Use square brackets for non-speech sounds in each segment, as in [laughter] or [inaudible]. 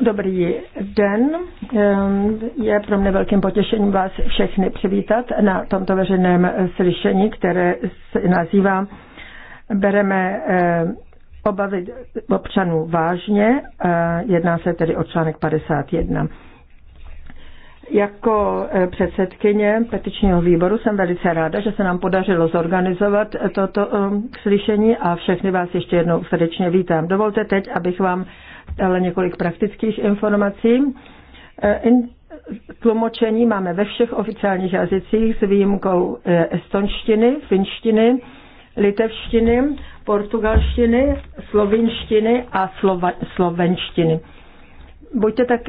Dobrý den. Je pro mě velkým potěšením vás všechny přivítat na tomto veřejném slyšení, které se nazývá Bereme eh, obavy občanů vážně. Eh, Jedná se tedy o článek 51. Jako eh, předsedkyně petičního výboru jsem velice ráda, že se nám podařilo zorganizovat toto slyšení a všechny vás ještě jednou srdečně vítám. Dovolte teď, abych vám ale několik praktických informací. Eh, tlumočení máme ve všech oficiálních jazycích s výjimkou eh, estonštiny, finštiny, litevštiny, portugalštiny, slovinštiny a slova, slovenštiny. Buďte tak,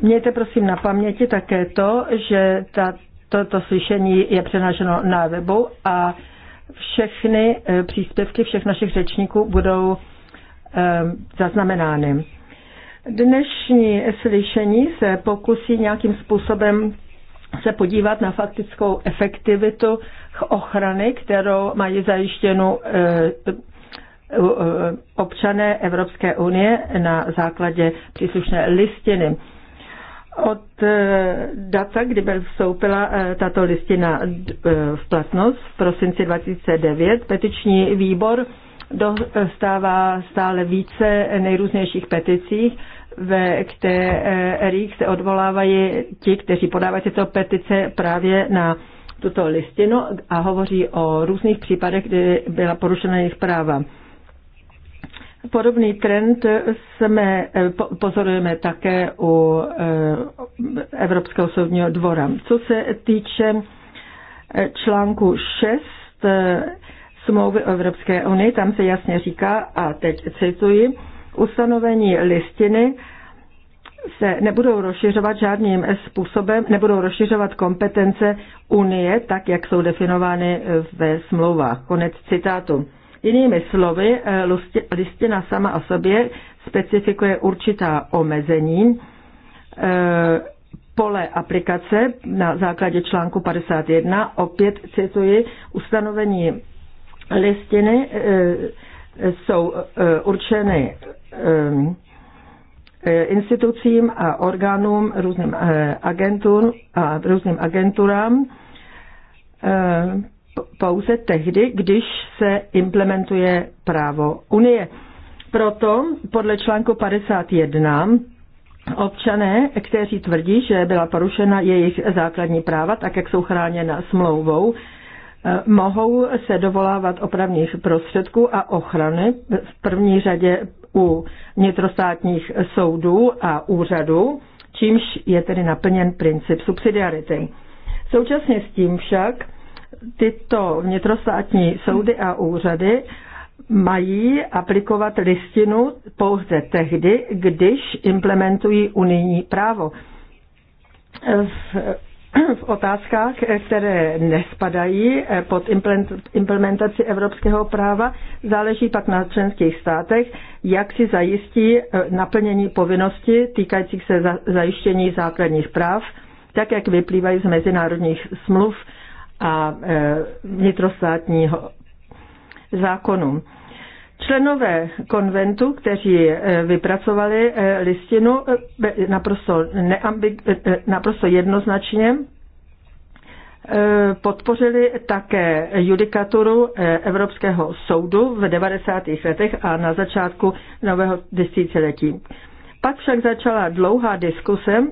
mějte prosím na paměti také to, že ta, toto slyšení je přenášeno na webu a všechny eh, příspěvky všech našich řečníků budou zaznamenány. Dnešní slyšení se pokusí nějakým způsobem se podívat na faktickou efektivitu ochrany, kterou mají zajištěnu eh, občané Evropské unie na základě příslušné listiny. Od eh, data, kdy byl vstoupila eh, tato listina v platnost v prosinci 2009, petiční výbor dostává stále více nejrůznějších peticích ve kterých se odvolávají ti, kteří podávají tyto petice právě na tuto listinu a hovoří o různých případech, kdy byla porušena jejich práva. Podobný trend jsme, pozorujeme také u eh, Evropského soudního dvora. Co se týče eh, článku 6 eh, smlouvy o Evropské unii, tam se jasně říká, a teď cituji, ustanovení listiny se nebudou rozšiřovat žádným způsobem, nebudou rozšiřovat kompetence Unie, tak jak jsou definovány ve smlouvách. Konec citátu. Jinými slovy, eh, listina sama o sobě specifikuje určitá omezení eh, pole aplikace na základě článku 51. Opět cituji ustanovení listiny eh, jsou určeny Ehm, e, institucím a orgánům, různým e, agentům a různým agenturám e, pouze tehdy, když se implementuje právo Unie. Proto podle článku 51 občané, kteří tvrdí, že byla porušena jejich základní práva, tak jak jsou chráněna smlouvou, mohou se dovolávat opravných prostředků a ochrany v první řadě u vnitrostátních soudů a úřadů, čímž je tedy naplněn princip subsidiarity. Současně s tím však tyto vnitrostátní soudy a úřady mají aplikovat listinu pouze tehdy, když implementují unijní právo. V v otázkách, které nespadají eh, pod implementaci evropského práva, záleží pak na členských státech, jak si zajistí eh, naplnění povinnosti týkajících se zajištění základních práv, tak jak vyplývají z mezinárodních smluv a eh, vnitrostátního zákonu. Členové konventu, kteří eh, vypracovali eh, listinu eh, naprosto, neambig, naprosto jednoznačně, podpořili také judikaturu Evropského soudu v 90. letech a na začátku nového desetiletí. Pak však začala dlouhá diskuse,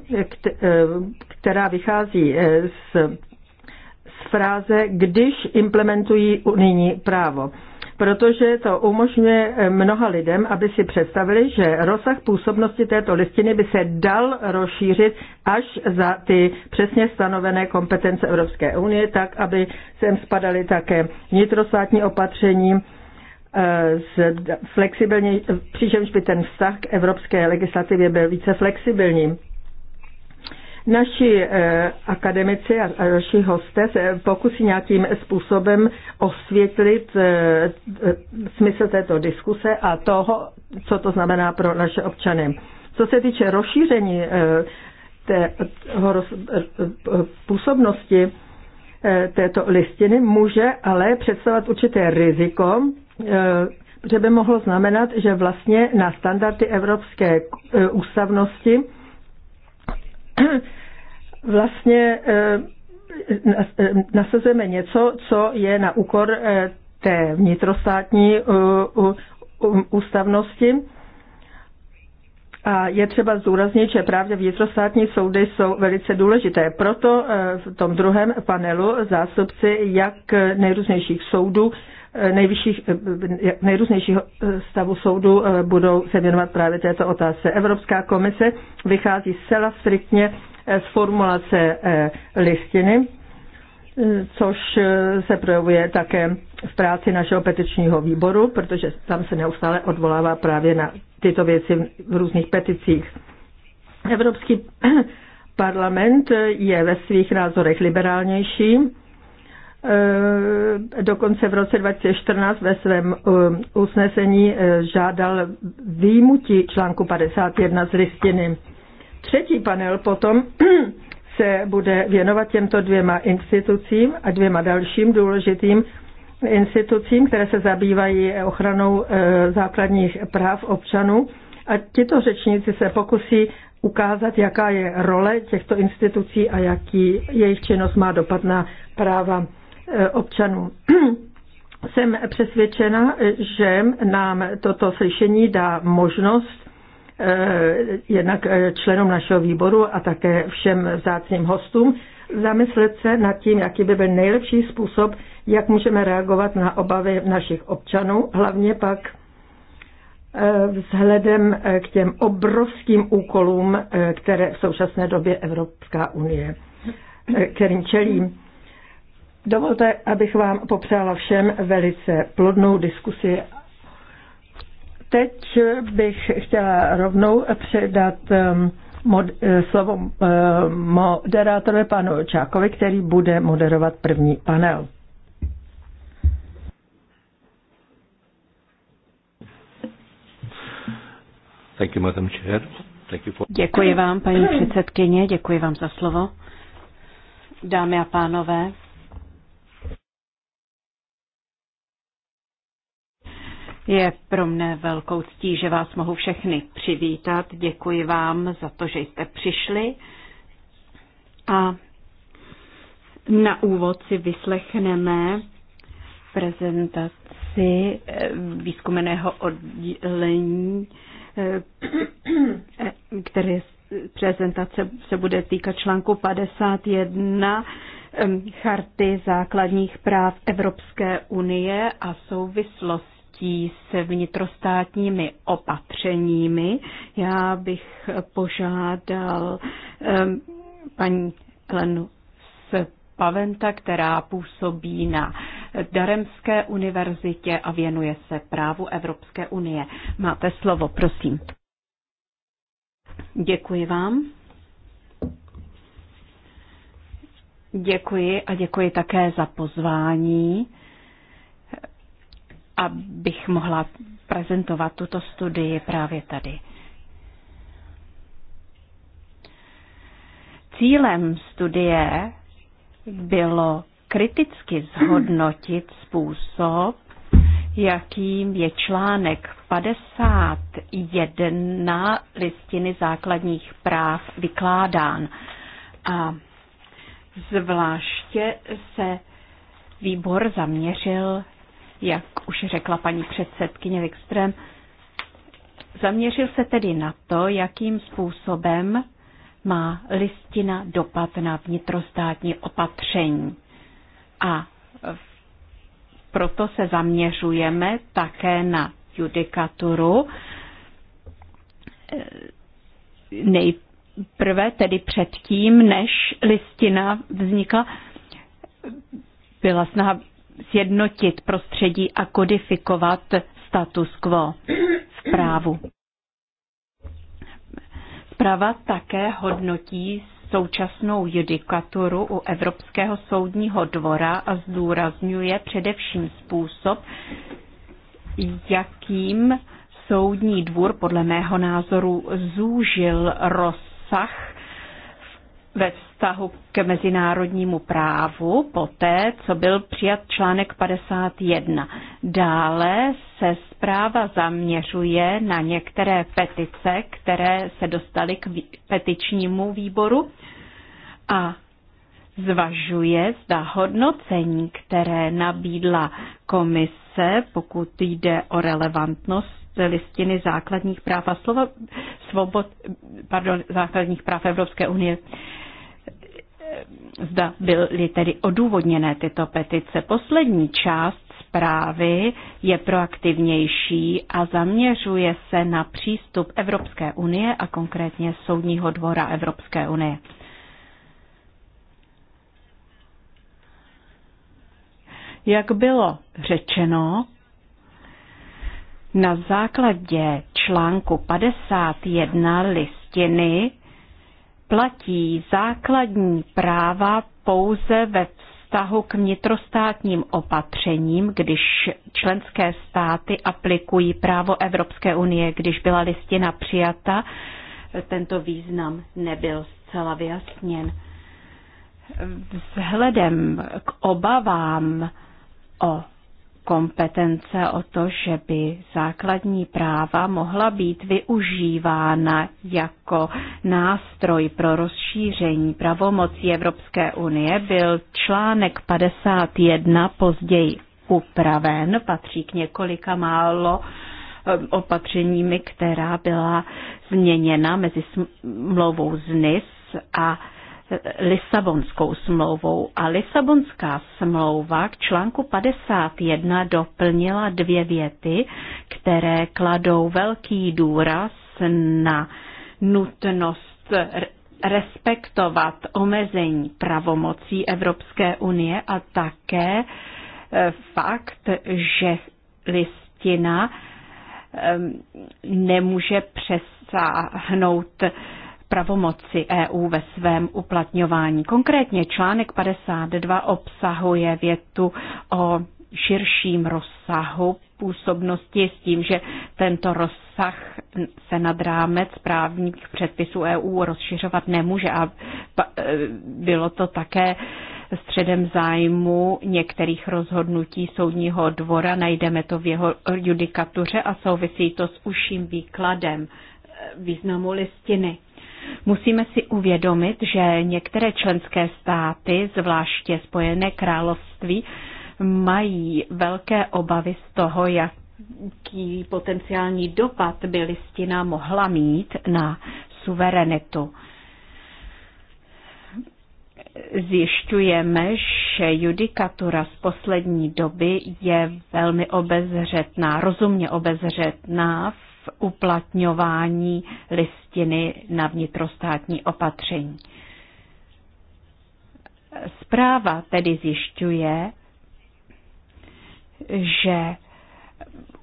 která vychází z, z fráze, když implementují unijní právo protože to umožňuje eh, mnoha lidem, aby si představili, že rozsah působnosti této listiny by se dal rozšířit až za ty přesně stanovené kompetence Evropské unie, tak aby sem spadaly také vnitrostátní opatření, eh, flexibilní, eh, přičemž by ten vztah k evropské legislativě byl více flexibilní. Naši eh, akademici a naši hosté se pokusí nějakým způsobem osvětlit eh, eh, smysl této diskuse a toho, co to znamená pro naše občany. Co se týče rozšíření té působnosti této listiny, může ale představovat určité riziko, že by mohlo znamenat, že vlastně na standardy evropské ústavnosti vlastně eh, eh, nasazujeme něco, co je na úkor eh, té vnitrostátní ústavnosti. A je třeba zdůraznit, že právě vnitrostátní soudy jsou velice důležité. Proto v tom druhém panelu zástupci jak nejrůznějších soudů, nejvyšších, nejrůznějšího stavu soudu budou se věnovat právě této otázce. Evropská komise vychází zcela striktně Eh, z formulace eh, listiny, eh, což se projevuje také v práci našeho petičního výboru, protože tam se neustále odvolává právě na tyto věci v různých peticích. Evropský [clears throat] parlament je ve svých názorech liberálnější. Dokonce v roce 2014 ve svém usnesení žádal výjimutí článku 51 z listiny. Třetí panel potom [clears throat] se bude věnovat těmto dvěma institucím a dvěma dalším důležitým institucím, které se zabývají ochranou eh, základních práv občanů. A tito řečníci se pokusí ukázat, jaká je role těchto institucí a jaký jejich činnost má dopad na práva eh, občanů. [clears throat] Jsem přesvědčena, eh, že nám toto slyšení dá možnost Eh, jednak eh, členům našeho výboru a také všem vzácným hostům zamyslet se nad tím, jaký by byl nejlepší způsob, jak můžeme reagovat na obavy našich občanů, hlavně pak eh, vzhledem k těm obrovským úkolům, které v současné době Evropská unie, kterým čelím. Dovolte, abych vám popřála všem velice plodnou diskusi teď bych chtěla rovnou předat ehm, mod, eh, slovo ehm, moderátorovi panu Čákovi, který bude moderovat první panel. Thank you, Madam Chair. Thank you for... Děkuji vám, paní předsedkyně, děkuji vám za slovo. Dámy a pánové, Je pro mne velkou ctí, že vás mohu všechny přivítat. Děkuji vám za to, že jste přišli. A na úvod si vyslechneme prezentaci eh, výzkumeného oddělení, eh, které prezentace se bude týkat článku 51 eh, Charty základních práv Evropské unie a souvislosti souvislostí s vnitrostátními opatřeními. Já bych požádal um, paní Elenu Paventa, která působí na Daremské univerzitě a věnuje se právu Evropské unie. Máte slovo, prosím. Děkuji vám. Děkuji a děkuji také za pozvání abych mohla prezentovat tuto studii právě tady. Cílem studie bylo kriticky zhodnotit způsob, jakým je článek 51 listiny základních práv vykládán. A zvláště se výbor zaměřil jak už řekla paní předsedkyně Wikström. Zaměřil se tedy na to, jakým způsobem má listina dopad na vnitrostátní opatření. A proto se zaměřujeme také na judikaturu. Nejprve tedy předtím, než listina vznikla, byla snaha sjednotit prostředí a kodifikovat status quo v právu. Zpráva také hodnotí současnou judikaturu u Evropského soudního dvora a zdůrazňuje především způsob, jakým soudní dvůr podle mého názoru zúžil rozsah ve vztahu k mezinárodnímu právu poté, co byl přijat článek 51. Dále se zpráva zaměřuje na některé petice, které se dostaly k petičnímu výboru a zvažuje, zda hodnocení, které nabídla komise, pokud jde o relevantnost listiny základních práv a slova, svobod, pardon, základních práv Evropské unie. Zda byly tedy odůvodněné tyto petice. Poslední část zprávy je proaktivnější a zaměřuje se na přístup Evropské unie a konkrétně Soudního dvora Evropské unie. Jak bylo řečeno, na základě článku 51 listiny platí základní práva pouze ve vztahu k vnitrostátním opatřením, když členské státy aplikují právo Evropské unie, když byla listina přijata, tento význam nebyl zcela vyjasněn. Vzhledem k obavám o kompetence o to, že by základní práva mohla být využívána jako nástroj pro rozšíření pravomocí Evropské unie, byl článek 51 později upraven, patří k několika málo eh, opatřeními, která byla změněna mezi smlouvou z NIS a Lisabonskou smlouvou a Lisabonská smlouva k článku 51 doplnila dvě věty, které kladou velký důraz na nutnost respektovat omezení pravomocí Evropské unie a také eh, fakt, že listina ehm, nemůže přesáhnout pravomoci EU ve svém uplatňování. Konkrétně článek 52 obsahuje větu o širším rozsahu působnosti s tím, že tento rozsah se nad rámec právních předpisů EU rozšiřovat nemůže a e, bylo to také středem zájmu některých rozhodnutí soudního dvora. Najdeme to v jeho judikatuře a souvisí to s užším výkladem e, významu listiny. Musíme si uvědomit, že některé členské státy, zvláště Spojené království, mají velké obavy z toho, jaký potenciální dopad by listina mohla mít na suverenitu zjišťujeme, že judikatura z poslední doby je velmi obezřetná, rozumně obezřetná uplatňování listiny na vnitrostátní opatření. Zpráva tedy zjišťuje, že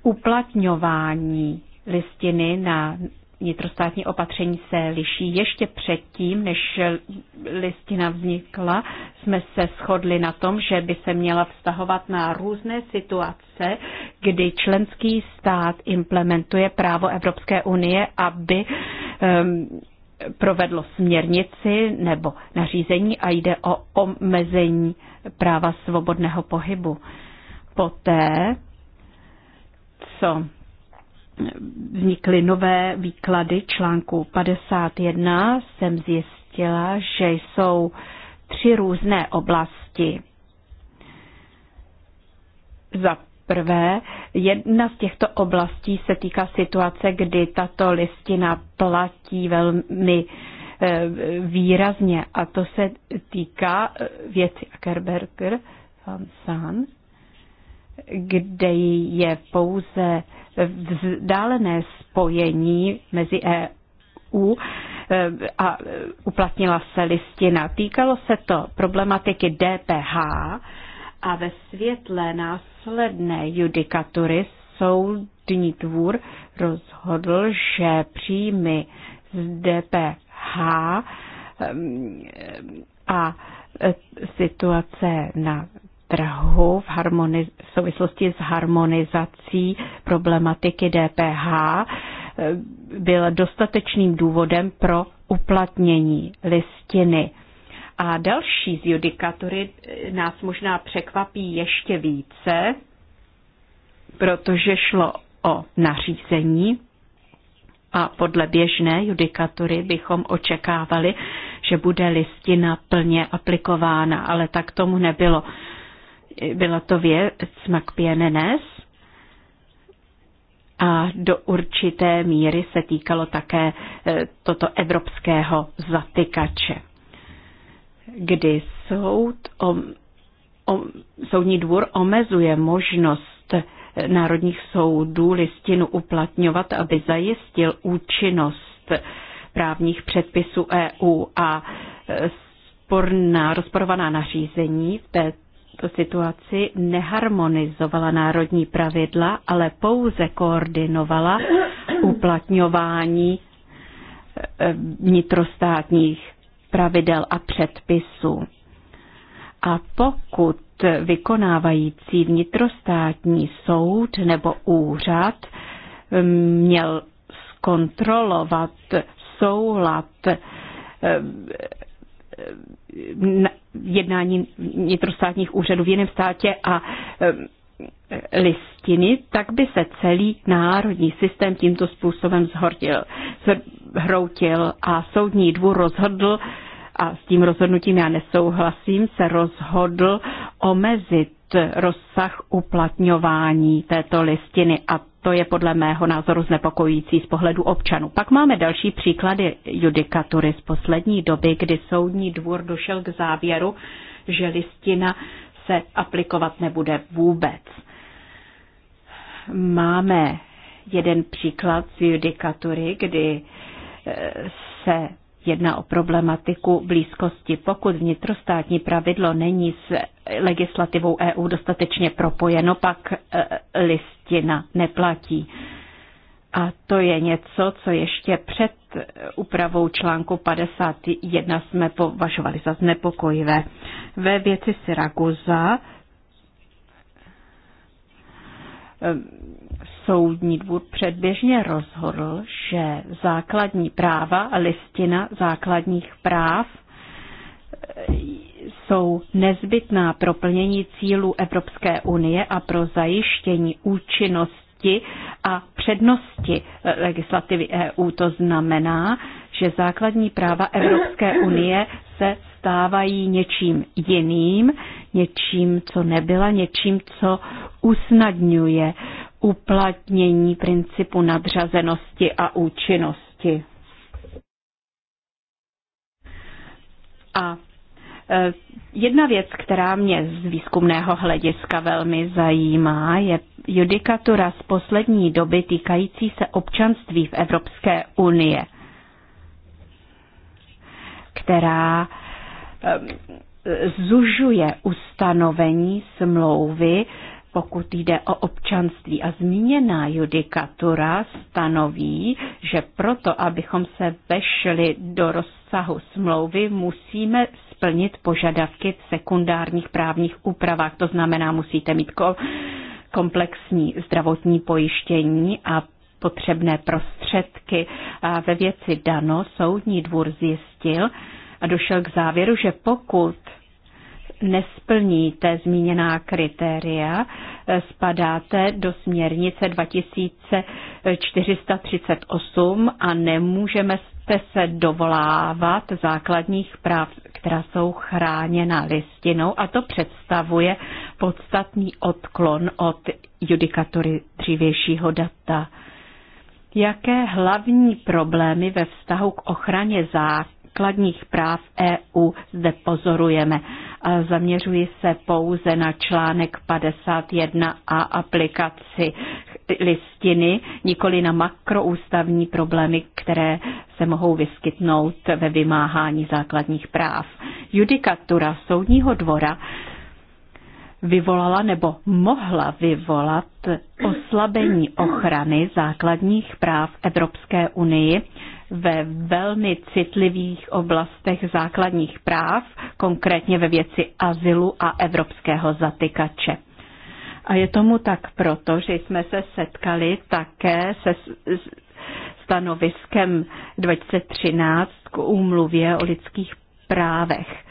uplatňování listiny na vnitrostátní opatření se liší. Ještě předtím, než listina vznikla, jsme se shodli na tom, že by se měla vztahovat na různé situace, kdy členský stát implementuje právo Evropské unie, aby um, provedlo směrnici nebo nařízení a jde o omezení práva svobodného pohybu. Poté, co vznikly nové výklady článku 51, jsem zjistila, že jsou tři různé oblasti. Za prvé, jedna z těchto oblastí se týká situace, kdy tato listina platí velmi eh, výrazně a to se týká eh, věci Ackerberger, kde je pouze vzdálené spojení mezi EU eh, a uplatnila se listina. Týkalo se to problematiky DPH a ve světle následné judikatury soudní dvůr rozhodl, že příjmy z DPH eh, a eh, situace na trhu v, harmoniz- v souvislosti s harmonizací problematiky DPH eh, byl dostatečným důvodem pro uplatnění listiny. A další z judikatury eh, nás možná překvapí ještě více, protože šlo o nařízení a podle běžné judikatury bychom očekávali, že bude listina plně aplikována, ale tak tomu nebylo. Byla to věc McPienenes a do určité míry se týkalo také e, toto evropského zatykače, kdy soud o, o, soudní dvůr omezuje možnost e, národních soudů listinu uplatňovat, aby zajistil účinnost právních předpisů EU a e, sporná, rozporovaná nařízení v té tuto situaci neharmonizovala národní pravidla, ale pouze koordinovala uplatňování eh, vnitrostátních pravidel a předpisů. A pokud vykonávající vnitrostátní soud nebo úřad eh, měl zkontrolovat soulad eh, jednání vnitrostátních úřadů v jiném státě a listiny, tak by se celý národní systém tímto způsobem zhortil, zhroutil a soudní dvůr rozhodl, a s tím rozhodnutím já nesouhlasím, se rozhodl omezit rozsah uplatňování této listiny a to je podle mého názoru znepokojící z pohledu občanů. Pak máme další příklady judikatury z poslední doby, kdy soudní dvůr došel k závěru, že listina se aplikovat nebude vůbec. Máme jeden příklad z judikatury, kdy eh, se jedná o problematiku blízkosti. Pokud vnitrostátní pravidlo není s legislativou EU dostatečně propojeno, pak e, listina neplatí. A to je něco, co ještě před úpravou článku 51 jsme považovali za znepokojivé. Ve věci Syraguza soudní dvůr předběžně rozhodl, že základní práva a listina základních práv eh, jsou nezbytná pro plnění cílů Evropské unie a pro zajištění účinnosti a přednosti eh, legislativy EU. To znamená, že základní práva Evropské unie se stávají něčím jiným, něčím, co nebyla, něčím, co usnadňuje uplatnění principu nadřazenosti a účinnosti. A e, Jedna věc, která mě z výzkumného hlediska velmi zajímá, je judikatura z poslední doby týkající se občanství v Evropské unie, která e, zužuje ustanovení smlouvy pokud jde o občanství. A zmíněná judikatura stanoví, že proto, abychom se vešli do rozsahu smlouvy, musíme splnit požadavky v sekundárních právních úpravách. To znamená, musíte mít komplexní zdravotní pojištění a potřebné prostředky. A ve věci Dano soudní dvůr zjistil a došel k závěru, že pokud nesplníte zmíněná kritéria, eh, spadáte do směrnice 2438 a nemůžeme se dovolávat základních práv, která jsou chráněna listinou a to představuje podstatný odklon od judikatury dřívějšího data. Jaké hlavní problémy ve vztahu k ochraně základních práv EU zde pozorujeme a zaměřuji se pouze na článek 51 a aplikaci listiny, nikoli na makroústavní problémy, které se mohou vyskytnout ve vymáhání základních práv. Judikatura Soudního dvora vyvolala nebo mohla vyvolat oslabení ochrany základních práv Evropské unii ve velmi citlivých oblastech základních práv, konkrétně ve věci azylu a evropského zatykače. A je tomu tak proto, že jsme se setkali také se stanoviskem 2013 k úmluvě o lidských právech.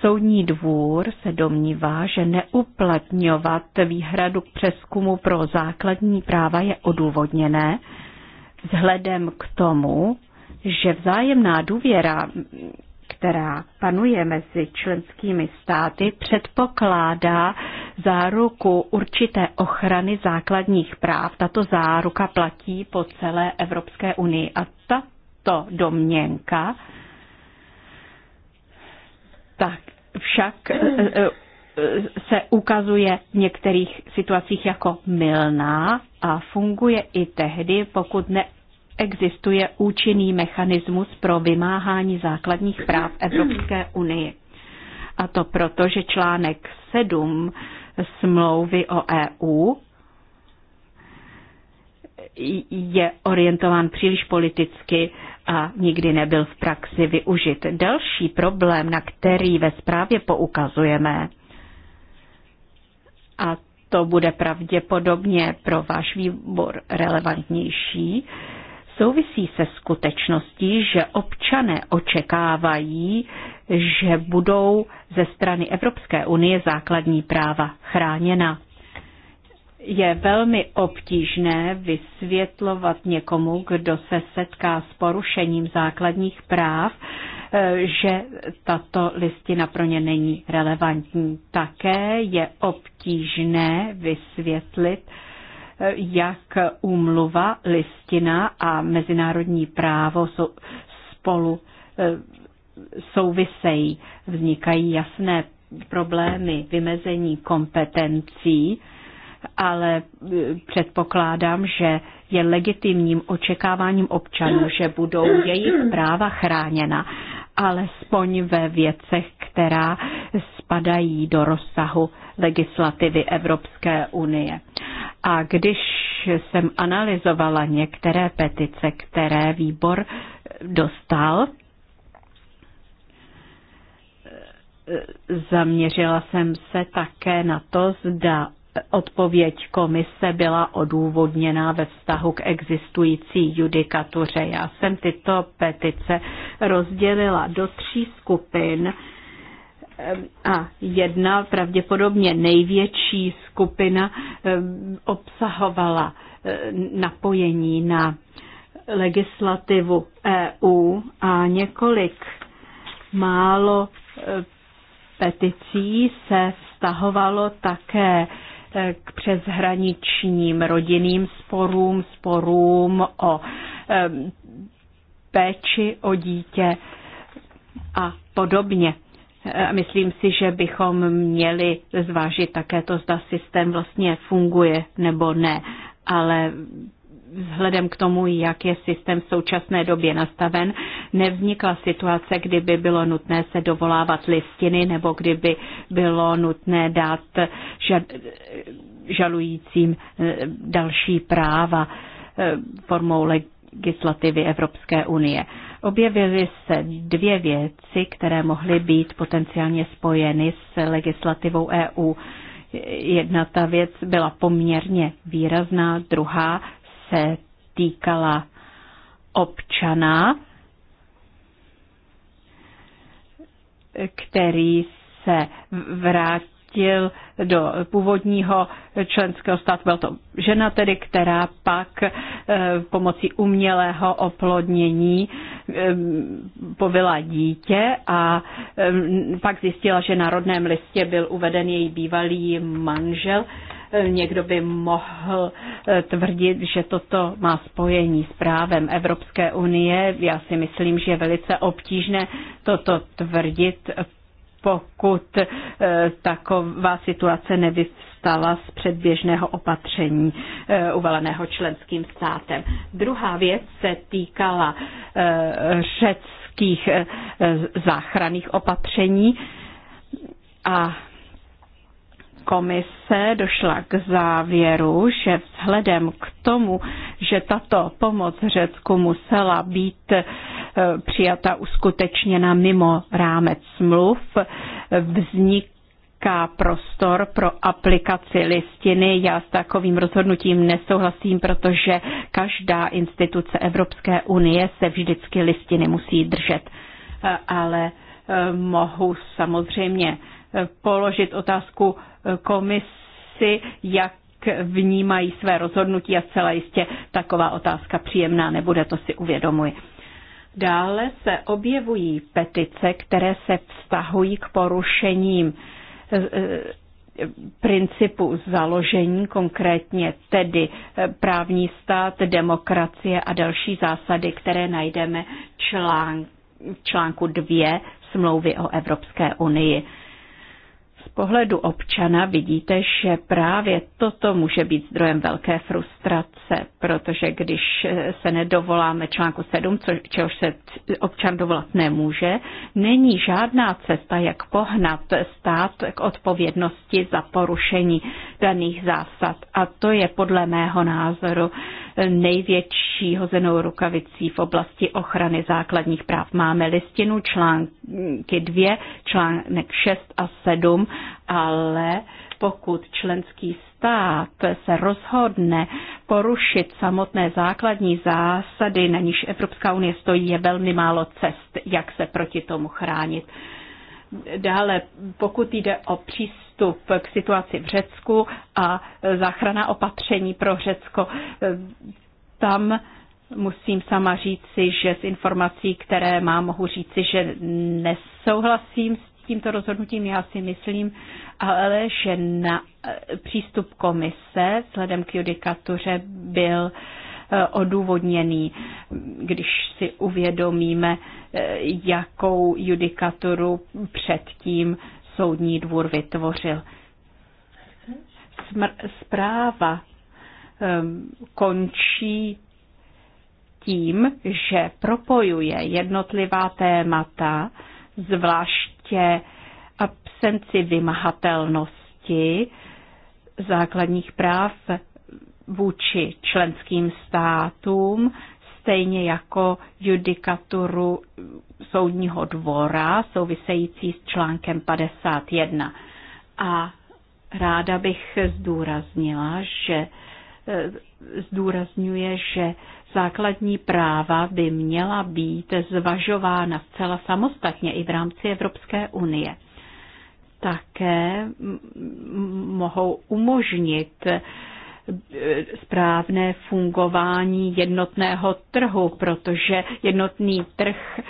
Soudní dvůr se domnívá, že neuplatňovat výhradu k přeskumu pro základní práva je odůvodněné, vzhledem k tomu, že vzájemná důvěra, která panuje mezi členskými státy, předpokládá záruku určité ochrany základních práv. Tato záruka platí po celé Evropské unii a tato domněnka tak však eh, eh, se ukazuje v některých situacích jako mylná a funguje i tehdy, pokud neexistuje účinný mechanismus pro vymáhání základních práv Evropské unii. A to proto, že článek 7 smlouvy o EU je orientován příliš politicky a nikdy nebyl v praxi využit. Další problém, na který ve zprávě poukazujeme, a to bude pravděpodobně pro váš výbor relevantnější, souvisí se skutečností, že občané očekávají, že budou ze strany Evropské unie základní práva chráněna je velmi obtížné vysvětlovat někomu, kdo se setká s porušením základních práv, eh, že tato listina pro ně není relevantní. Také je obtížné vysvětlit, eh, jak úmluva, listina a mezinárodní právo spolu eh, souvisejí. Vznikají jasné problémy vymezení kompetencí, ale e, předpokládám, že je legitimním očekáváním občanů, že budou jejich práva chráněna, alespoň ve věcech, která spadají do rozsahu legislativy Evropské unie. A když jsem analyzovala některé petice, které výbor dostal, e, e, zaměřila jsem se také na to, zda odpověď komise byla odůvodněná ve vztahu k existující judikatuře. Já jsem tyto petice rozdělila do tří skupin a jedna pravděpodobně největší skupina obsahovala napojení na legislativu EU a několik málo peticí se vztahovalo také k přeshraničním rodinným sporům, sporům o péči o dítě a podobně. Myslím si, že bychom měli zvážit také to, zda systém vlastně funguje nebo ne. Ale vzhledem k tomu, jak je systém v současné době nastaven, nevznikla situace, kdyby bylo nutné se dovolávat listiny nebo kdyby bylo nutné dát žalujícím eh, další práva eh, formou legislativy Evropské unie. Objevily se dvě věci, které mohly být potenciálně spojeny s legislativou EU. Jedna ta věc byla poměrně výrazná, druhá se týkala občana, který se vrátil do původního členského státu. Byla to žena tedy, která pak eh, pomocí umělého oplodnění eh, povila dítě a eh, pak zjistila, že na rodném listě byl uveden její bývalý manžel Někdo by mohl eh, tvrdit, že toto má spojení s právem Evropské unie. Já si myslím, že je velice obtížné toto tvrdit, pokud eh, taková situace nevystala z předběžného opatření eh, uvaleného členským státem. Druhá věc se týkala řeckých záchranných opatření a komise došla k závěru, že vzhledem k tomu, že tato pomoc Řecku musela být eh, přijata uskutečněna mimo rámec smluv, vznik vzniká prostor pro aplikaci listiny. Já s takovým rozhodnutím nesouhlasím, protože každá instituce Evropské unie se vždycky listiny musí držet. Eh, ale eh, mohu samozřejmě položit otázku komisi, jak vnímají své rozhodnutí a zcela jistě taková otázka příjemná nebude, to si uvědomuji. Dále se objevují petice, které se vztahují k porušením eh, eh, principu založení, konkrétně tedy eh, právní stát, demokracie a další zásady, které najdeme v článku 2 smlouvy o Evropské unii z pohledu občana vidíte, že právě toto může být zdrojem velké frustrace, protože když se nedovoláme článku 7, čehož se občan dovolat nemůže, není žádná cesta, jak pohnat stát k odpovědnosti za porušení daných zásad. A to je podle mého názoru největší hozenou rukavicí v oblasti ochrany základních práv. Máme listinu články 2, článek 6 a 7, ale pokud členský stát se rozhodne porušit samotné základní zásady, na níž Evropská unie stojí, je velmi málo cest, jak se proti tomu chránit. Dále, pokud jde o přístup k situaci v Řecku a záchrana opatření pro Řecko, tam musím sama říci, že z informací, které mám, mohu říci, že nesouhlasím s tímto rozhodnutím, já si myslím, ale že na přístup komise vzhledem k judikatuře byl uh, Eh, odůvodněný, když si uvědomíme, eh, jakou judikaturu předtím soudní dvůr vytvořil. Smr- zpráva ehm, končí tím, že propojuje jednotlivá témata, zvláště absenci vymahatelnosti základních práv vůči členským státům, stejně jako judikaturu soudního dvora související s článkem 51. A ráda bych zdůraznila, že eh, zdůrazňuje, že základní práva by měla být zvažována zcela samostatně i v rámci Evropské unie. Také mohou umožnit správné fungování jednotného trhu, protože jednotný trh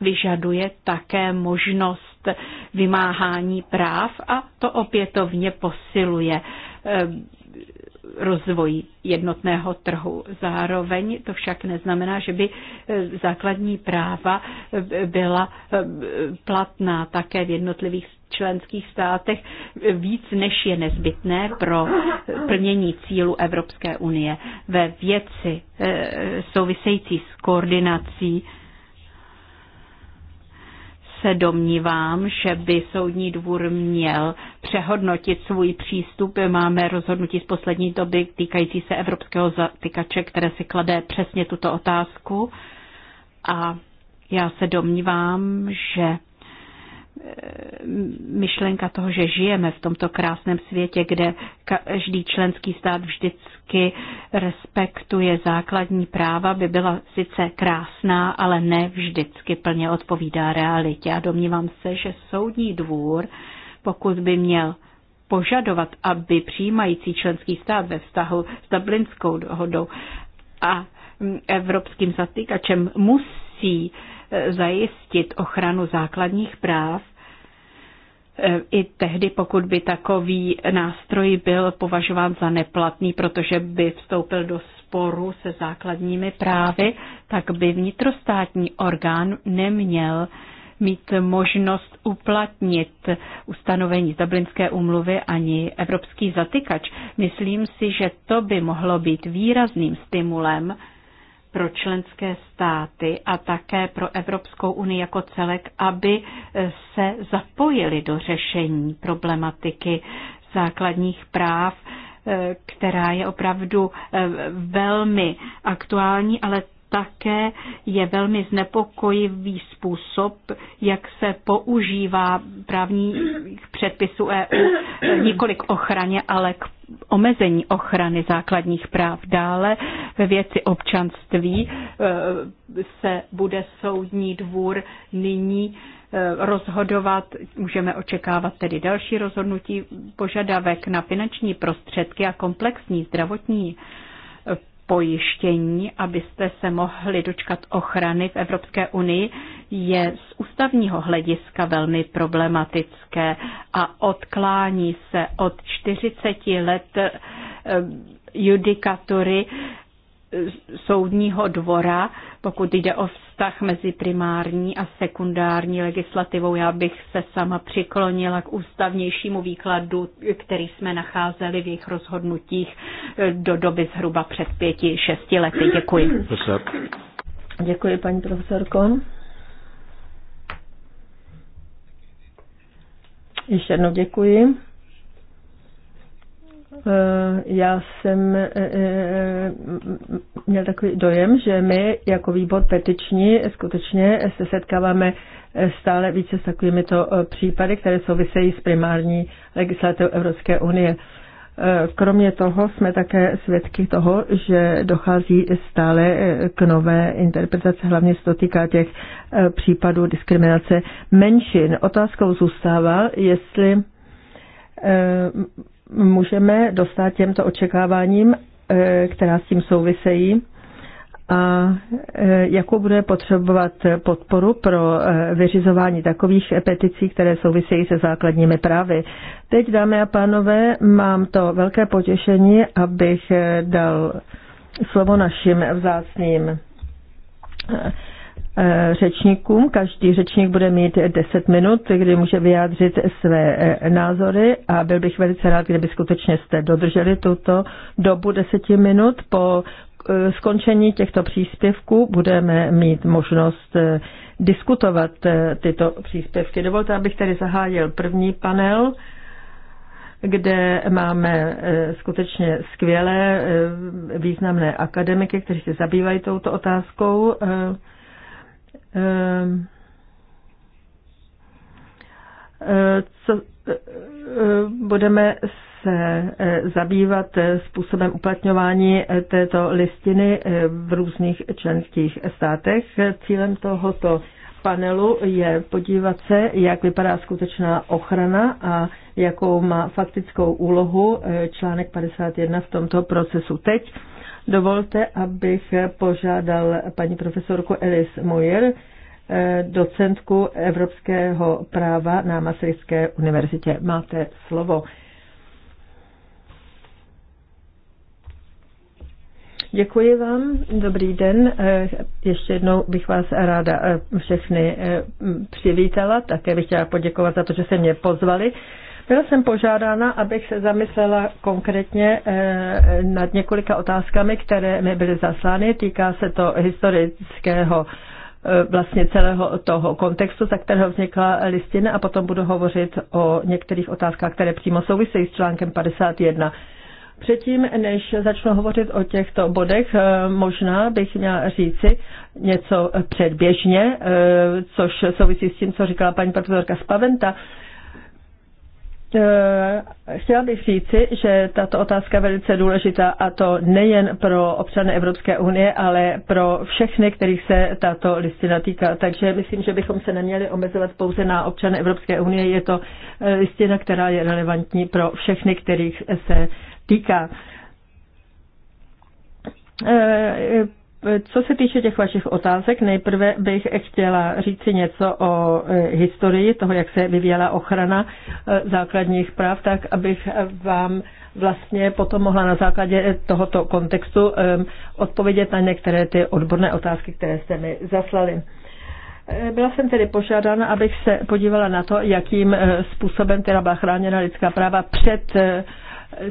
vyžaduje také možnost vymáhání práv a to opětovně posiluje eh, rozvoj jednotného trhu. Zároveň to však neznamená, že by eh, základní práva eh, byla platná také v jednotlivých členských státech víc, než je nezbytné pro plnění cílu Evropské unie ve věci eh, související s koordinací se domnívám, že by soudní dvůr měl přehodnotit svůj přístup. Máme rozhodnutí z poslední doby týkající se evropského zatykače, které si klade přesně tuto otázku. A já se domnívám, že Eh, myšlenka toho, že žijeme v tomto krásném světě, kde každý členský stát vždycky respektuje základní práva, by byla sice krásná, ale ne vždycky plně odpovídá realitě. A domnívám se, že soudní dvůr, pokud by měl požadovat, aby přijímající členský stát ve vztahu s Dublinskou dohodou a mm, evropským zatýkačem musí zajistit ochranu základních práv e, i tehdy, pokud by takový nástroj byl považován za neplatný, protože by vstoupil do sporu se základními právy, tak by vnitrostátní orgán neměl mít možnost uplatnit ustanovení Dublinské úmluvy ani evropský zatykač. Myslím si, že to by mohlo být výrazným stimulem pro členské státy a také pro Evropskou unii jako celek, aby eh, se zapojili do řešení problematiky základních práv, eh, která je opravdu eh, velmi aktuální, ale také je velmi znepokojivý způsob, jak se používá právní předpisu EU nikoli k ochraně, ale k omezení ochrany základních práv. Dále ve věci občanství eh, se bude soudní dvůr nyní eh, rozhodovat, můžeme očekávat tedy další rozhodnutí, požadavek na finanční prostředky a komplexní zdravotní pojištění, abyste se mohli dočkat ochrany v Evropské unii, je z ústavního hlediska velmi problematické a odklání se od 40 let eh, judikatury soudního dvora, pokud jde o vztah mezi primární a sekundární legislativou. Já bych se sama přiklonila k ústavnějšímu výkladu, který jsme nacházeli v jejich rozhodnutích eh, do doby zhruba před pěti, šesti lety. Děkuji. Děkuji, paní profesorko. Ještě jednou děkuji. Eh, já jsem eh, eh, měl takový dojem, že my jako výbor petiční skutečně se setkáváme stále více s to případy, které souvisejí s primární legislativou Evropské unie. Kromě toho jsme také svědky toho, že dochází stále k nové interpretaci, hlavně se to týká těch případů diskriminace menšin. Otázkou zůstává, jestli můžeme dostat těmto očekáváním, eh, která s tím souvisejí a eh, jakou bude potřebovat podporu pro eh, vyřizování takových peticí, které souvisejí se základními právy. Teď, dámy a pánové, mám to velké potěšení, abych dal slovo našim vzácným Eh, řečníkům. Každý řečník bude mít 10 minut, kdy může vyjádřit své eh, názory a byl bych velice rád, kdyby skutečně jste dodrželi tuto dobu 10 minut. Po eh, skončení těchto příspěvků budeme mít možnost diskutovat tyto příspěvky. Dovolte, abych tady zahájil první panel kde máme skutečně skvělé významné akademiky, kteří se zabývají touto otázkou Ehm, eh, co, eh, budeme se eh, zabývat způsobem uplatňování této listiny v různých členských státech. Cílem tohoto panelu je podívat se, jak vypadá skutečná ochrana a jakou má faktickou úlohu článek 51 v tomto procesu. Teď Dovolte, abych požádal paní profesorku Elis Moyer, eh, docentku evropského práva na Masarykské univerzitě. Máte slovo. Děkuji vám, dobrý den. Eh, ještě jednou bych vás ráda eh, všechny přivítala. Také bych chtěla poděkovat za to, že se mě pozvali byla jsem požádána, abych se zamyslela konkrétně eh, nad několika otázkami, které mi byly zaslány. Týká se to historického eh, vlastně celého toho kontextu, za kterého vznikla listina a potom budu hovořit o některých otázkách, které přímo souvisejí s článkem 51. Předtím, než začnu hovořit o těchto bodech, eh, možná bych měla říci něco předběžně, což souvisí s tím, co říkala paní profesorka Spaventa. Eh, chtěla bych říci, že tato otázka je velice důležitá a to nejen pro občany Evropské unie, ale pro všechny, kterých se tato listina týká. Takže myslím, že bychom se neměli omezovat pouze na občany Evropské unie. Je to eh, listina, která je relevantní pro všechny, kterých se týká eh, co se týče těch vašich otázek, nejprve bych chtěla říci něco o e, historii toho, jak se vyvíjela ochrana e, základních práv, tak abych vám vlastně potom mohla na základě tohoto kontextu e, odpovědět na některé ty odborné otázky, které jste mi zaslali. Byla jsem tedy požádána, abych se podívala na to, jakým způsobem teda byla chráněna lidská práva před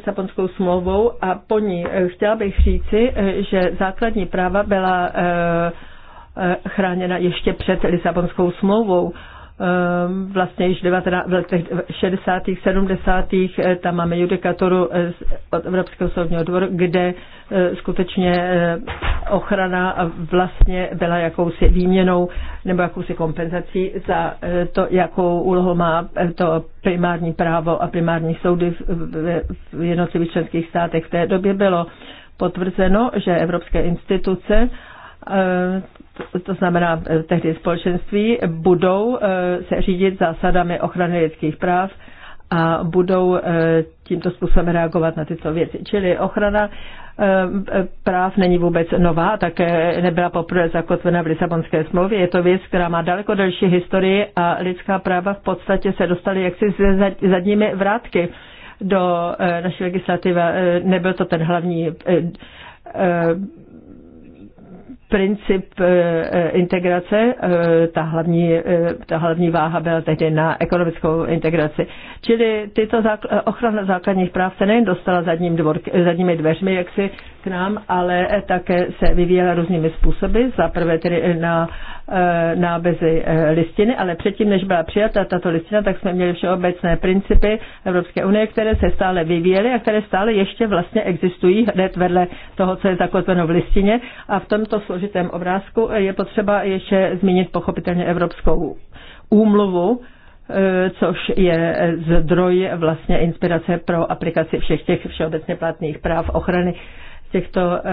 Saponskou smlouvou a po ní eh, chtěla bych říci, eh, že základní práva byla eh, chráněna ještě před Lisabonskou smlouvou. Ehm, vlastně již v letech 60. 70. Eh, tam máme judikaturu eh, od Evropského soudního dvoru, kde eh, skutečně ochrana vlastně byla jakousi výměnou nebo jakousi kompenzací za to, jakou úlohu má to primární právo a primární soudy v jednotlivých členských státech. V té době bylo potvrzeno, že evropské instituce to znamená eh, tehdy společenství, budou eh, se řídit zásadami ochrany lidských práv a budou eh, tímto způsobem reagovat na tyto věci. Čili ochrana práv není vůbec nová, také nebyla poprvé zakotvena v Lisabonské smlouvě. Je to věc, která má daleko delší historii a lidská práva v podstatě se dostaly jaksi ze zadními vrátky do naší legislativy. Nebyl to ten hlavní princip eh, eh, integrace, eh, ta hlavní, ta hlavní váha byla tehdy na ekonomickou integraci. Čili tyto zákl- ochrana základních práv se nejen dostala zadním dvor, zadními dveřmi, jak si k nám, ale také se vyvíjela různými způsoby. Za prvé tedy na, e, nábezy e, listiny, ale předtím, než byla přijata tato listina, tak jsme měli všeobecné principy Evropské unie, které se stále vyvíjely a které stále ještě vlastně existují hned vedle toho, co je zakotveno v listině. A v tomto složitém obrázku je potřeba ještě zmínit pochopitelně Evropskou úmluvu, e, což je zdroj vlastně inspirace pro aplikaci všech těch všeobecně platných práv ochrany těchto eh,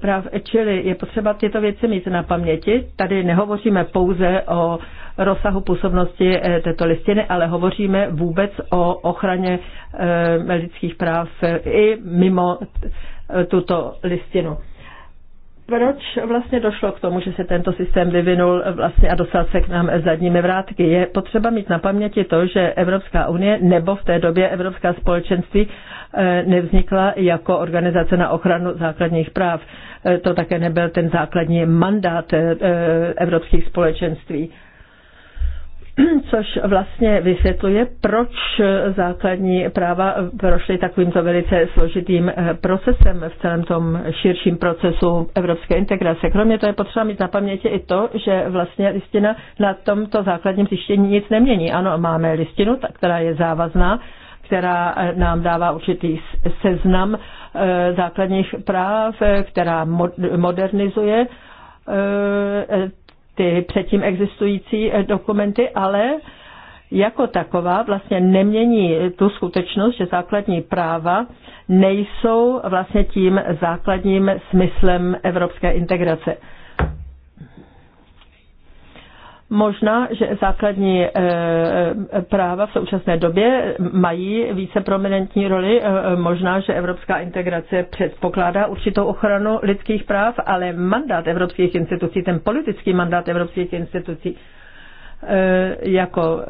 práv. Čili je potřeba tyto věci mít na paměti. Tady nehovoříme pouze o rozsahu působnosti eh, této listiny, ale hovoříme vůbec o ochraně eh, lidských práv i mimo tuto listinu proč vlastně došlo k tomu, že se tento systém vyvinul vlastně a dostal se k nám zadními vrátky? Je potřeba mít na paměti to, že Evropská unie nebo v té době Evropská společenství eh, nevznikla jako organizace na ochranu základních práv. Eh, to také nebyl ten základní mandát eh, evropských společenství. [clears throat] což vlastně vysvětluje, proč základní práva prošly takovýmto velice složitým eh, procesem v celém tom širším procesu evropské integrace. Kromě toho je potřeba mít na paměti i to, že vlastně listina na tomto základním zjištění nic nemění. Ano, máme listinu, která je závazná, která eh, nám dává určitý seznam eh, základních práv, která modernizuje ty předtím existující eh, dokumenty, ale jako taková vlastně nemění tu skutečnost, že základní práva nejsou vlastně tím základním smyslem evropské integrace. Možná, že základní eh, eh, práva v současné době mají více prominentní roli. Eh, možná, že evropská integrace předpokládá určitou ochranu lidských práv, ale mandát evropských institucí, ten politický mandát evropských institucí jako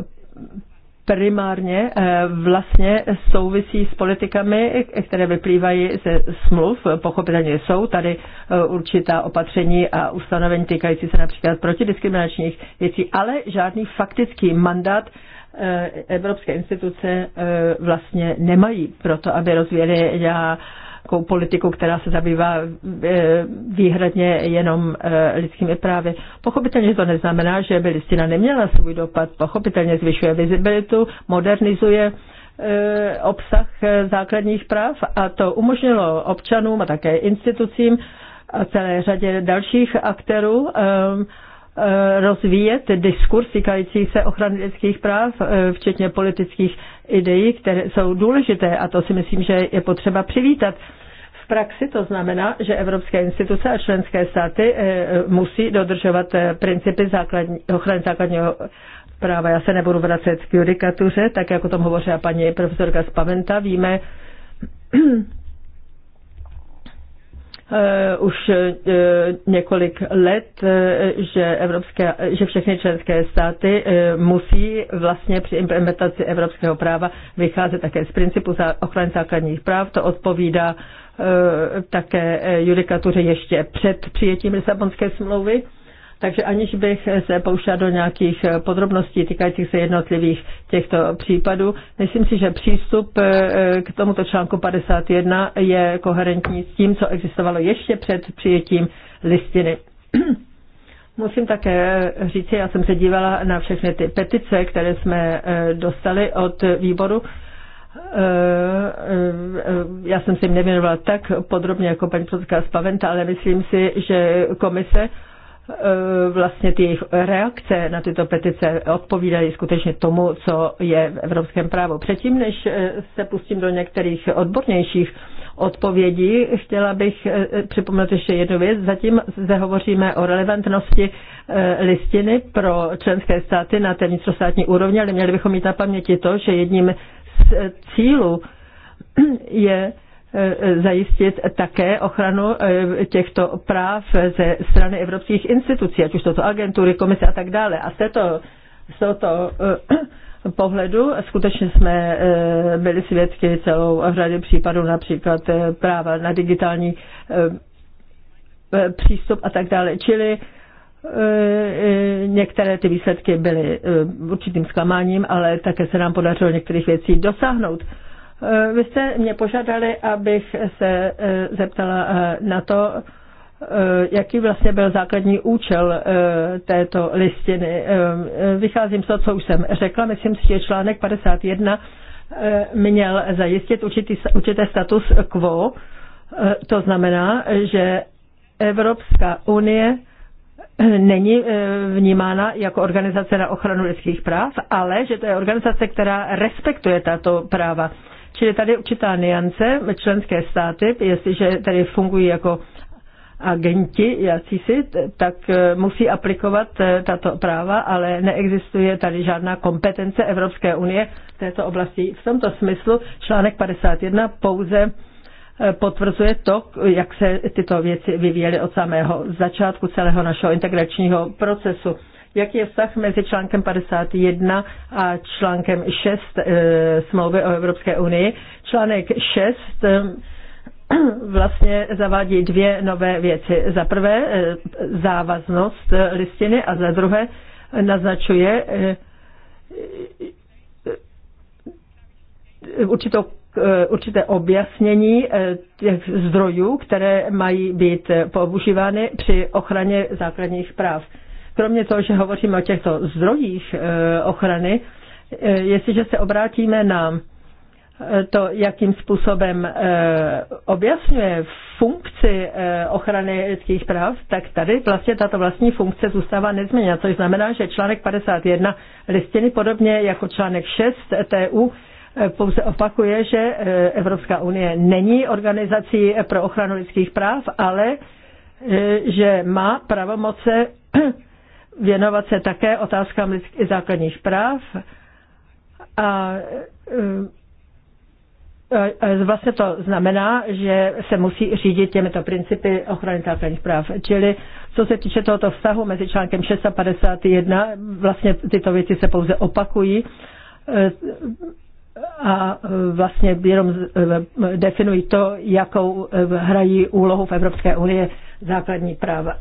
primárně eh, vlastně souvisí s politikami, které vyplývají ze smluv. Pochopitelně jsou tady eh, určitá opatření a ustanovení týkající se například protidiskriminačních věcí, ale žádný faktický mandát eh, evropské instituce vlastně nemají proto, aby rozvíjeli já takovou politiku, která se zabývá e, výhradně jenom e, lidskými právy. Pochopitelně to neznamená, že by listina neměla svůj dopad. Pochopitelně zvyšuje vizibilitu, modernizuje e, obsah základních práv a to umožnilo občanům a také institucím a celé řadě dalších aktérů Eh, rozvíjet diskurs týkající se ochrany lidských práv, eh, včetně politických ideí, které jsou důležité a to si myslím, že je potřeba přivítat. V praxi to znamená, že evropské instituce a členské státy eh, musí dodržovat principy základní, ochrany základního práva. Já se nebudu vracet k judikatuře, tak jako o tom hovořila paní profesorka Spaventa. Víme, Eh, už eh, několik let, eh, že, evropské, že všechny členské státy musí vlastně při implementaci evropského práva vycházet také z principu ochrany základních práv. To odpovídá také judikatuře ještě před přijetím Lisabonské smlouvy. Takže aniž bych se pouštěla do nějakých eh, podrobností týkajících se jednotlivých těchto případů, myslím si, že přístup eh, k tomuto článku 51 je koherentní s tím, co existovalo ještě před přijetím listiny. [clears throat] Musím také eh, říct, já jsem se dívala na všechny ty petice, které jsme dostali od výboru. Já jsem se jim nevěnovala tak podrobně jako paní předseda Spaventa, ale myslím si, že komise Eh, vlastně ty jejich reakce na tyto petice odpovídají skutečně tomu, co je v evropském právu. Předtím, než eh, se pustím do některých odbornějších odpovědí, chtěla bych eh, připomenout ještě jednu věc. Zatím zde hovoříme o relevantnosti listiny pro členské státy na té vnitrostátní úrovni, ale měli bychom mít na paměti to, že jedním z cílů je E, e, zajistit také ochranu e, těchto práv ze strany evropských institucí, ať už toto agentury, komise a tak dále. A z této, z této pohledu skutečně jsme byli svědky celou řady případů, například práva na digitální přístup a tak dále. Čili některé ty výsledky byly určitým zklamáním, ale také se nám podařilo některých věcí dosáhnout. Eh, vy jste mě požádali, abych se eh, zeptala eh, na to, jaký vlastně byl základní účel této listiny. Vycházím z toho, co už jsem řekla, myslím si, že článek 51 měl zajistit určitý, určité status quo, to znamená, že Evropská unie není vnímána jako organizace na ochranu lidských práv, ale že to je organizace, která respektuje tato práva. Čili tady je určitá niance členské státy, jestliže tady fungují jako agenti, si, tak eh, musí aplikovat eh, tato práva, ale neexistuje tady žádná kompetence Evropské unie v této oblasti. V tomto smyslu článek 51 pouze eh, potvrzuje to, jak se tyto věci vyvíjely od samého začátku celého našeho integračního procesu. Jaký je vztah mezi článkem 51 a článkem 6 eh, smlouvy o Evropské unii? Článek 6 eh, [clears throat] vlastně zavádí dvě nové věci. Za prvé eh, závaznost listiny a za druhé naznačuje určitou určité objasnění těch zdrojů, které mají být používány při ochraně základních práv kromě toho, že hovoříme o těchto zdrojích eh, ochrany, eh, jestliže se obrátíme na eh, to, jakým způsobem objasňuje funkci ochrany lidských práv, tak tady vlastně tato vlastní funkce zůstává nezměněna, což znamená, že článek 51 listiny, podobně jako článek 6 TU, pouze opakuje, že Evropská unie není organizací pro ochranu lidských práv, ale že má pravomoce [clears throat] věnovat se také otázkám lidských základních práv a e, e, Vlastně to znamená, že se musí řídit těmito principy ochrany základních práv. Čili co se týče tohoto vztahu mezi článkem 651, vlastně tyto věci se pouze opakují e, a vlastně jenom definují to, jakou hrají úlohu v Evropské unii základní práva.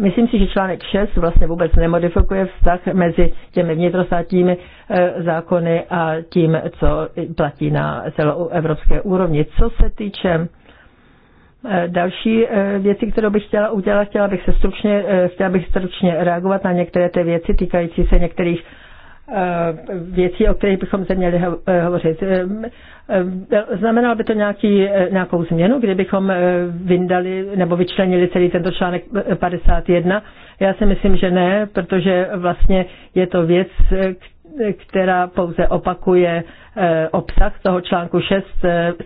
Myslím si, že článek 6 vlastně vůbec nemodifikuje vztah mezi těmi vnitrostátními eh, zákony a tím, co platí na celou evropské úrovni. Co se týče eh, Další eh, věci, kterou bych chtěla udělat, chtěla bych se stručně, chtěla bych stručně reagovat na některé ty věci týkající se některých Eh, věcí, o kterých bychom se měli eh, hovořit. Eh, znamenalo by to nějaký, nějakou změnu, kdybychom vyndali nebo vyčlenili celý tento článek 51? Já si myslím, že ne, protože vlastně je to věc, která pouze opakuje obsah toho článku 6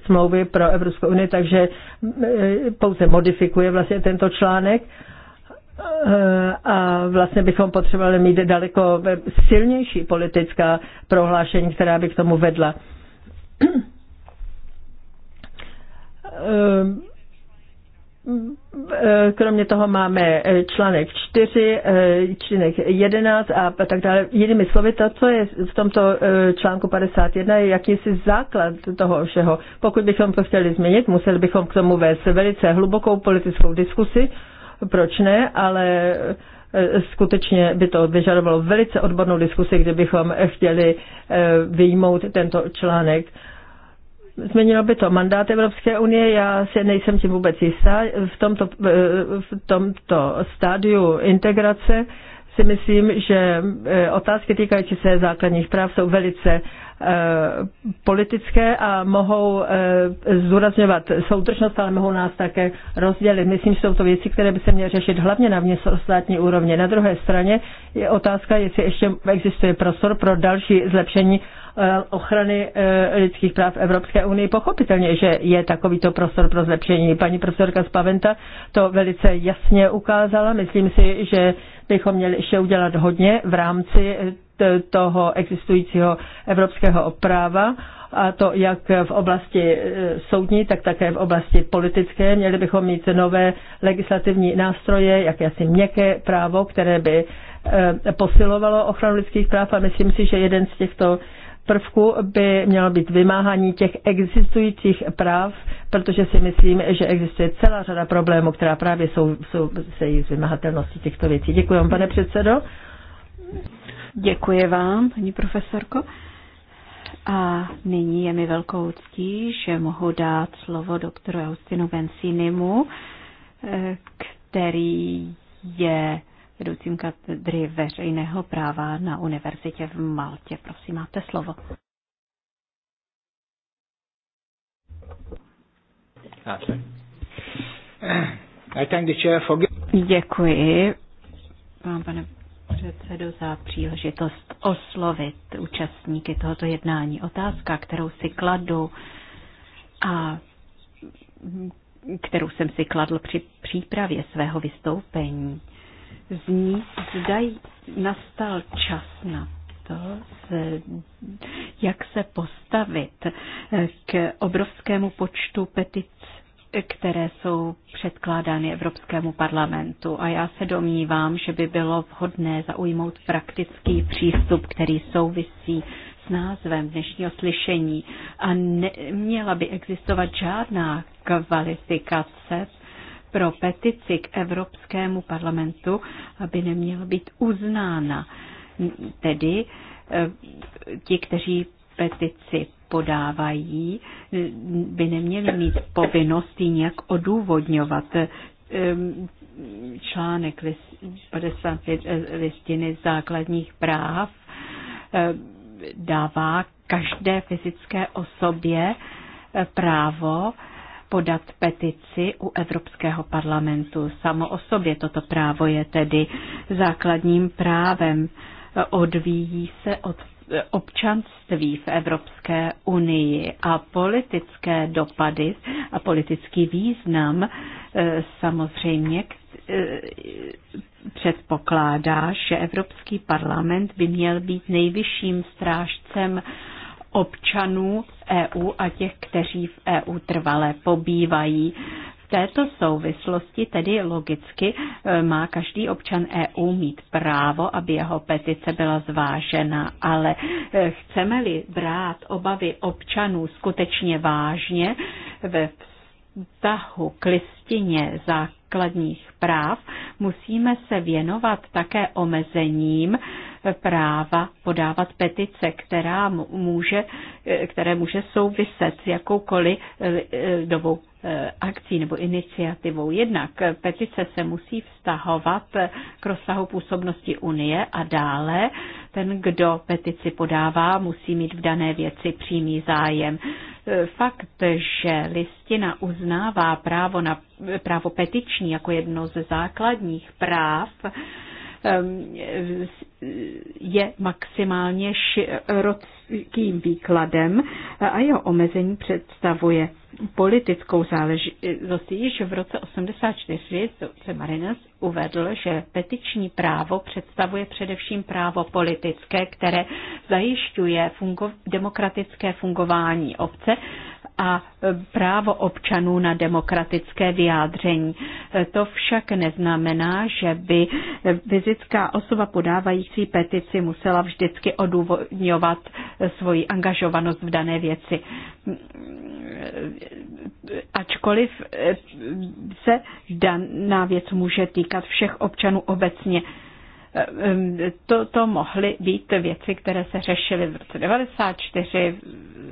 smlouvy pro Evropskou unii, takže pouze modifikuje vlastně tento článek. Eh, a vlastně bychom potřebovali mít daleko silnější politická prohlášení, která by k tomu vedla. Eh, eh, kromě toho máme článek 4, článek 11 a tak dále. Jinými slovy, to, co je v tomto článku 51, je jakýsi základ toho všeho. Pokud bychom to chtěli změnit, museli bychom k tomu vést velice hlubokou politickou diskusi, proč ne, ale e, skutečně by to vyžadovalo velice odbornou diskusi, kdybychom chtěli e, vyjmout tento článek. Změnilo by to mandát Evropské unie, já si nejsem tím vůbec jistá. V tomto, e, v tomto stádiu integrace si myslím, že otázky týkající se základních práv jsou velice Eh, politické a mohou eh, zdůrazňovat soudržnost, ale mohou nás také rozdělit. Myslím, že jsou to věci, které by se měly řešit hlavně na vnitrostátní úrovni. Na druhé straně je otázka, jestli ještě existuje prostor pro další zlepšení eh, ochrany lidských práv Evropské unii. Pochopitelně, že je takovýto prostor pro zlepšení. Paní profesorka Spaventa to velice jasně ukázala. Myslím si, že bychom měli ještě udělat hodně v rámci toho existujícího evropského práva, a to jak v oblasti e, soudní, tak také v oblasti politické. Měli bychom mít nové legislativní nástroje, jakési měkké právo, které by e, posilovalo ochranu lidských práv a myslím si, že jeden z těchto prvků by mělo být vymáhání těch existujících práv, protože si myslím, že existuje celá řada problémů, která právě jsou, jsou, se jí s vymahatelností těchto věcí. Děkuji vám, pane předsedo. Děkuji vám, paní profesorko. A nyní je mi velkou ctí, že mohu dát slovo doktoru Austinu Vencinimu, eh, který je vedoucím katedry veřejného práva na univerzitě v Maltě. Prosím, máte slovo. Děkuji vám, pane předsedo, za příležitost oslovit účastníky tohoto jednání. Otázka, kterou si kladu a kterou jsem si kladl při přípravě svého vystoupení, zní, zda nastal čas na to, jak se postavit k obrovskému počtu petic které jsou předkládány Evropskému parlamentu. A já se domnívám, že by bylo vhodné zaujmout praktický přístup, který souvisí s názvem dnešního slyšení. A neměla by existovat žádná kvalifikace pro petici k Evropskému parlamentu, aby neměla být uznána. Tedy eh, ti, kteří petici podávají, by neměli mít povinnosti nějak odůvodňovat. Ehm, článek 55 eh, listiny základních práv ehm, dává každé fyzické osobě eh, právo podat petici u Evropského parlamentu. Samo o sobě toto právo je tedy základním právem. Odvíjí se od občanství v Evropské unii a politické dopady a politický význam eh, samozřejmě eh, předpokládá, že Evropský parlament by měl být nejvyšším strážcem občanů EU a těch, kteří v EU trvale pobývají této souvislosti tedy logicky e, má každý občan EU mít právo, aby jeho petice byla zvážena, ale e, chceme-li brát obavy občanů skutečně vážně ve vztahu k listině základních práv, musíme se věnovat také omezením, práva podávat petice, která může, eh, které může souviset s jakoukoliv dobou eh, eh, akcí nebo iniciativou. Jednak petice se musí vztahovat k rozsahu působnosti Unie a dále ten, kdo petici podává, musí mít v dané věci přímý zájem. Fakt, že listina uznává právo, na, právo petiční jako jedno ze základních práv, Ehm, je maximálně širokým výkladem a jeho omezení představuje politickou záležitost. Již v roce 1984 se Marines uvedl, že petiční právo představuje především právo politické, které zajišťuje fungo- demokratické fungování obce a právo občanů na demokratické vyjádření. To však neznamená, že by fyzická osoba podávající petici musela vždycky odůvodňovat svoji angažovanost v dané věci. Ačkoliv se daná věc může týkat všech občanů obecně, Ehm, to, to mohly být věci, které se řešily v roce 94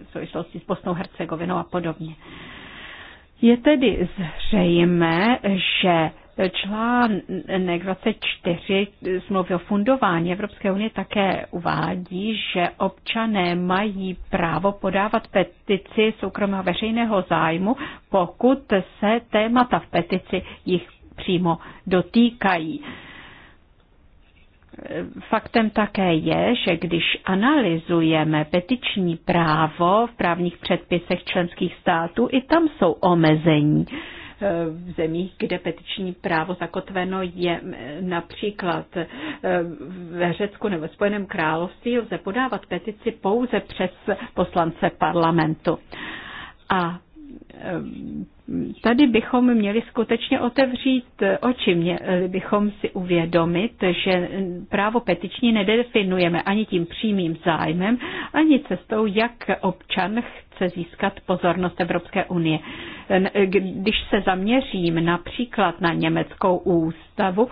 v souvislosti s Bosnou Hercegovinou a podobně. Je tedy zřejmé, že článek 24 smlouvy o fundování Evropské unie také uvádí, že občané mají právo podávat petici soukromého veřejného zájmu, pokud se témata v petici jich přímo dotýkají. Faktem také je, že když analyzujeme petiční právo v právních předpisech členských států, i tam jsou omezení e, v zemích, kde petiční právo zakotveno je například e, ve Řecku nebo Spojeném království, lze podávat petici pouze přes poslance parlamentu. A e, tady bychom měli skutečně otevřít oči, měli bychom si uvědomit, že právo petiční nedefinujeme ani tím přímým zájmem, ani cestou, jak občan chce chce získat pozornost Evropské unie. Když se zaměřím například na německou ústavu,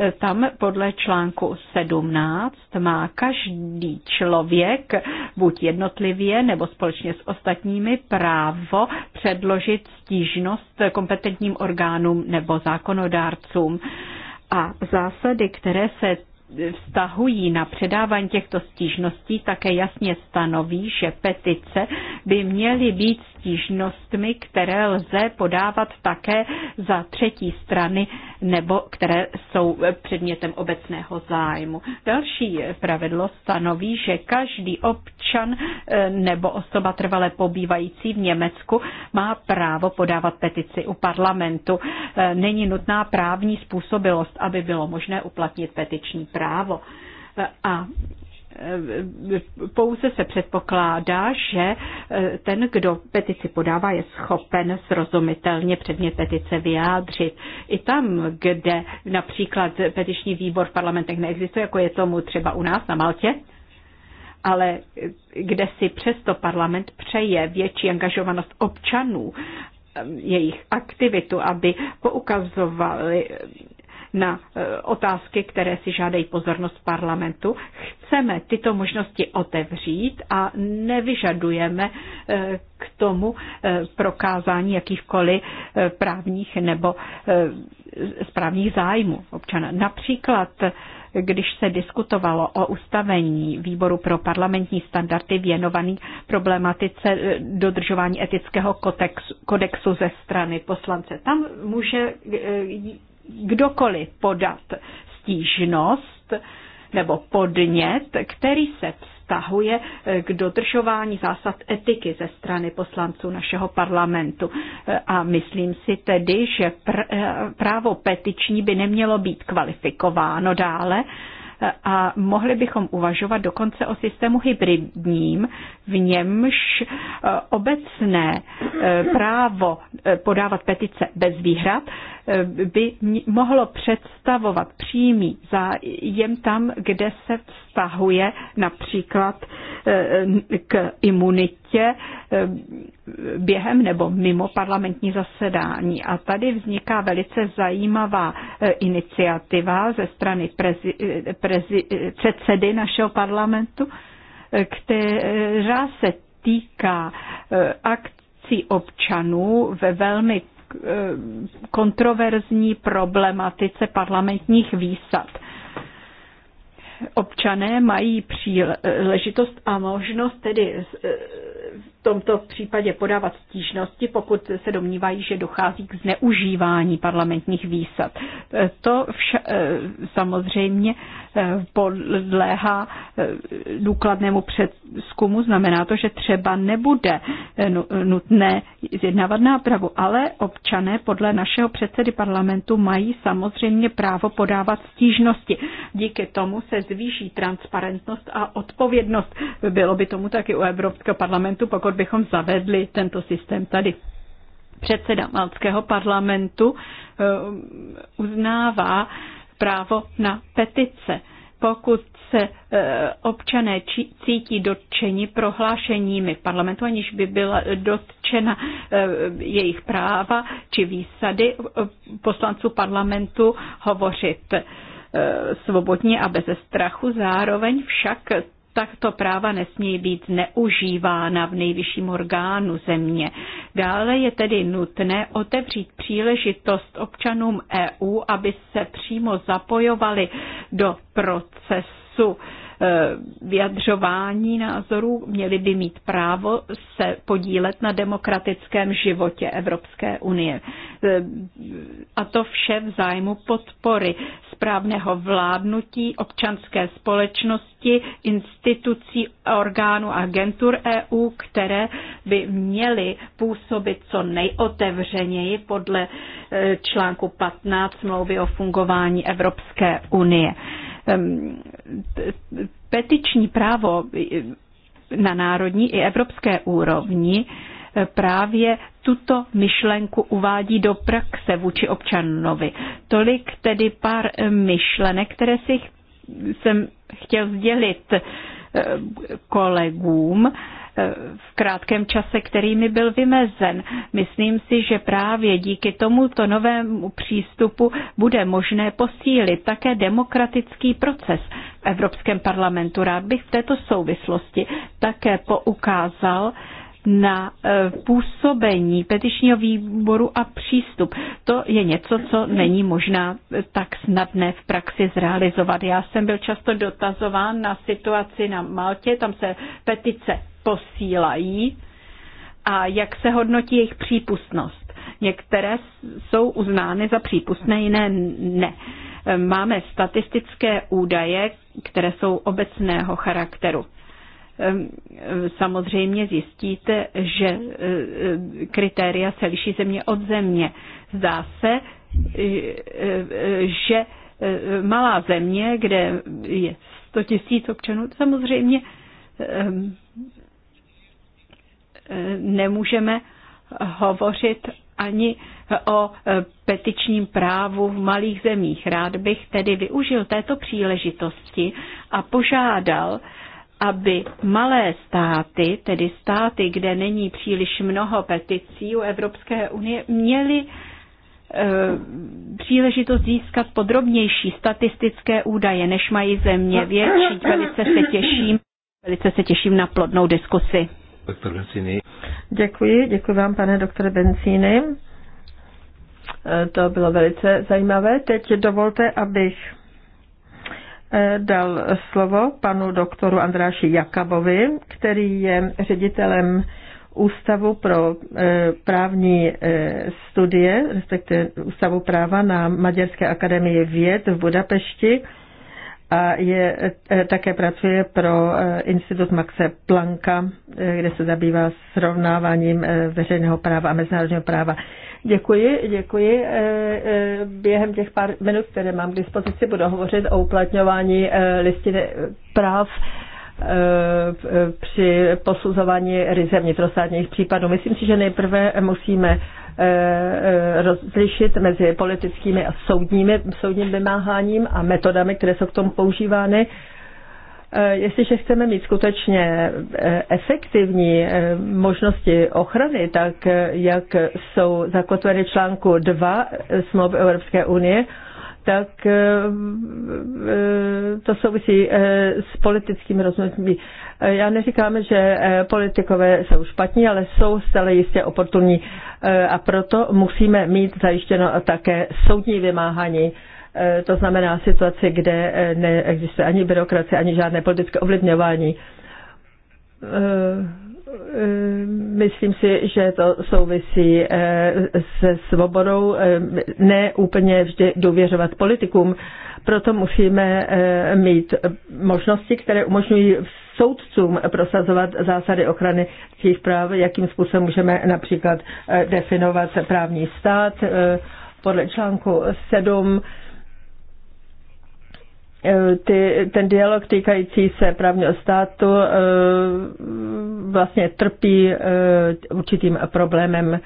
eh, tam podle článku 17 má každý člověk, buď jednotlivě nebo společně s ostatními, právo předložit stížnost kompetentním orgánům nebo zákonodárcům. A zásady, které se vztahují na předávání těchto stížností, také jasně stanoví, že petice by měly být stížnostmi, které lze podávat také za třetí strany nebo které jsou předmětem obecného zájmu. Další pravidlo stanoví, že každý občan e, nebo osoba trvale pobývající v Německu má právo podávat petici u parlamentu. E, není nutná právní způsobilost, aby bylo možné uplatnit petiční právo. E, a pouze se předpokládá, že eh, ten, kdo petici podává, je schopen srozumitelně předmět petice vyjádřit. I tam, kde například petiční výbor v parlamentech neexistuje, jako je tomu třeba u nás na Maltě, ale kde si přesto parlament přeje větší angažovanost občanů, eh, jejich aktivitu, aby poukazovali na e, otázky, které si žádají pozornost parlamentu. Chceme tyto možnosti otevřít a nevyžadujeme e, k tomu e, prokázání jakýchkoliv právních nebo správních zájmů občana. Například když se diskutovalo o ustavení výboru pro parlamentní standardy věnovaný problematice dodržování etického kodexu ze strany poslance. Tam může kdokoliv podat stížnost nebo podnět, který se vztahuje k dodržování zásad etiky ze strany poslanců našeho parlamentu. A myslím si tedy, že právo petiční by nemělo být kvalifikováno dále, a mohli bychom uvažovat dokonce o systému hybridním, v němž obecné eh, právo eh, podávat petice bez výhrad Eh, by mohlo představovat přímý zájem tam, kde se vztahuje například eh, k imunitě eh, během nebo mimo parlamentní zasedání. A tady vzniká velice zajímavá iniciativa ze strany prezi, prezi, předsedy našeho parlamentu, která se týká akcí občanů ve velmi Eh, kontroverzní problematice parlamentních výsad. Občané mají příležitost a možnost tedy eh, tomto případě podávat stížnosti, pokud se domnívají, že dochází k zneužívání parlamentních výsad. To vša, eh, samozřejmě eh, podléhá eh, důkladnému předzkumu. znamená to, že třeba nebude nutné zjednávat nápravu, ale občané podle našeho předsedy parlamentu mají samozřejmě právo podávat stížnosti. Díky tomu se zvýší transparentnost a odpovědnost. Bylo by tomu taky u Evropského parlamentu, pokud pokud bychom zavedli tento systém tady. Předseda Malckého parlamentu eh, uznává právo na petice pokud se eh, občané cítí dotčeni prohlášeními parlamentu, aniž by byla dotčena eh, jejich práva či výsady poslanců parlamentu hovořit svobodně a bez strachu. Zároveň však takto práva nesmí být neužívána v nejvyšším orgánu země. Dále je tedy nutné otevřít příležitost občanům EU, aby se přímo zapojovali do procesu procesu Eh, vyjadřování názorů, měli by mít právo se podílet na demokratickém životě Evropské unie. Eh, a to vše v zájmu podpory správného vládnutí občanské společnosti, institucí, orgánů a agentur EU, které by měly působit co nejotevřeněji podle eh, článku 15 smlouvy o fungování Evropské unie petiční právo na národní i evropské úrovni e, právě tuto myšlenku uvádí do praxe vůči občanovi. Tolik tedy pár e, myšlenek, které si jsem chtěl sdělit e, kolegům Eh, v krátkém čase, který mi byl vymezen. Myslím si, že právě díky tomuto novému přístupu bude možné posílit také demokratický proces v Evropském parlamentu. Rád bych v této souvislosti také poukázal, na eh, působení petičního výboru a přístup. To je něco, co není možná eh, tak snadné v praxi zrealizovat. Já jsem byl často dotazován na situaci na Maltě, tam se petice posílají a jak se hodnotí jejich přípustnost. Některé jsou uznány za přípustné, jiné ne. Máme statistické údaje, které jsou obecného charakteru ehm, samozřejmě zjistíte, že e, e, kritéria se liší země od země. Zdá se, e, že malá země, kde je 100 tisíc občanů, samozřejmě ehm, nemůžeme hovořit ani o petičním právu v malých zemích. Rád bych tedy využil této příležitosti a požádal, aby malé státy, tedy státy, kde není příliš mnoho peticí u Evropské unie, měly eh, příležitost získat podrobnější statistické údaje, než mají země větší. Velice se těším, velice se těším na plodnou diskusi doktor Benzíny. Děkuji, děkuji vám, pane doktore Bencíny. E, to bylo velice zajímavé. Teď dovolte, abych e, dal slovo panu doktoru Andráši Jakabovi, který je ředitelem Ústavu pro e, právní studie, respektive Ústavu práva na Maďarské akademii věd v Budapešti a je, e, také pracuje pro e, Institut Maxe Planka, e, kde se zabývá srovnáváním veřejného práva a mezinárodního práva. Děkuji, děkuji. Během těch pár minut, které mám k dispozici, budu hovořit o uplatňování listiny práv při posuzování ryze vnitrostátních případů. Myslím si, že nejprve musíme Eh, eh, rozlišit mezi politickými a soudními, soudním vymáháním a metodami, které jsou k tomu používány. Eh, jestliže chceme mít skutečně efektivní možnosti ochrany, tak jak jsou zakotveny článku 2 smlouvy Evropské unie, tak eh, eh, to souvisí eh, s politickým rozhodnutím. Já neříkám, že politikové jsou špatní, ale jsou stále jistě oportunní a proto musíme mít zajištěno také soudní vymáhání to znamená situaci, kde neexistuje ani byrokracie, ani žádné politické ovlivňování. Eh, myslím si, že to souvisí eh, se svobodou eh, ne úplně vždy důvěřovat politikům. Proto musíme mít možnosti, které umožňují soudcům prosazovat zásady ochrany těch práv, jakým způsobem můžeme například definovat právní stát podle článku 7 Eh, ty, ten dialog týkající se právního státu eh, vlastně trpí eh, určitým problémem,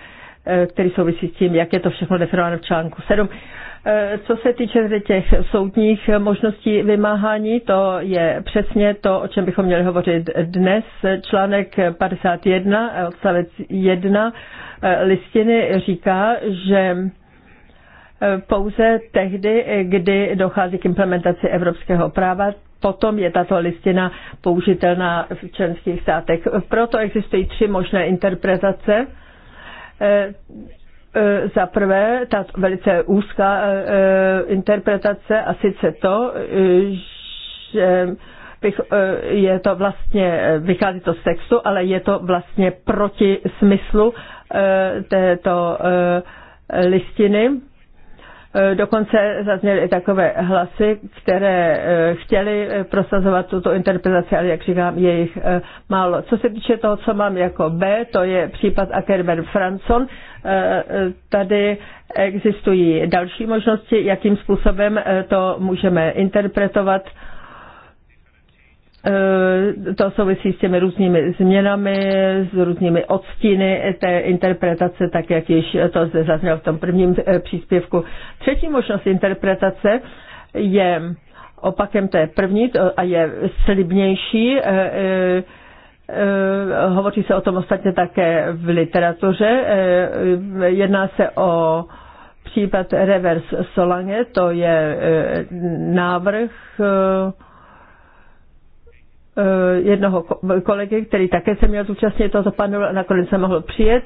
který souvisí s tím, jak je to všechno definováno v článku 7. Co se týče těch soudních možností vymáhání, to je přesně to, o čem bychom měli hovořit dnes. Článek 51, odstavec 1 listiny říká, že pouze tehdy, kdy dochází k implementaci evropského práva. Potom je tato listina použitelná v členských státech. Proto existují tři možné interpretace. Eh, eh, za prvé, ta velice úzká eh, interpretace, a sice to, že je to vlastně, vychází to z textu, ale je to vlastně proti smyslu této listiny. E, dokonce zazněly i takové hlasy, které e, chtěly e, prosazovat tuto interpretaci, ale jak říkám, je jich málo. Co se týče toho, co mám jako B, to je případ Ackerman Franson. Tady existují další možnosti, jakým způsobem to můžeme interpretovat. Eh, to souvisí s těmi různými změnami, s různými odstíny té interpretace, tak jak již to zde zaznělo v tom prvním eh, příspěvku. Třetí možnost interpretace je opakem té první a je slibnější. Eh, hovoří se o tom ostatně také v literatuře. Jedná se o případ reverse Solange, to je návrh Eh, jednoho kolegy, který také se měl zúčastnit to panelu a nakonec se mohl přijet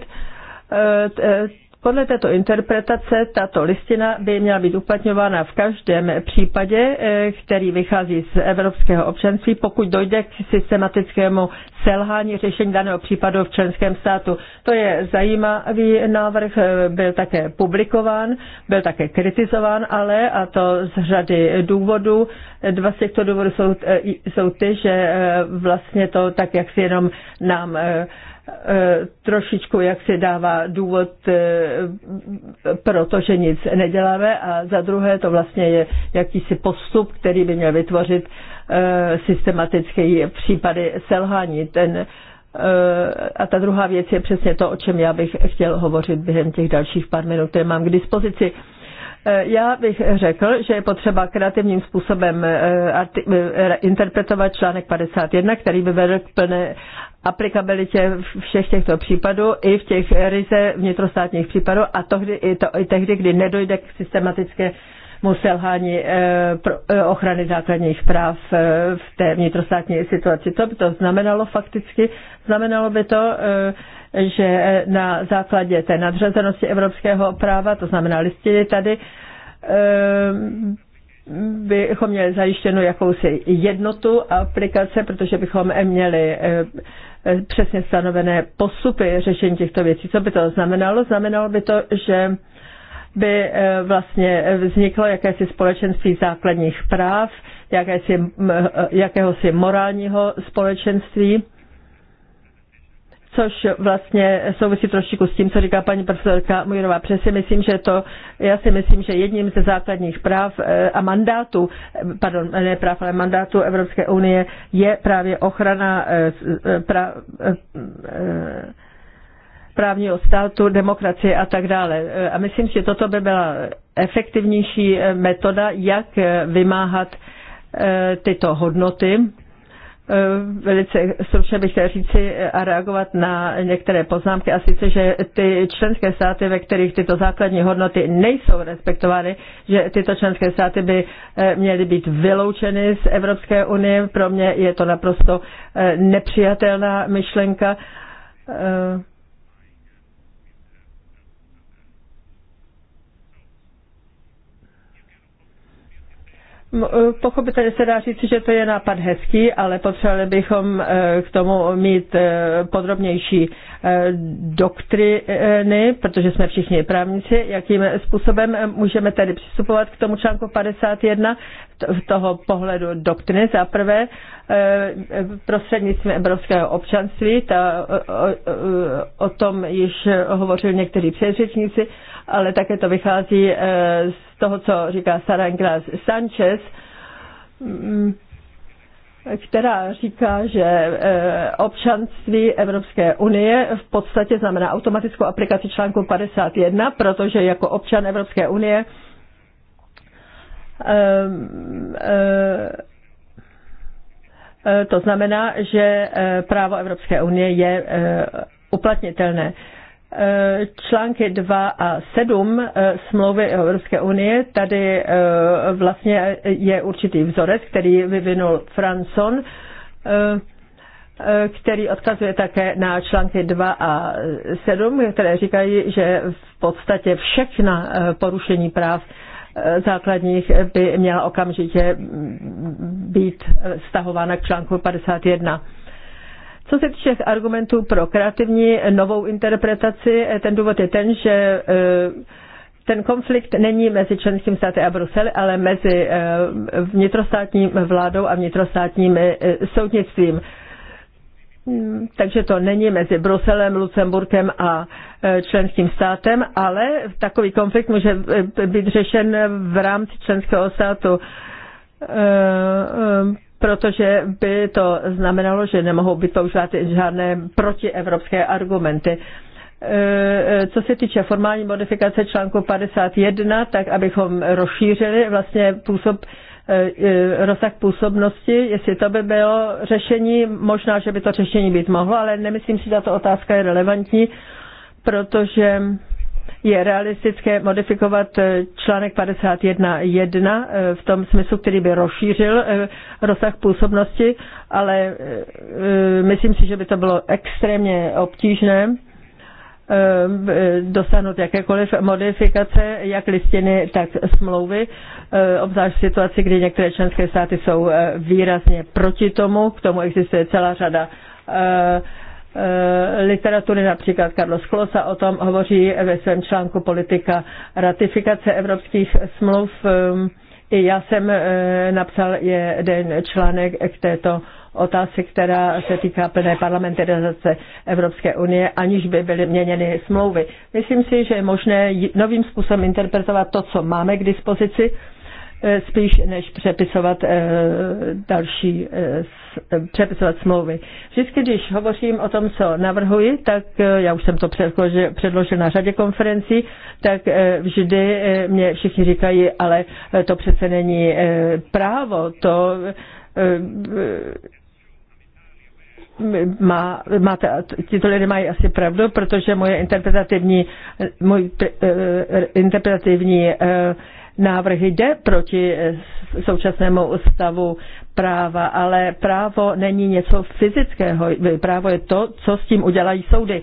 eh, eh, podle této interpretace tato listina by měla být uplatňována v každém případě, eh, který vychází z evropského občanství, pokud dojde k systematickému selhání řešení daného případu v členském státu. To je zajímavý návrh, eh, byl také publikován, byl také kritizován, ale a to z řady důvodů. Dva z těchto důvodů jsou, eh, jsou ty, že vlastně to tak, jak si jenom nám Eh, trošičku, jak se dává důvod, eh, protože nic neděláme a za druhé to vlastně je jakýsi postup, který by měl vytvořit eh, systematické případy selhání. Ten, a ta druhá věc je přesně to, o čem já bych chtěl hovořit během těch dalších pár minut, které mám k dispozici. Eh, já bych řekl, že je potřeba kreativním způsobem eh, eh, interpretovat článek 51, který by vedl k plné aplikabilitě všech těchto případů i v těch ryze vnitrostátních případů a to, kdy, i, to, i tehdy, kdy nedojde k systematické selhání ochrany základních práv v té vnitrostátní situaci. Co by to znamenalo fakticky? Znamenalo by to že na základě té nadřazenosti evropského práva, to znamená listiny tady, ehm, bychom měli zajištěnu jakousi jednotu aplikace, protože bychom měli eh, přesně stanovené postupy řešení těchto věcí. Co by to znamenalo? Znamenalo by to, že by eh, vlastně vzniklo jakési společenství základních práv, jakési, eh, jakéhosi morálního společenství, což vlastně souvisí trošičku s tím, co říká paní profesorka Mujinová. Přesně myslím, že to, já si myslím, že jedním ze základních práv eh, a mandátů, eh, pardon, ne práv, ale mandátů Evropské unie je právě ochrana eh, pra, právního státu, demokracie a tak dále. A myslím, že toto by byla efektivnější metoda, jak vymáhat tyto hodnoty Eh, velice stručně bych chtěla říci a reagovat na některé poznámky a sice, že ty členské státy, ve kterých tyto základní hodnoty nejsou respektovány, že tyto členské státy by eh, měly být vyloučeny z Evropské unie. Pro mě je to naprosto eh, nepřijatelná myšlenka. E, pochopitelně se dá říct, že to je nápad hezký, ale potřebovali bychom e, k tomu mít e, podrobnější doktriny, protože jsme všichni právníci, jakým způsobem můžeme tedy přistupovat k tomu článku 51 v toho pohledu doktriny. Za prvé prostřednictvím evropského občanství, ta, o, o, o tom již hovořili někteří předřečníci, ale také to vychází z toho, co říká Saranglas Sanchez, mm, která říká, že e, občanství Evropské unie v podstatě znamená automatickou aplikaci článku 51, protože jako občan Evropské unie e, e, to znamená, že právo Evropské unie je uplatnitelné články 2 a 7 eh, smlouvy Evropské unie, tady eh, vlastně je určitý vzorec, který vyvinul Franson, eh, který odkazuje také na články 2 a 7, které říkají, že v podstatě všechna porušení práv základních by měla okamžitě být stahována k článku 51. Co se týče argumentů pro kreativní novou interpretaci, eh, ten důvod je ten, že eh, ten konflikt není mezi členským státy a Brusel, ale mezi eh, vnitrostátní vládou a vnitrostátním soudnictvím. Takže to není mezi Bruselem, Lucemburkem a členským státem, ale takový konflikt může být řešen v rámci členského státu protože by to znamenalo, že nemohou být používat žádné protievropské argumenty. E, e, co se týče formální modifikace článku 51, tak abychom rozšířili vlastně působ e, rozsah působnosti, jestli to by bylo řešení, možná, že by to řešení být mohlo, ale nemyslím si, že tato otázka je relevantní, protože je realistické modifikovat eh, článek 51.1 eh, v tom smyslu, který by rozšířil eh, rozsah působnosti, ale myslím si, že by to bylo extrémně obtížné dosáhnout jakékoliv modifikace, jak listiny, tak smlouvy, obzvlášť v situaci, kdy některé členské státy jsou výrazně proti tomu, k tomu existuje celá řada Eh, literatury, například Carlos Klosa o tom hovoří ve svém článku Politika ratifikace evropských smluv. Ehm, I já jsem eh, napsal jeden článek k této otázce, která se týká plné parlamentarizace Evropské unie, aniž by byly měněny smlouvy. Myslím si, že je možné novým způsobem interpretovat to, co máme k dispozici, eh, spíš než přepisovat další přepisovat smlouvy. Vždycky, když hovořím o tom, co navrhuji, tak eh, já už jsem to předložil na řadě konferencí, tak eh, vždy eh, mě všichni říkají, ale to přece není právo, to má, ta, tito lidé mají asi pravdu, protože moje interpretativní, můj uh, interpretativní uh, návrh jde proti eh, současnému stavu práva, ale právo není něco fyzického. Eh, právo je to, co s tím udělají soudy.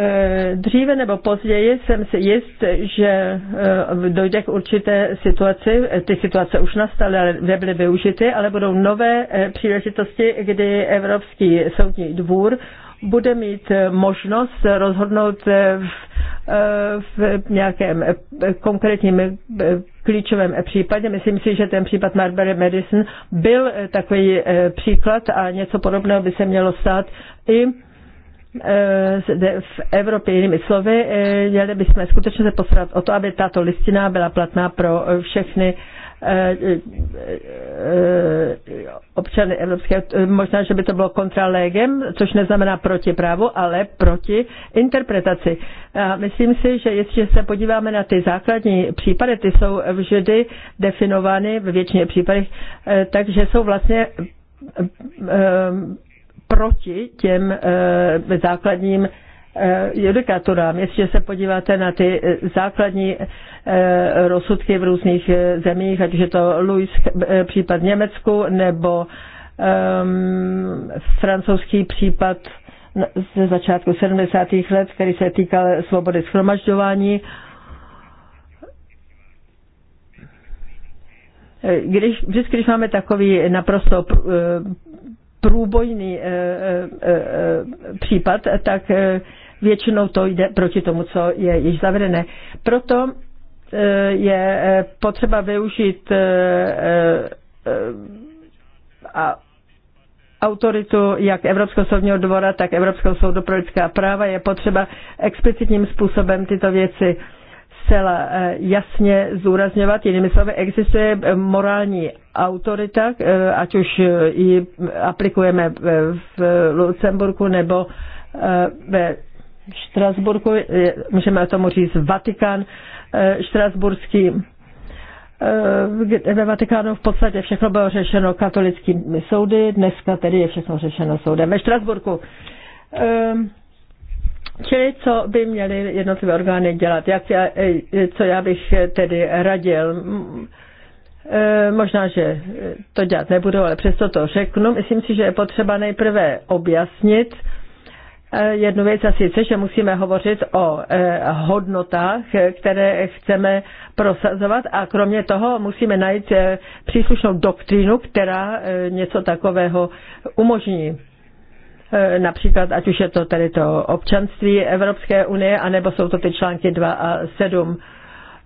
Eh, dříve nebo později jsem si jist, že dojde k určité situaci. Ty situace už nastaly, ale nebyly využity, ale budou nové příležitosti, kdy Evropský soudní dvůr bude mít možnost rozhodnout v, nějakém konkrétním klíčovém případě. Myslím si, že ten případ Marbury Medicine byl takový eh, příklad a něco podobného by se mělo stát i eh, v Evropě, jinými slovy, eh, měli bychom skutečně se postarat o to, aby tato listina byla platná pro všechny Eh, eh, eh, občany Evropské, možná, že by to bylo kontralegem, což neznamená proti právu, ale proti interpretaci. A myslím si, že jestliže se podíváme na ty základní případy, ty jsou vždy definovány ve většině případech, takže jsou vlastně proti těm základním Eh, judikaturám. Jestliže se podíváte na ty eh, základní eh, rozsudky v různých zemích, ať už je to Louis případ Německu nebo um, francouzský případ ze začátku 70. let, který se týkal svobody schromažďování, když, vždycky, když máme takový naprosto průbojný eh, eh, eh, případ, tak většinou to jde proti tomu, co je již zavedené. Proto je potřeba využít a autoritu jak Evropského soudního dvora, tak Evropského soudu pro lidská práva. Je potřeba explicitním způsobem tyto věci zcela eh, jasně zúrazňovat. Jinými slovy, existuje eh, morální autorita, eh, ať už ji aplikujeme v Lucemburku nebo ve Štrasburku, můžeme tomu říct Vatikán štrasburský. Ve Vatikánu v podstatě všechno bylo řešeno katolickými soudy, dneska tedy je všechno řešeno soudem ve Štrasburku. Čili co by měly jednotlivé orgány dělat? Jak já, e, e, co já bych tedy radil? E, možná, že to dělat nebudu, ale přesto to řeknu. Myslím si, že je potřeba nejprve objasnit jednu věc a sice, že musíme hovořit o hodnotách, které chceme prosazovat a kromě toho musíme najít příslušnou doktrínu, která něco takového umožní E, například ať už je to tedy to občanství Evropské unie, anebo jsou to ty články 2 a 7.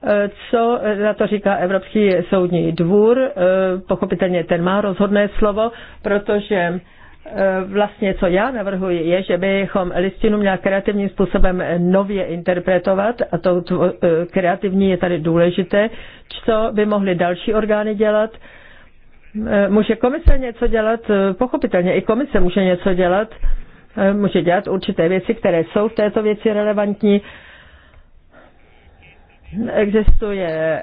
E, co na to říká Evropský soudní dvůr? E, pochopitelně ten má rozhodné slovo, protože vlastně co já navrhuji, je, že bychom listinu měla kreativním způsobem nově interpretovat a to kreativní je tady důležité, co by mohly další orgány dělat, Eh, může komise něco dělat? Eh, pochopitelně i komise může něco dělat. Eh, může dělat určité věci, které jsou v této věci relevantní. Existuje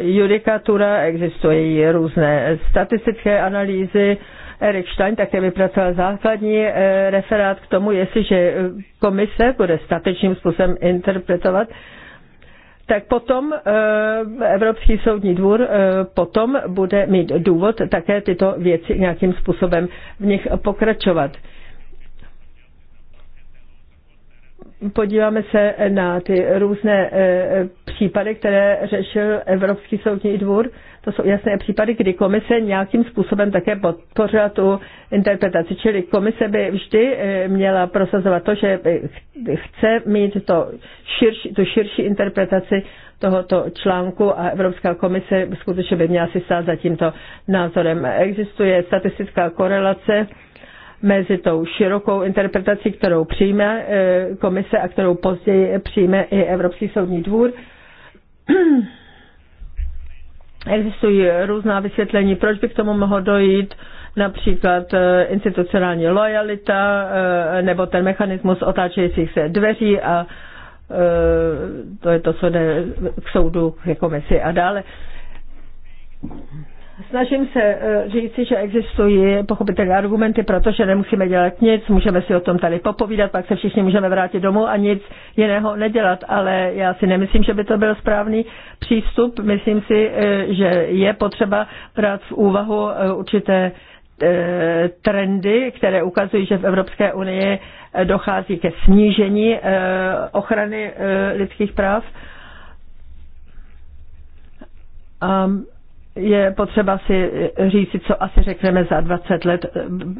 judikatura, existují různé statistické analýzy. Erik Stein také vypracoval základní referát k tomu, jestliže komise bude statečným způsobem interpretovat tak potom eh, Evropský soudní dvůr eh, potom bude mít důvod také tyto věci nějakým způsobem v nich pokračovat. podíváme se na ty různé eh, případy, které řešil Evropský soudní dvůr, to jsou jasné případy, kdy komise nějakým způsobem také podpořila tu interpretaci. Čili komise by vždy eh, měla prosazovat to, že chce mít to širší, tu širší interpretaci tohoto článku a Evropská komise skutečně by měla si stát za tímto názorem. Existuje statistická korelace mezi tou širokou interpretací, kterou přijme eh, komise a kterou později přijme i Evropský soudní dvůr. [clears throat] Existují různá vysvětlení, proč by k tomu mohlo dojít, například eh, institucionální lojalita eh, nebo ten mechanismus otáčejících se dveří a to je to, co jde k soudu, ke komisi a dále. Snažím se eh, říct, že existují pochopitelné argumenty, protože nemusíme dělat nic, můžeme si o tom tady popovídat, pak se všichni můžeme vrátit domů a nic jiného nedělat, ale já si nemyslím, že by to byl správný přístup. Myslím si, eh, že je potřeba brát v úvahu eh, určité trendy, které ukazují, že v Evropské unii dochází ke snížení ochrany lidských práv. Um, je potřeba si říct, co asi řekneme za 20 let,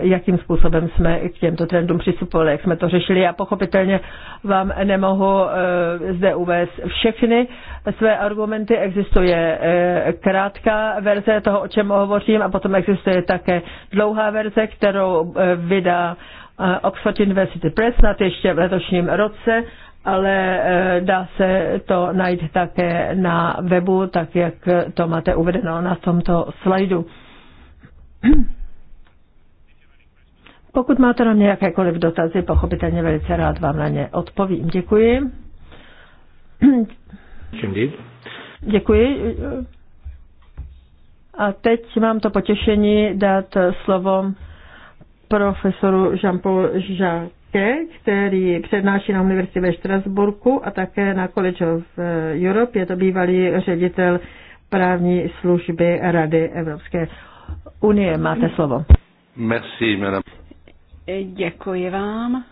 jakým způsobem jsme k těmto trendům přistupovali, jak jsme to řešili. Já pochopitelně vám nemohu eh, zde uvést všechny své argumenty. Existuje eh, krátká verze toho, o čem hovořím, a potom existuje také dlouhá verze, kterou eh, vydá Oxford University Press, na ještě v letošním roce ale eh, dá se to najít také na webu, tak jak to máte uvedeno na tomto slajdu. [clears throat] Pokud máte na mě jakékoliv dotazy, pochopitelně velice rád vám na ně odpovím. Děkuji. Děkuji. A teď mám to potěšení dát slovo profesoru Jean-Paul Jacques který přednáší na univerzitě ve Štrasburku a také na College of eh, Europe. Je to bývalý ředitel právní služby Rady Evropské unie. Máte slovo. Merci, madame. Děkuji vám.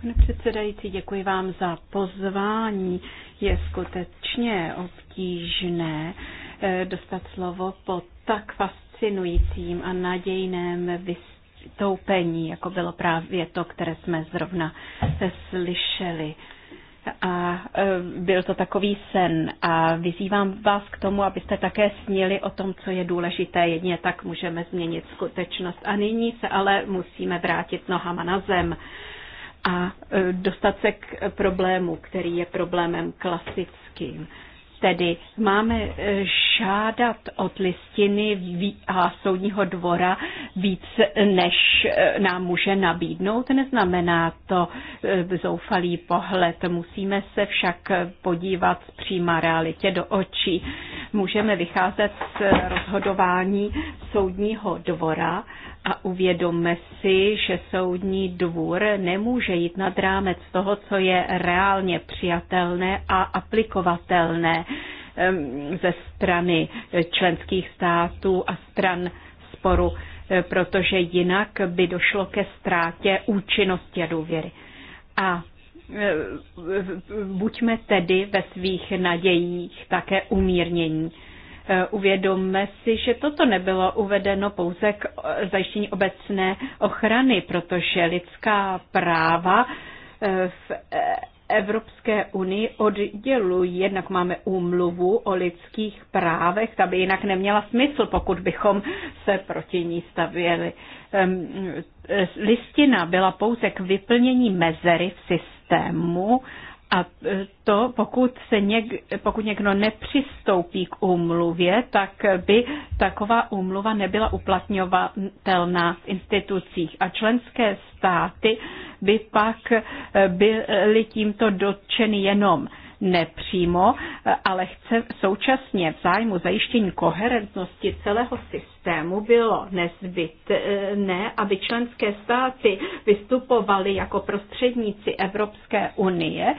Pane předsedající, děkuji vám za pozvání. Je skutečně obtížné eh, dostat slovo po tak fascinujícím a nadějném vysvětlení toupení, jako bylo právě to, které jsme zrovna slyšeli. A e, byl to takový sen a vyzývám vás k tomu, abyste také snili o tom, co je důležité. jedně, tak můžeme změnit skutečnost. A nyní se ale musíme vrátit nohama na zem a e, dostat se k problému, který je problémem klasickým Tedy máme eh, žádat od listiny a soudního dvora víc, eh, než eh, nám může nabídnout. Neznamená to zoufalý pohled. Musíme se však podívat přímo realitě do očí. Můžeme vycházet z rozhodování soudního dvora a uvědomme si, že soudní dvůr nemůže jít nad rámec toho, co je reálně přijatelné a aplikovatelné ehm, ze strany členských států a stran sporu, eh, protože jinak by došlo ke ztrátě účinnosti a důvěry. A eh, buďme tedy ve svých nadějích také umírnění. Eh, uvědomme si, že toto nebylo uvedeno pouze k eh, zajištění obecné ochrany, protože lidská práva eh, v Evropské unii oddělují. Jednak máme úmluvu o lidských právech, ta by jinak neměla smysl, pokud bychom se proti ní stavěli. Listina byla pouze k vyplnění mezery v systému, a e, to, pokud, se něk, pokud někdo nepřistoupí k úmluvě, tak by taková úmluva nebyla uplatňovatelná v institucích. A členské státy by pak e, byly tímto dotčeny jenom nepřímo, ale chce současně v zájmu zajištění koherentnosti celého systému bylo nezbytné, aby členské státy vystupovaly jako prostředníci Evropské unie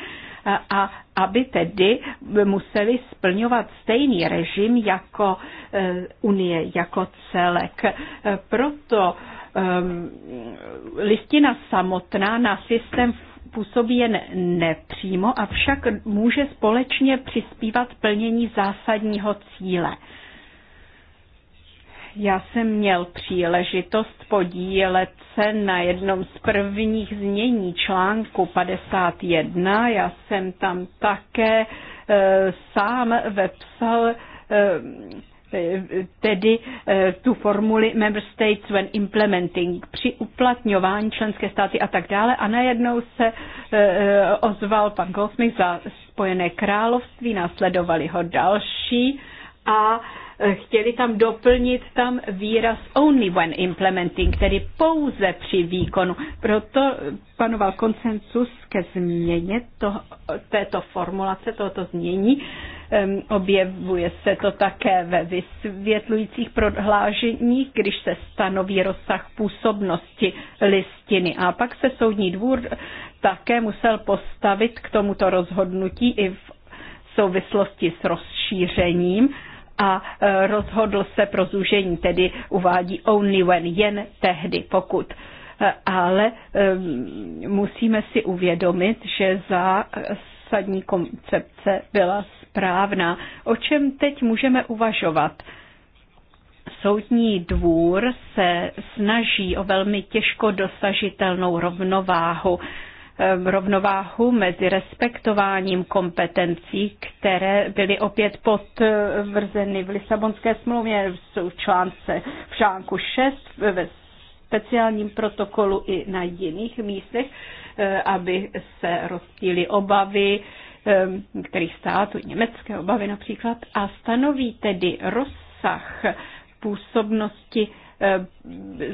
a aby tedy museli splňovat stejný režim jako e, Unie, jako celek. E, proto listina samotná na systém působí jen nepřímo, avšak může společně přispívat plnění zásadního cíle. Já jsem měl příležitost podílet se na jednom z prvních znění článku 51. Já jsem tam také e, sám vepsal e, e tedy e, tu formuli Member States when implementing při uplatňování členské státy a tak dále. A najednou se e, ozval pan Goldsmith za Spojené království, následovali ho další a Eh, chtěli tam doplnit tam výraz only when implementing, tedy pouze při výkonu. Proto panoval koncensus ke změně to, této formulace, tohoto změní. Objevuje se to také ve vysvětlujících prohlášeních, když se stanoví rozsah působnosti listiny. A pak se soudní dvůr také musel postavit k tomuto rozhodnutí i v souvislosti s rozšířením a e, rozhodl se pro zúžení, tedy uvádí only when, jen tehdy, pokud e, ale e, musíme si uvědomit, že zásadní koncepce byla správná. O čem teď můžeme uvažovat? Soudní dvůr se snaží o velmi těžko dosažitelnou rovnováhu rovnováhu mezi respektováním kompetencí, které byly opět potvrzeny v Lisabonské smlouvě v článce v článku 6 ve speciálním protokolu i na jiných místech, eh, aby se rozptýly obavy některých eh, států, německé obavy například, a stanoví tedy rozsah působnosti Eh,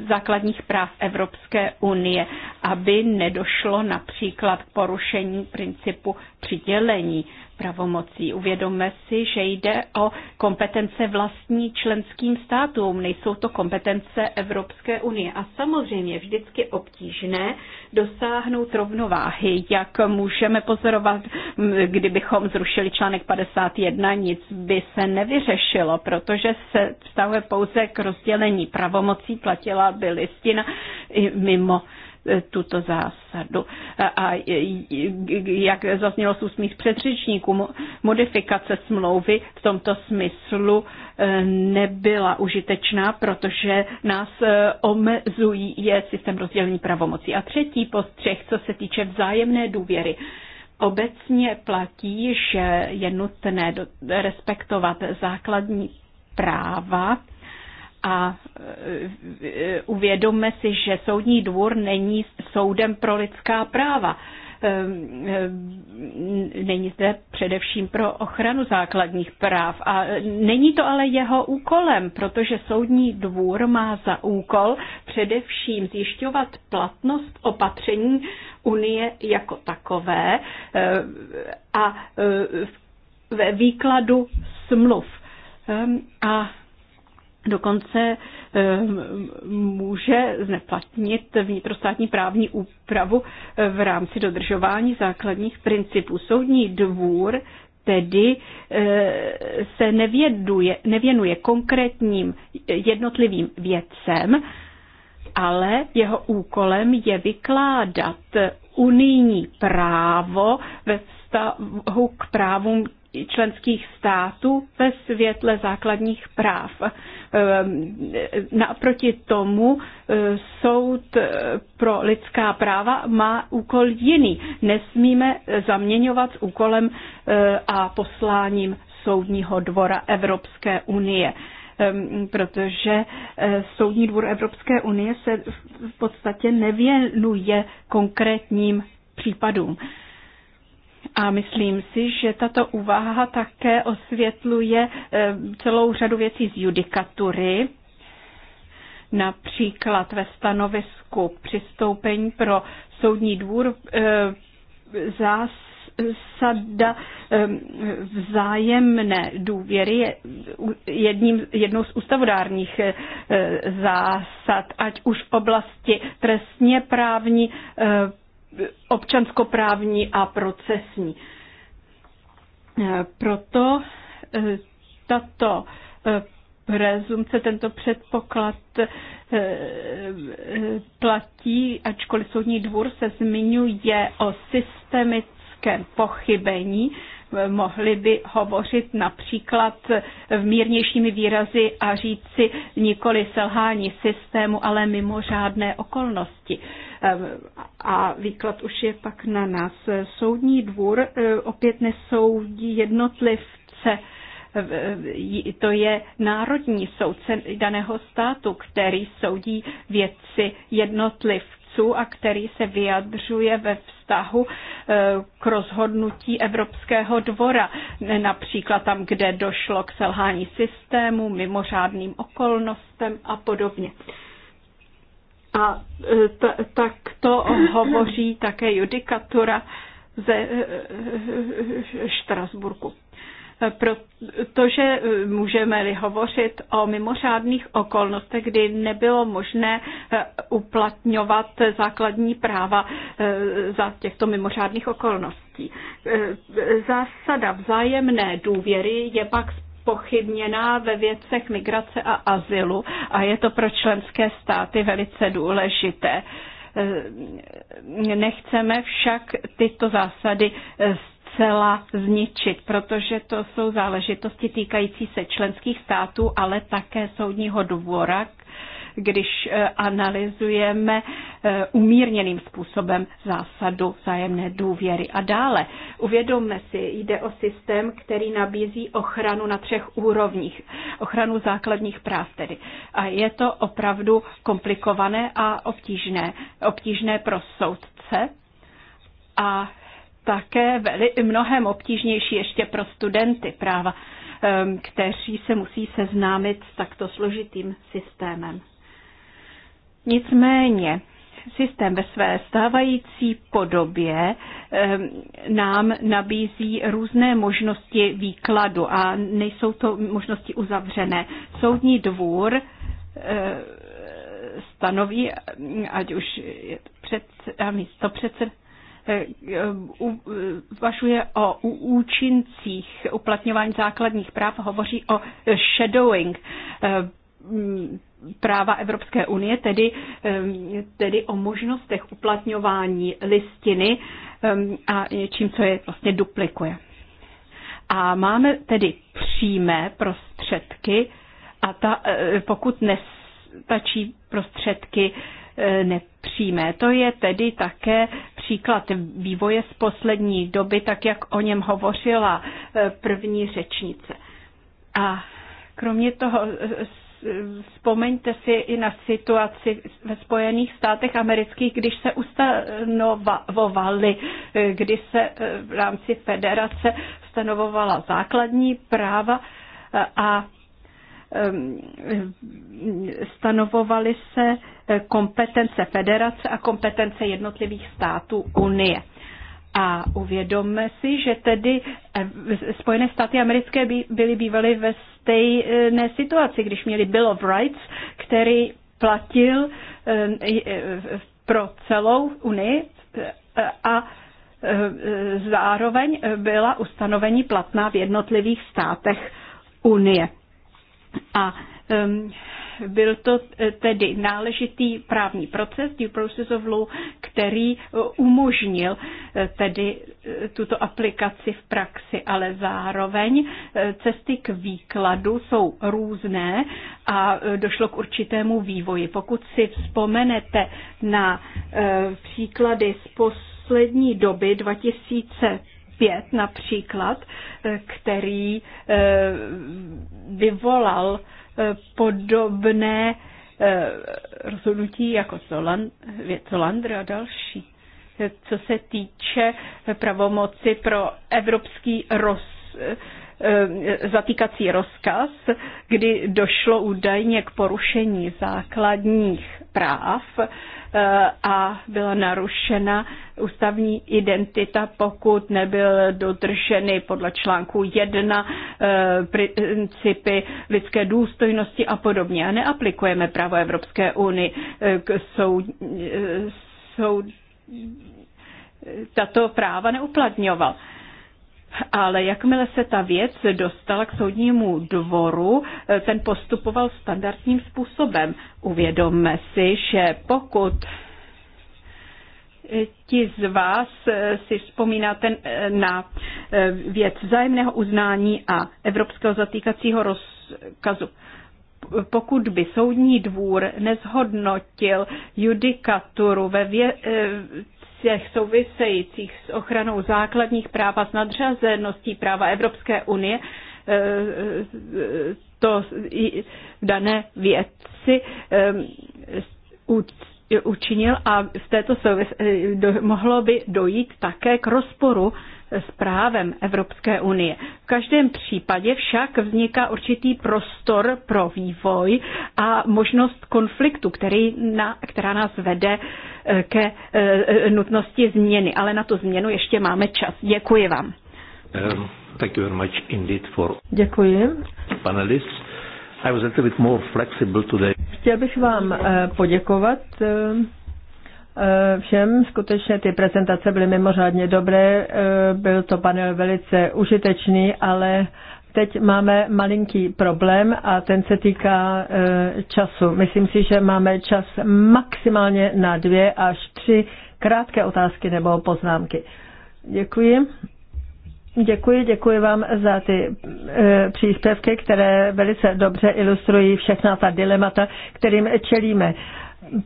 základních práv Evropské unie, aby nedošlo například k porušení principu přidělení pravomocí. Uvědomme si, že jde o kompetence vlastní členským státům, nejsou to kompetence Evropské unie. A samozřejmě vždycky obtížné dosáhnout rovnováhy, jak můžeme pozorovat, kdybychom zrušili článek 51, nic by se nevyřešilo, protože se vztahuje pouze k rozdělení pravomocí, platila by listina mimo E, tuto zásadu. A jak zaznělo z mých předřečníků, modifikace smlouvy v tomto smyslu e, nebyla užitečná, protože nás e, omezují je systém rozdělení pravomocí. A třetí postřeh, co se týče vzájemné důvěry. Obecně platí, že je nutné respektovat základní práva a e, e, uvědomme si, že soudní dvůr není soudem pro lidská práva. E, není zde především pro ochranu základních práv. A není to ale jeho úkolem, protože soudní dvůr má za úkol především zjišťovat platnost opatření Unie jako takové a ve výkladu smluv. A dokonce eh, může zneplatnit vnitrostátní právní úpravu eh, v rámci dodržování základních principů. Soudní dvůr tedy eh, se nevěduje, nevěnuje konkrétním jednotlivým věcem, ale jeho úkolem je vykládat unijní právo ve vztahu k právům členských států ve světle základních práv. Ehm, naproti tomu eh, soud eh, pro lidská práva má úkol jiný. Nesmíme zaměňovat s úkolem eh, a posláním Soudního dvora Evropské unie ehm, protože Soudní dvůr Evropské unie se v podstatě nevěnuje konkrétním případům. A myslím si, že tato úvaha také osvětluje eh, celou řadu věcí z judikatury, například ve stanovisku přistoupení pro soudní dvůr eh, zásada eh, vzájemné důvěry je jedním, jednou z ústavodárních zásad, ať už v oblasti trestně právní, občanskoprávní a procesní. E, proto e, tato e, prezumce, tento předpoklad platí, ačkoliv soudní dvůr se zmiňuje o systemickém pochybení Mohli by hovořit například v mírnějšími výrazy a říci nikoli selhání systému, ale mimořádné okolnosti. Ehm, a výklad už je pak na nás. Soudní dvůr eh, opět nesoudí jednotlivce ehm, to je národní soudce daného státu, který soudí věci jednotlivce vůdců a který se vyjadřuje ve vztahu eh, k rozhodnutí Evropského dvora, například tam, kde došlo k selhání systému, mimořádným okolnostem a podobně. A eh, tak to hovoří také judikatura ze eh, Štrasburku protože eh, můžeme-li hovořit o mimořádných okolnostech, kdy nebylo možné eh, uplatňovat základní práva eh, za těchto mimořádných okolností. Zásada vzájemné důvěry je pak pochybněná ve věcech migrace a azylu a je to pro členské státy velice důležité. Nechceme však tyto zásady zcela zničit, protože to jsou záležitosti týkající se členských států, ale také soudního dvora, když e, analyzujeme e, umírněným způsobem zásadu vzájemné důvěry. A dále uvědomme si, jde o systém, který nabízí ochranu na třech úrovních. Ochranu základních práv tedy. A je to opravdu komplikované a obtížné. Obtížné pro soudce a také veli, mnohem obtížnější ještě pro studenty práva, kteří se musí seznámit s takto složitým systémem. Nicméně, systém ve své stávající podobě nám nabízí různé možnosti výkladu a nejsou to možnosti uzavřené. Soudní dvůr stanoví, ať už je to před, místo předsed, Eh, eh, eh, uvažuje o účincích uplatňování základních práv, hovoří o shadowing práva Evropské unie, tedy, tedy o možnostech uplatňování listiny a čím, co je vlastně duplikuje. A máme tedy přímé prostředky a ta, pokud nestačí prostředky nepřímé, to je tedy také příklad vývoje z poslední doby, tak jak o něm hovořila eh, první řečnice. A kromě toho eh, vzpomeňte si i na situaci ve Spojených státech amerických, když se ustanovovaly, eh, kdy se v rámci federace stanovovala základní práva a Ehm, stanovovaly se eh, kompetence federace a kompetence jednotlivých států Unie. A uvědomme si, že tedy eh, Spojené státy americké byly bývaly ve stejné situaci, když měli Bill of Rights, který platil eh, pro celou Unii a zároveň byla ustanovení platná v jednotlivých státech Unie. A um, byl to e, tedy náležitý právní proces, due process of law, který e, umožnil e, tedy tuto aplikaci v praxi, ale zároveň cesty k výkladu jsou různé a došlo k určitému vývoji. Pokud si vzpomenete na příklady z poslední doby 2000, 5 například, eh, který eh, vyvolal eh, podobné rozhodnutí jako Solandr a další. Co se týče pravomoci pro evropský roz, Eh, zatýkací rozkaz, kdy došlo údajně k porušení základních práv eh, a byla narušena ústavní identita, pokud nebyl dodrženy podle článku 1 eh, principy lidské důstojnosti a podobně. A neaplikujeme právo Evropské unii k soud, soud, tato práva neuplatňoval ale jakmile se ta věc dostala k soudnímu dvoru, ten postupoval standardním způsobem. Uvědomme si, že pokud ti z vás si vzpomínáte na eh, věc vzájemného uznání a evropského zatýkacího rozkazu. Pokud by soudní dvůr nezhodnotil judikaturu ve vě, eh, věcech souvisejících s ochranou základních práv a s nadřazeností práva Evropské unie, eh, to v dané věci eh, učinil a v této souvislosti eh, mohlo by dojít také k rozporu s právem Evropské unie. V každém případě však vzniká určitý prostor pro vývoj a možnost konfliktu, který na, která nás vede eh, ke eh, nutnosti změny. Ale na tu změnu ještě máme čas. Děkuji vám. Um, thank you very much indeed for Děkuji. Panelists. I was a bit more flexible today. Chtěl bych vám eh, poděkovat Eh, všem. Skutečně ty prezentace byly mimořádně dobré, eh, byl to panel velice užitečný, ale teď máme malinký problém a ten se týká eh, času. Myslím si, že máme čas maximálně na dvě až tři krátké otázky nebo poznámky. Děkuji. Děkuji, děkuji vám za ty e, příspěvky, které velice dobře ilustrují všechna ta dilemata, kterým čelíme. E,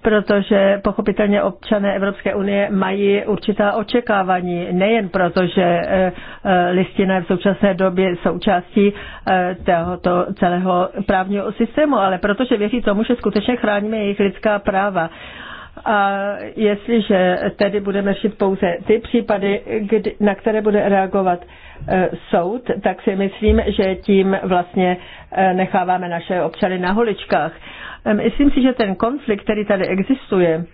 protože pochopitelně občané Evropské unie mají určitá očekávání, nejen proto, že eh, eh, listina v současné době součástí eh, tohoto celého právního systému, ale protože věří tomu, že skutečně chráníme jejich lidská práva. A jestliže tedy budeme řešit pouze ty případy, kdy, na které bude reagovat e, soud, tak si myslím, že tím vlastně e, necháváme naše občany na holičkách. E, Myslím si, že ten konflikt, který tady existuje,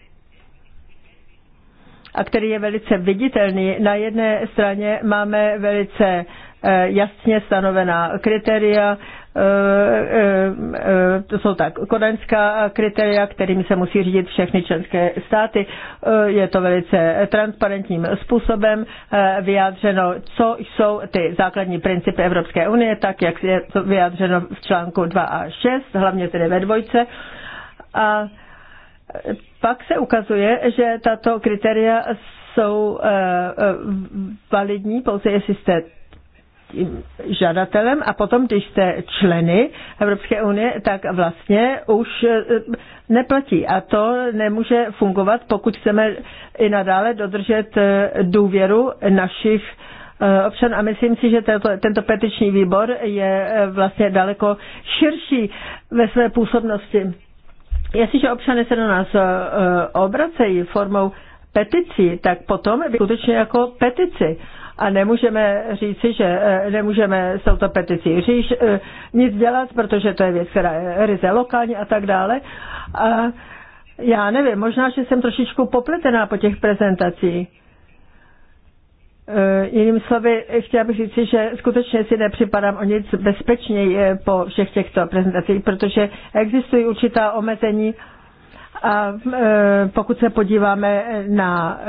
a který je velice viditelný. Na jedné straně máme velice eh, jasně stanovená kritéria, Eh, eh, eh, to jsou tak kodaňská kritéria, kterými se musí řídit všechny členské státy. Je to velice transparentním způsobem vyjádřeno, co jsou ty základní principy Evropské unie, tak jak je to vyjádřeno v článku 2 a 6, hlavně tedy ve dvojce. A pak se ukazuje, že tato kritéria jsou validní pouze jestli jste žadatelem a potom, když jste členy Evropské unie, tak vlastně už eh, neplatí. A to nemůže fungovat, pokud chceme i nadále dodržet eh, důvěru našich eh, občan a myslím si, že tento, tento petiční výbor je vlastně daleko širší ve své působnosti. Jestliže občany se do nás obracejí formou petici, tak potom skutečně jako petici a nemůžeme říci, že eh, nemůžeme s touto peticí říš, eh, nic dělat, protože to je věc, která je ryze lokální a tak dále. A já nevím, možná, že jsem trošičku popletená po těch prezentacích. Eh, jiným slovy, chtěla bych říci, že skutečně si nepřipadám o nic bezpečněji po všech těchto prezentacích, protože existují určitá omezení a pokud se podíváme na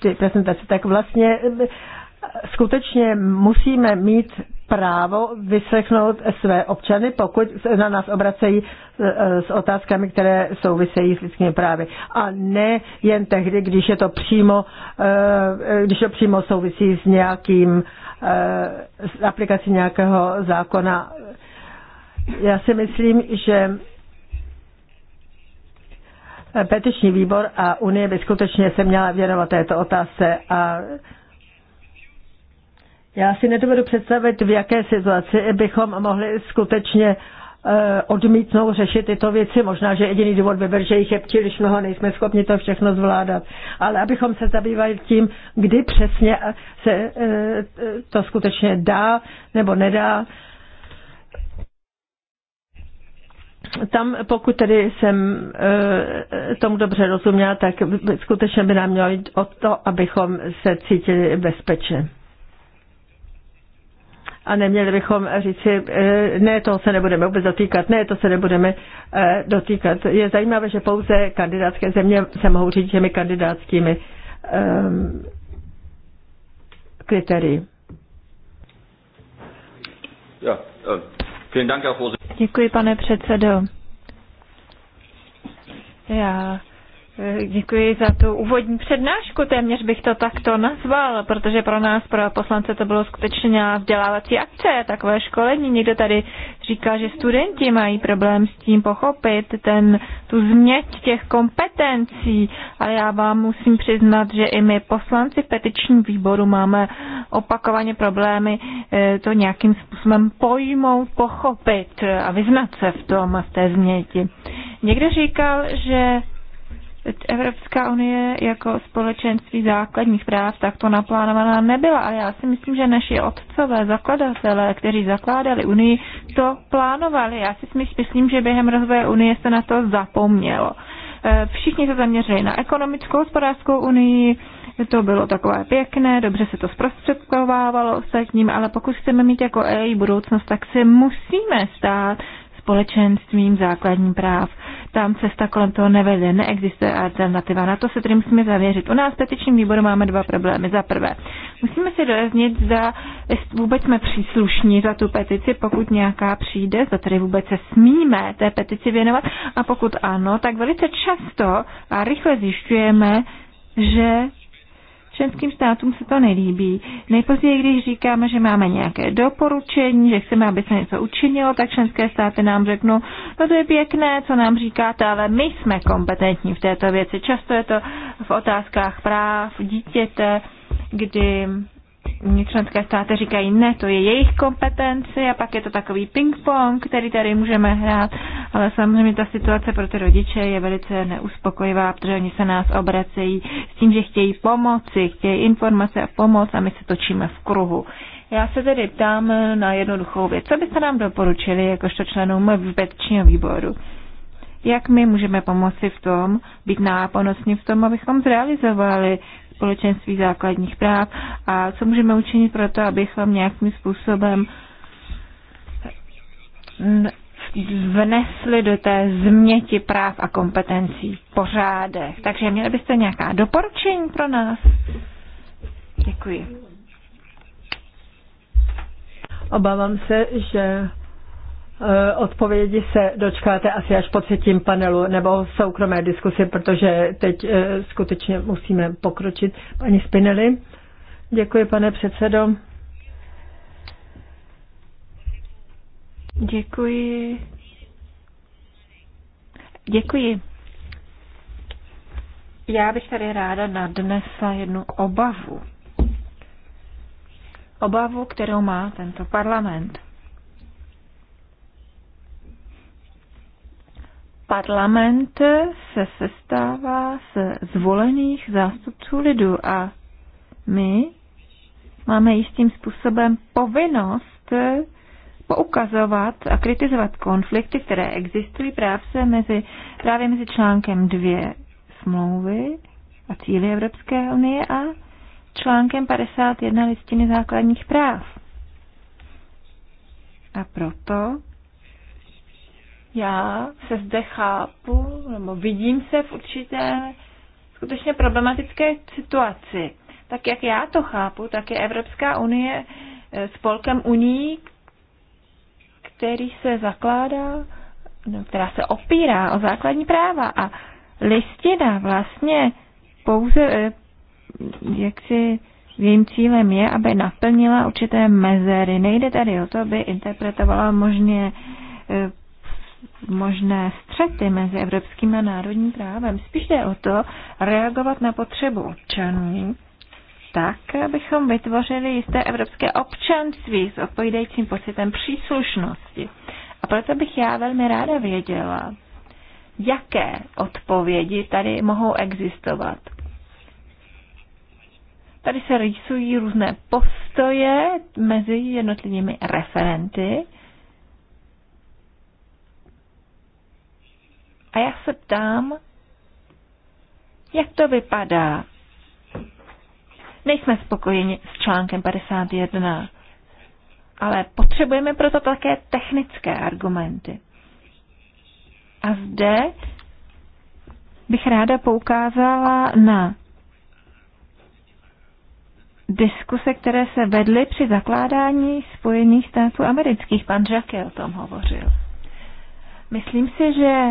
ty tak vlastně skutečně musíme mít právo vyslechnout své občany, pokud na nás obracejí e, e, s otázkami, které souvisejí s lidskými právy. A ne jen tehdy, když je to přímo, e, když to přímo souvisí s nějakým, s aplikací nějakého zákona. Já si myslím, že petiční výbor a Unie by skutečně se měla věnovat této otázce a já si nedovedu představit, v jaké situaci bychom mohli skutečně eh, odmítnou řešit tyto věci. Možná, že jediný důvod by byl, že jich je příliš mnoho, nejsme schopni to všechno zvládat. Ale abychom se zabývali tím, kdy přesně se eh, to skutečně dá nebo nedá tam, pokud tedy jsem eh, tomu dobře rozuměla, tak skutečně by nám mělo jít o to, abychom se cítili bezpečně. A neměli bychom říci, eh, ne, toho se nebudeme vůbec dotýkat, ne, to se nebudeme eh, dotýkat. Je zajímavé, že pouze kandidátské země se mohou říct těmi kandidátskými ehm, kritérii. Ja, Děkuji, pane předsedo. Já Eh, děkuji za tu úvodní přednášku, téměř bych to takto nazval, protože pro nás, pro poslance, to bylo skutečně vzdělávací akce, takové školení. Někdo tady říká, že studenti mají problém s tím pochopit ten, tu změť těch kompetencí, ale já vám musím přiznat, že i my poslanci v petičním výboru máme opakovaně problémy eh, to nějakým způsobem pojmout, pochopit a vyznat se v tom, v té změti. Někdo říkal, že Evropská unie jako společenství základních práv takto naplánovaná nebyla a já si myslím, že naši otcové zakladatelé, kteří zakládali Unii, to plánovali. Já si myslím, že během rozvoje Unie se na to zapomnělo. E, všichni se zaměřili na ekonomickou, hospodářskou unii, to bylo takové pěkné, dobře se to zprostředkovávalo ostatním, ale pokud chceme mít jako EI budoucnost, tak se musíme stát společenstvím základních práv tam cesta kolem toho nevede, neexistuje alternativa. Na to se tedy musíme zaměřit. U nás v petičním výboru máme dva problémy. Za prvé, musíme si dojeznit, zda vůbec jsme příslušní za tu petici, pokud nějaká přijde, zda tedy vůbec se smíme té petici věnovat. A pokud ano, tak velice často a rychle zjišťujeme, že Členským státům se to nelíbí. Nejpozději, když říkáme, že máme nějaké doporučení, že chceme, aby se něco učinilo, tak členské státy nám řeknou, no to je pěkné, co nám říkáte, ale my jsme kompetentní v této věci. Často je to v otázkách práv dítěte, kdy členské státy říkají, ne, to je jejich kompetenci a pak je to takový ping-pong, který tady můžeme hrát, ale samozřejmě ta situace pro ty rodiče je velice neuspokojivá, protože oni se nás obracejí s tím, že chtějí pomoci, chtějí informace a pomoc a my se točíme v kruhu. Já se tedy ptám na jednoduchou věc. Co byste nám doporučili jakožto členům petičního výboru? Jak my můžeme pomoci v tom, být náponosní v tom, abychom zrealizovali společenství základních práv a co můžeme učinit pro to, abychom nějakým způsobem vnesli do té změti práv a kompetencí pořádek. Takže měli byste nějaká doporučení pro nás? Děkuji. Obávám se, že Eh, odpovědi se dočkáte asi až po třetím panelu nebo v soukromé diskusi, protože teď eh, skutečně musíme pokročit. Pani Spinelli. Děkuji, pane předsedo. Děkuji. Děkuji. Já bych tady ráda nadnesla jednu obavu. Obavu, kterou má tento parlament. parlament se sestává z zvolených zástupců lidu a my máme jistým způsobem povinnost poukazovat a kritizovat konflikty, které existují právě mezi, právě mezi článkem dvě smlouvy a cíly Evropské unie a článkem 51 listiny základních práv. A proto já se zde chápu, nebo vidím se v určité skutečně problematické situaci. Tak jak já to chápu, tak je Evropská unie eh, spolkem uní, který se zakládá, no, která se opírá o základní práva a listina vlastně pouze eh, jak si jejím cílem je, aby naplnila určité mezery. Nejde tady o to, aby interpretovala možně eh, možné střety mezi evropským a národním právem. Spíš jde o to reagovat na potřebu občanů, tak, abychom vytvořili jisté evropské občanství s odpovídajícím pocitem příslušnosti. A proto bych já velmi ráda věděla, jaké odpovědi tady mohou existovat. Tady se rýsují různé postoje mezi jednotlivými referenty A já se ptám, jak to vypadá. Nejsme spokojeni s článkem 51, ale potřebujeme proto také technické argumenty. A zde bych ráda poukázala na diskuse, které se vedly při zakládání Spojených států amerických. Pan Jacky o tom hovořil. Myslím si, že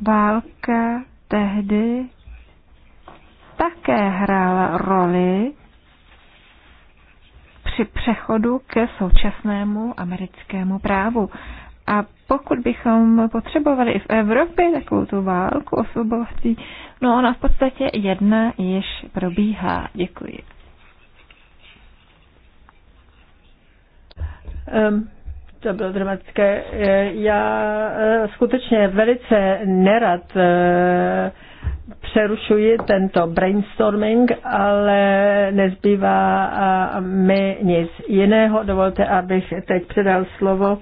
Válka tehdy také hrála roli při přechodu ke současnému americkému právu. A pokud bychom potřebovali i v Evropě takovou tu válku o svobodství, no ona v podstatě jedna již probíhá. Děkuji. Um, to bylo dramatické. E, já e, skutečně velice nerad e, přerušuji tento brainstorming, ale nezbývá mi nic jiného. Dovolte, abych teď předal slovo.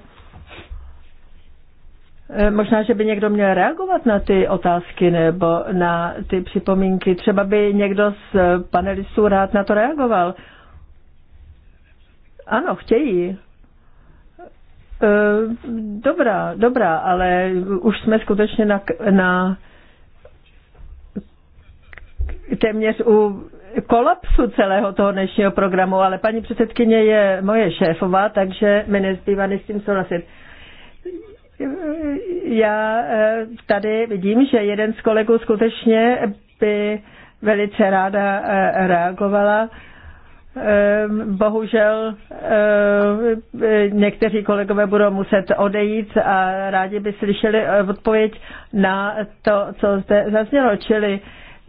Možná, že by někdo měl reagovat na ty otázky nebo na ty připomínky. Třeba by někdo z panelistů rád na to reagoval. Ano, chtějí. Eh, dobrá, dobrá, ale už jsme skutečně na, na téměř u kolapsu celého toho dnešního programu, ale paní předsedkyně je moje šéfová, takže mi nezbývá s tím souhlasit. Já eh, tady vidím, že jeden z kolegů skutečně by velice ráda eh, reagovala Ehm, bohužel ehm, někteří kolegové budou muset odejít a rádi by slyšeli eh, odpověď na to, co zde zaznělo, čili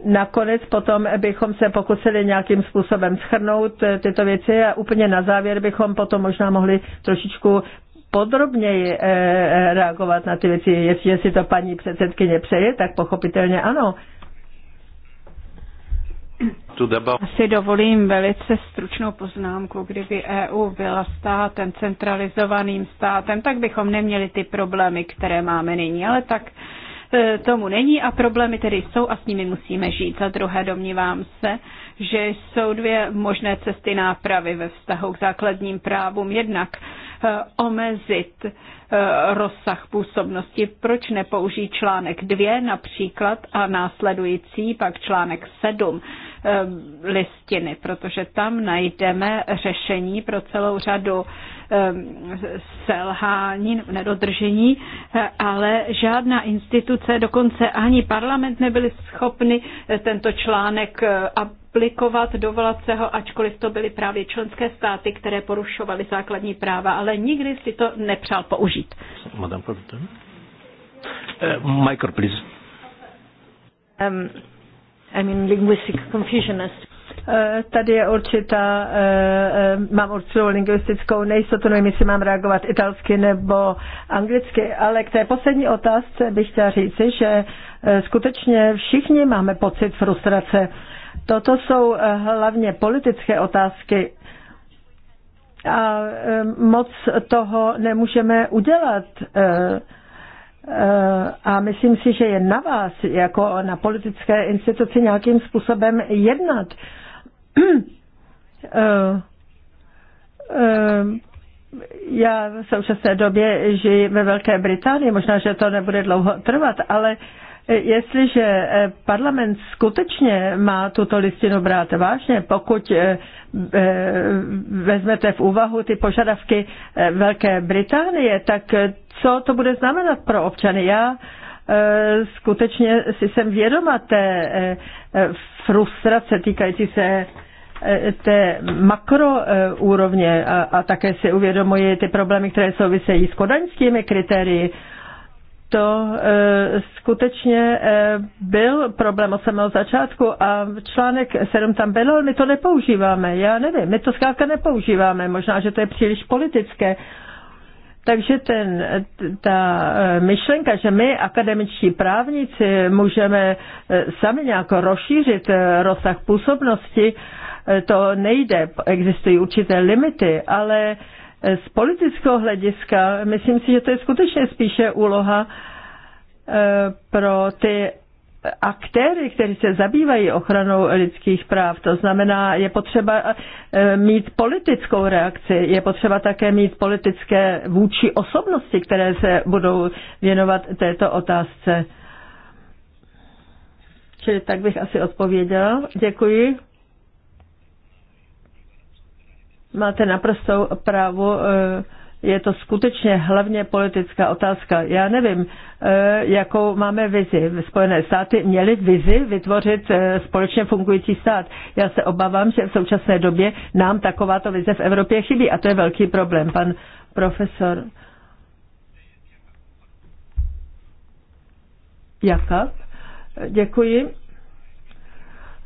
Nakonec potom bychom se pokusili nějakým způsobem schrnout eh, tyto věci a úplně na závěr bychom potom možná mohli trošičku podrobněji eh, reagovat na ty věci. Jestliže si to paní předsedkyně přeje, tak pochopitelně ano. Asi dovolím velice stručnou poznámku. Kdyby EU byla státem, centralizovaným státem, tak bychom neměli ty problémy, které máme nyní. Ale tak e, tomu není a problémy tedy jsou a s nimi musíme žít. Za druhé domnívám se, že jsou dvě možné cesty nápravy ve vztahu k základním právům. Jednak e, omezit e, rozsah působnosti. Proč nepoužít článek 2 například a následující pak článek 7 Eh, listiny, protože tam najdeme řešení pro celou řadu eh, selhání, nedodržení, eh, ale žádná instituce, dokonce ani parlament nebyly schopny tento článek aplikovat, dovolat se ho, ačkoliv to byly právě členské státy, které porušovaly základní práva, ale nikdy si to nepřál použít. Madame Michael, please. Um, i mean, linguistic confusion eh, Tady je určitá, eh, eh, mám určitou lingvistickou nejistotu, nevím, jestli mám reagovat italsky nebo anglicky, ale k té poslední otázce bych chtěla říci, že skutečně všichni máme pocit frustrace. Toto jsou hlavně politické otázky a moc toho nemůžeme udělat Eh, a myslím si, že je na vás, jako na politické instituci, nějakým způsobem jednat. Eh, eh, já v současné době žiji ve Velké Británii, možná, že to nebude dlouho trvat, ale Jestliže eh, parlament skutečně má tuto listinu brát vážně, pokud eh, eh, vezmete v úvahu ty požadavky Velké Británie, tak co to bude znamenat pro občany? Já skutečně si jsem vědoma té frustrace týkající se té makroúrovně a, a také si uvědomuji ty problémy, které souvisejí s kodaňskými kritérii to eh, skutečně eh, byl problém od samého začátku a článek 7 tam bylo, ale my to nepoužíváme. Já nevím, my to zkrátka nepoužíváme. Možná, že to je příliš politické. Takže ten, ta eh, myšlenka, že my, akademičtí právníci, můžeme sami nějak rozšířit rozsah působnosti, to nejde. Existují určité limity, ale Eh, z politického hlediska myslím si, že to je skutečně spíše úloha eh, pro ty aktéry, kteří se zabývají ochranou lidských práv. To znamená, je potřeba eh, mít politickou reakci, je potřeba také mít politické vůči osobnosti, které se budou věnovat této otázce. Čili tak bych asi odpověděla. Děkuji. máte naprostou právo. Eh, je to skutečně hlavně politická otázka. Já nevím, eh, jakou máme vizi. Spojené státy měly vizi vytvořit eh, společně fungující stát. Já se obávám, že v současné době nám takováto vize v Evropě chybí a to je velký problém. Pan profesor Jakab, děkuji.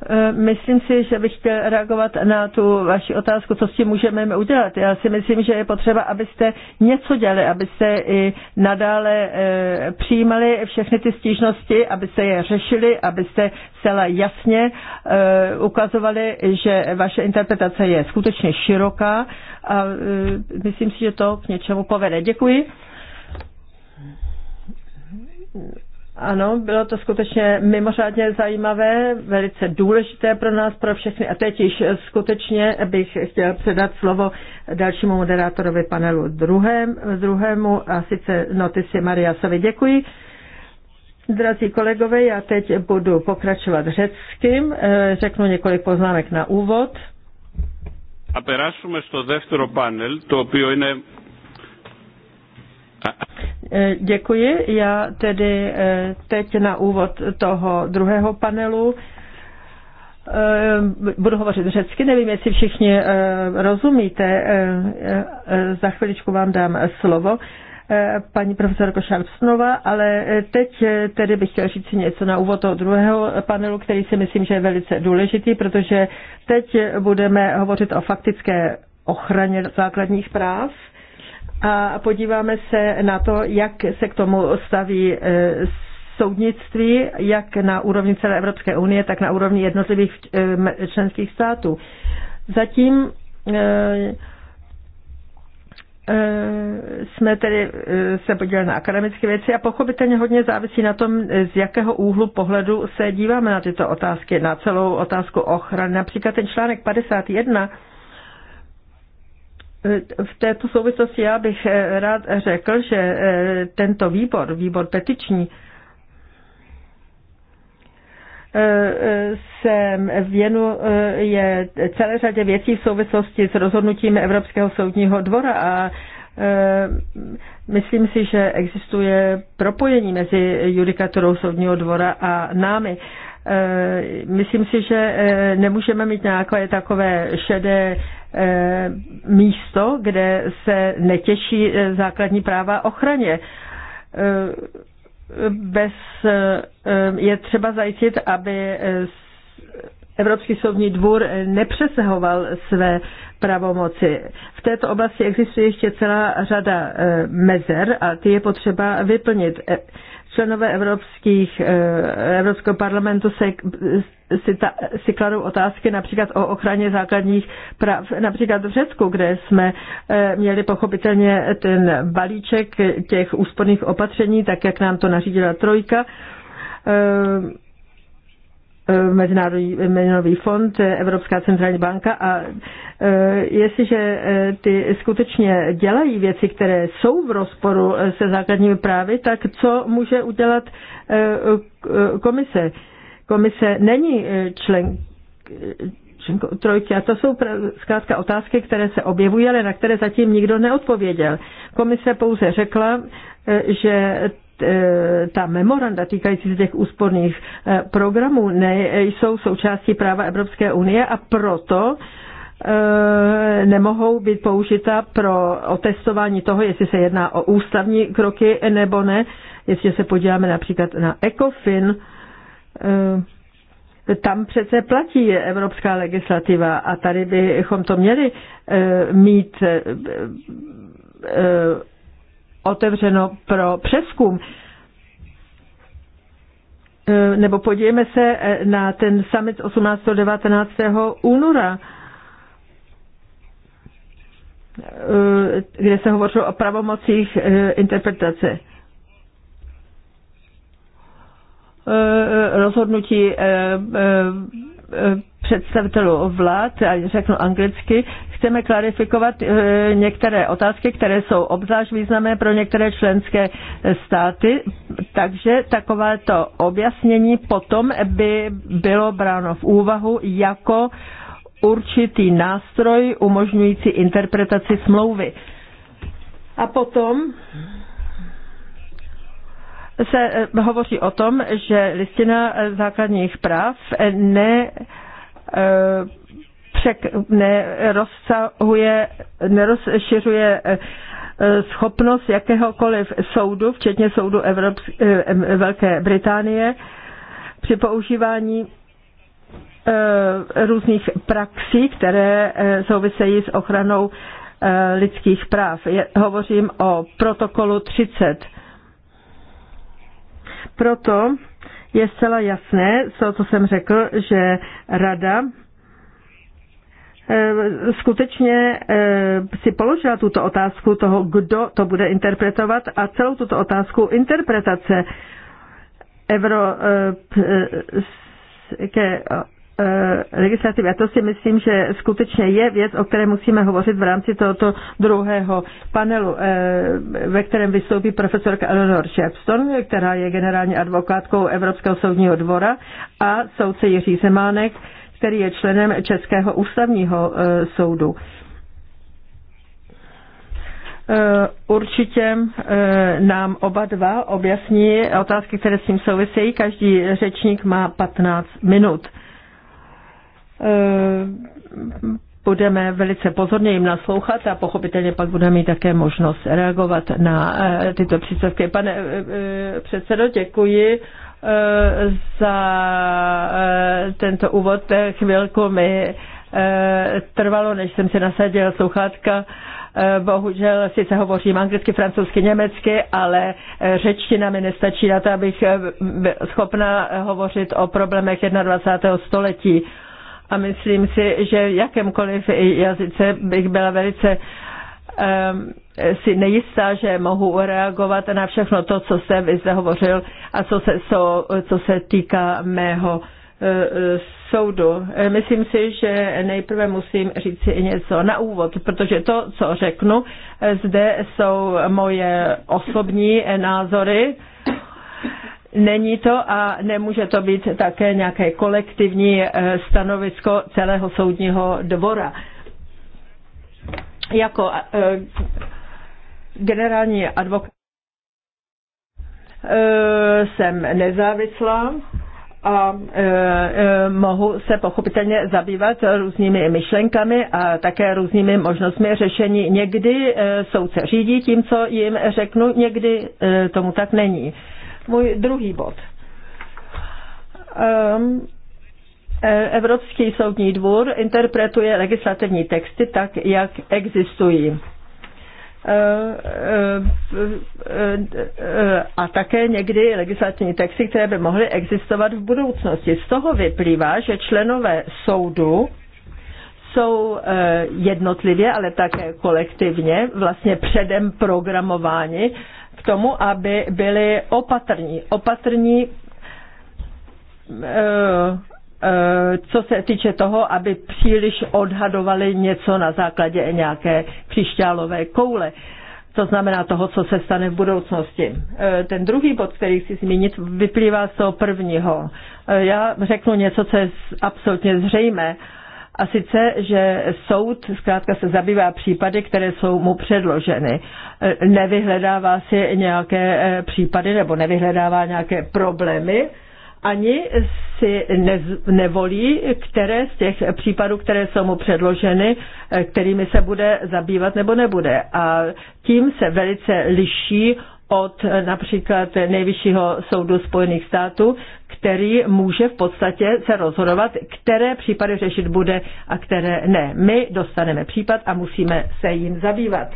Eh, myslím si, že bych chtěl reagovat na tu vaši otázku, co s tím můžeme udělat. Já si myslím, že je potřeba, abyste něco dělali, abyste i nadále eh, přijímali všechny ty stížnosti, abyste je řešili, abyste zcela jasně eh, ukazovali, že vaše interpretace je skutečně široká a myslím si, že to k něčemu povede. Děkuji. Ano, bylo to skutečně mimořádně zajímavé, velice důležité pro nás, pro všechny. A teď již skutečně bych chtěl předat slovo dalšímu moderátorovi panelu druhém, druhému, a sice Notici Mariasovi. Děkuji. Drazí kolegové, já teď budu pokračovat řeckým, eh, řeknu několik poznámek na úvod. A perášujeme στο δεύτερο πάνελ, το οποίο είναι E, děkuji. Já tedy e, teď na úvod toho druhého panelu e, budu hovořit řecky, nevím, jestli všichni rozumíte. Za chviličku vám dám slovo paní profesorko Šarpsnova, ale teď tedy bych chtěl říct něco na úvod toho druhého panelu, který si myslím, že je velice důležitý, protože teď budeme hovořit o faktické ochraně základních práv a podíváme se na to, jak se k tomu staví e, soudnictví, jak na úrovni celé Evropské unie, tak na úrovni jednotlivých e, členských států. Zatím e, jsme tedy se podívali na akademické věci a pochopitelně hodně závisí na tom, z jakého úhlu pohledu se díváme na tyto otázky, na celou otázku ochrany. Například ten článek 51 Eh, v této souvislosti já bych eh, rád řekl, že eh, tento výbor, výbor petiční, se věnuje celé řadě věcí v souvislosti s rozhodnutím Evropského soudního dvora a myslím si, že existuje propojení mezi judikaturou soudního dvora a námi. Myslím si, že nemůžeme mít nějaké takové šedé Eh, místo, kde se netěší eh, základní práva ochraně. Eh, bez, je třeba zajistit, aby Evropský soudní dvůr nepřesahoval své pravomoci. V této oblasti existuje ještě celá řada mezer a ty je potřeba vyplnit. Členové evropských, eh, Evropského parlamentu se, si, ta, si kladou otázky například o ochraně základních práv, například v Řecku, kde jsme eh, měli pochopitelně ten balíček těch úsporných opatření, tak jak nám to nařídila trojka eh, Eh, mezinárodní měnový fond, eh, Evropská centrální banka a eh, jestliže ty skutečně dělají věci, které jsou v rozporu se základními právy, tak co může udělat komise? Komise není člen trojky. A to jsou zkrátka otázky, které se objevují, ale na které zatím nikdo neodpověděl. Komise pouze řekla, že E, ta memoranda týkající se těch úsporných e, programů ne, jsou součástí práva Evropské unie a proto e, nemohou být použita pro otestování toho, jestli se jedná o ústavní kroky nebo ne. Jestli se podíváme například na ECOFIN, tam přece platí evropská legislativa a tady bychom to měli mít otevřeno pro přeskum. E, nebo podívejme se e, na ten summit 18. 19. února, e, kde se hovořilo o pravomocích interpretace rozhodnutí představitelů vlád, a řeknu anglicky, chceme klarifikovat eh, některé otázky, které jsou obzvlášť významné pro některé členské státy, takže takovéto objasnění potom by bylo bráno v úvahu jako určitý nástroj umožňující interpretaci smlouvy. A potom se eh, hovoří o tom, že listina základních práv ne eh, však nerozsahuje, nerozšiřuje eh, schopnost jakéhokoliv soudu, včetně soudu Evropské, eh, Velké Británie, při používání eh, různých praxí, které souvisejí s ochranou lidských práv. Hovořím o protokolu 30. Proto je zcela jasné, co, co jsem řekl, že Rada Eh, skutečně eh, si položila tuto otázku toho, kdo to bude interpretovat a celou tuto otázku interpretace ke eh, legislativy. A to si myslím, že skutečně je věc, o které musíme hovořit v rámci tohoto druhého panelu, ve kterém vystoupí profesorka Eleanor Shepston, která je generální advokátkou Evropského soudního dvora a soudce Jiří Zemánek, který je členem Českého ústavního e, soudu. E, určitě e, nám oba dva objasní otázky, které s tím souvisejí. Každý řečník má 15 minut. Budeme velice pozorně jim naslouchat a pochopitelně pak budeme mít také možnost reagovat na tyto příspěvky. Pane předsedo, děkuji za eh, tento úvod. Chvilku mi eh, trvalo, než jsem si nasadil sluchátka. Eh, bohužel sice hovořím anglicky, francouzsky, německy, ale řečtina mi nestačí na to, abych schopna hovořit o problémech 21. století. A myslím si, že v jakémkoliv jazyce bych byla velice um, si nejistá, že mohu reagovat na všechno to, co jste vyzahovořil a co se, co, co se týká mého e, soudu. Myslím si, že nejprve musím říct si něco na úvod, protože to, co řeknu, zde jsou moje osobní názory. Není to a nemůže to být také nějaké kolektivní e, stanovisko celého soudního dvora. Jako e, generální advokát eh, jsem nezávislá a eh, eh, mohu se pochopitelně zabývat různými myšlenkami a také různými možnostmi řešení. Někdy jsou soudce řídí tím, co jim řeknu, někdy tomu tak není. Můj druhý bod. Ehm, Evropský soudní dvůr interpretuje legislativní texty tak, jak existují. Eh, eh, eh, a také někdy legislativní texty, které by mohly existovat v budoucnosti. Z toho vyplývá, že členové soudu jsou jednotlivě, ale také kolektivně vlastně předem programováni k tomu, aby byli opatrní. Opatrní Eh, co se týče toho, aby příliš odhadovali něco na základě nějaké křišťálové koule. To znamená toho, co se stane v budoucnosti. Eh, ten druhý bod, který chci zmínit, vyplývá z toho prvního. Eh, já řeknu něco, co je absolutně zřejmé. A sice, že soud zkrátka se zabývá případy, které jsou mu předloženy. Nevyhledává si nějaké případy nebo nevyhledává nějaké problémy, ani si nevolí, které z těch případů, které jsou mu předloženy, eh, kterými se bude zabývat nebo nebude. A tím se velice liší od eh, například Nejvyššího soudu Spojených států, který může v podstatě se rozhodovat, které případy řešit bude a které ne. My dostaneme případ a musíme se jim zabývat.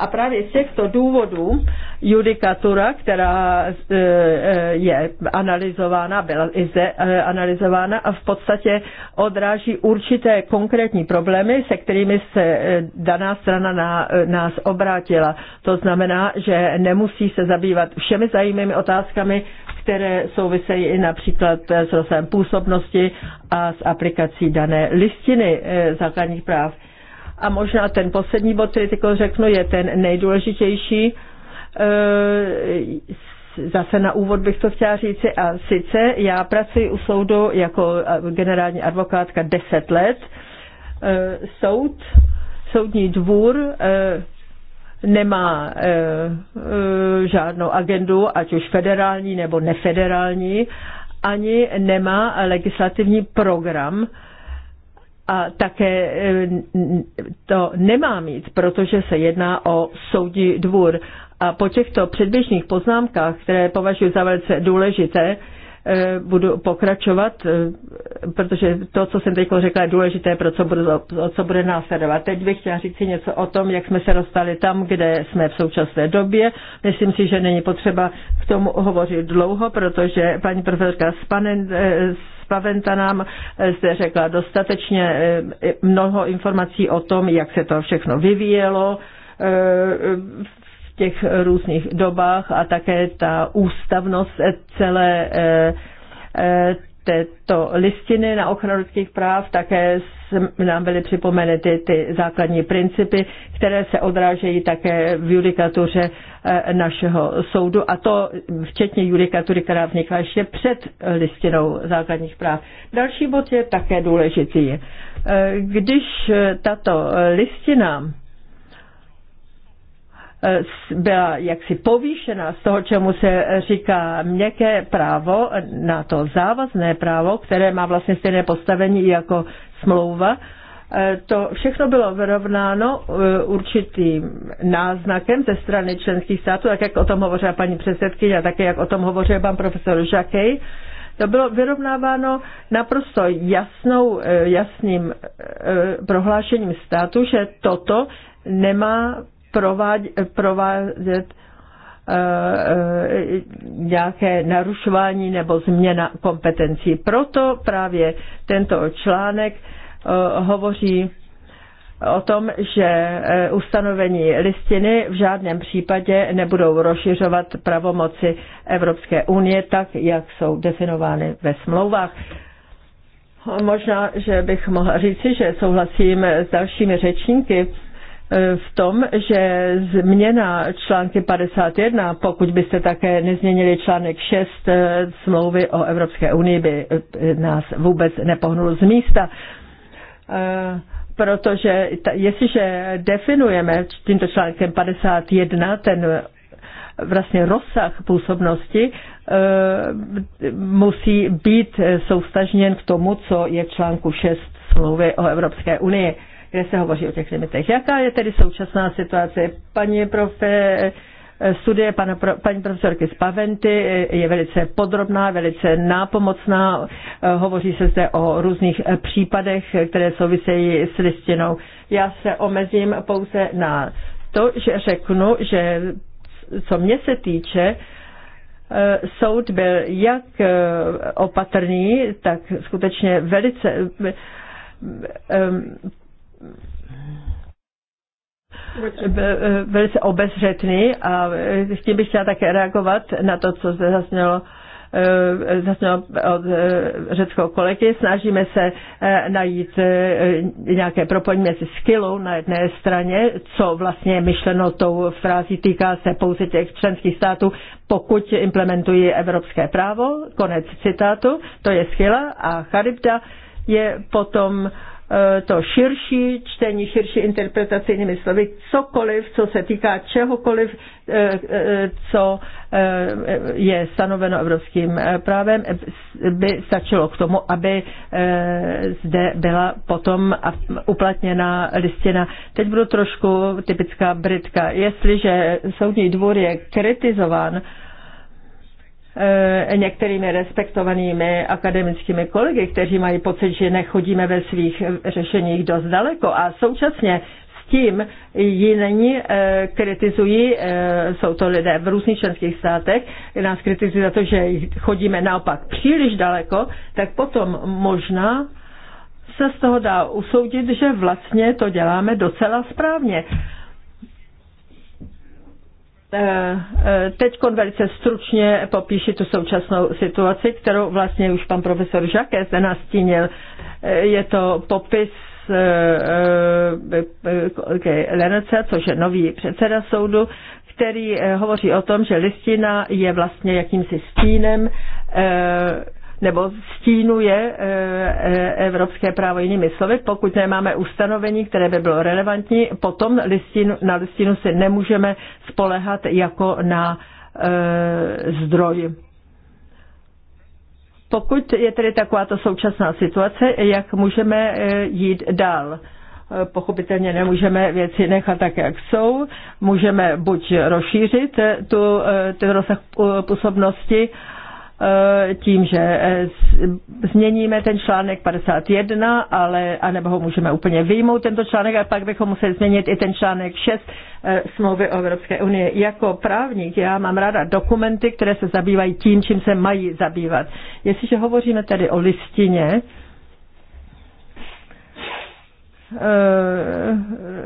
A právě z těchto důvodů judikatura, která e, e, je analyzována, byla i zde e, analyzována a v podstatě odráží určité konkrétní problémy, se kterými se daná strana na nás obrátila. To znamená, že nemusí se zabývat všemi zajímavými otázkami, které souvisejí i například s rozsahem působnosti a s aplikací dané listiny základních práv a možná ten poslední bod, který teď řeknu, je ten nejdůležitější. E, zase na úvod bych to chtěla říci. A sice já pracuji u soudu jako generální advokátka 10 let. E, soud, soudní dvůr e, nemá žádnou agendu, ať už federální nebo nefederální, ani nemá legislativní program, a také eh, to nemá mít, protože se jedná o soudní dvůr. A po těchto předběžných poznámkách, které považuji za velice důležité, eh, budu pokračovat, eh, protože to, co jsem teď řekla, je důležité pro co bude, co bude následovat. Teď bych chtěla říct si něco o tom, jak jsme se dostali tam, kde jsme v současné době. Myslím si, že není potřeba k tomu hovořit dlouho, protože paní profesorka Spanen Paventa nám eh, zde řekla dostatečně eh, mnoho informací o tom, jak se to všechno vyvíjelo eh, v těch různých dobách a také ta ústavnost celé této listiny na ochranu lidských práv také nám byly připomenuty ty základní principy, které se odrážejí také v judikatuře eh, našeho soudu a to včetně judikatury, která vznikla ještě před listinou základních práv. Další bod je také důležitý. Eh, když eh, tato listina Eh, byla jaksi povýšena z toho, čemu se říká měkké právo na to závazné právo, které má vlastně stejné postavení jako smlouva, eh, to všechno bylo vyrovnáno eh, určitým náznakem ze strany členských států, tak jak o tom hovořila paní předsedkyně a také jak o tom hovořil pan profesor Žakej. To bylo vyrovnáváno naprosto jasnou, jasným prohlášením státu, že toto nemá provádět eh, eh, nějaké narušování nebo změna kompetencí. Proto právě tento článek eh, hovoří o tom, že ustanovení listiny v žádném případě nebudou rozšiřovat pravomoci Evropské unie tak, jak jsou definovány ve smlouvách. Možná, že bych mohla říci, že souhlasím s dalšími řečníky, v tom, že změna články 51, pokud byste také nezměnili článek 6 eh, smlouvy o Evropské unii, by eh, nás vůbec nepohnulo z místa. Eh, protože jestliže definujeme tímto článkem 51 ten vlastně rozsah působnosti musí být soustažněn k tomu, co je v článku 6 smlouvy o Evropské unii kde se hovoří o těch limitech. Jaká je tedy současná situace? Paní profe, studie pana, paní profesorky Spaventy je velice podrobná, velice nápomocná. Hovoří se zde o různých případech, které souvisejí s listinou. Já se omezím pouze na to, že řeknu, že co mě se týče, soud byl jak opatrný, tak skutečně velice E, velice obezřetný a e, tím bych chtěla také reagovat na to, co se zasnělo e, zase od řeckého kolegy. Snažíme se najít nějaké propojení mezi skillou na jedné straně, co vlastně je myšleno tou frází týká se pouze těch členských států, pokud implementují evropské právo, konec citátu, to je skilla a charybda je potom Eh, to širší čtení, širší interpretace jinými slovy, cokoliv, co se týká čehokoliv, eh, eh, co je stanoveno evropským právem, by stačilo k tomu, aby zde byla potom uplatněna listina. Teď budu trošku typická britka. Jestliže soudní dvůr je kritizován, Eh, některými respektovanými akademickými kolegy, kteří mají pocit, že nechodíme ve svých eh, řešeních dost daleko a současně s tím jiní eh, kritizují, jsou to lidé v různých členských státech, nás kritizují za to, že chodíme naopak příliš daleko, tak potom možná se z toho dá usoudit, že vlastně to děláme docela správně. Eh, eh, Teď velice stručně popíši tu současnou situaci, kterou vlastně už pan profesor Žaké zde nastínil. Eh, je to popis Lenece, což je nový předseda soudu, který hovoří o tom, že listina je vlastně jakýmsi stínem nebo stínuje eh, eh, evropské právo jinými slovy. Pokud nemáme ustanovení, které by bylo relevantní, potom listinu, na listinu si nemůžeme spolehat jako na eh, zdroj. Pokud je tedy takováto současná situace, jak můžeme jít dál? Pochopitelně nemůžeme věci nechat tak, jak jsou. Můžeme buď rozšířit tu, ten rozsah působnosti Eh, tím, že eh, změníme ten článek 51, ale, anebo ho můžeme úplně vyjmout tento článek a pak bychom museli změnit i ten článek 6 eh, smlouvy o Evropské unii. Jako právník já mám ráda dokumenty, které se zabývají tím, čím se mají zabývat. Jestliže hovoříme tedy o listině,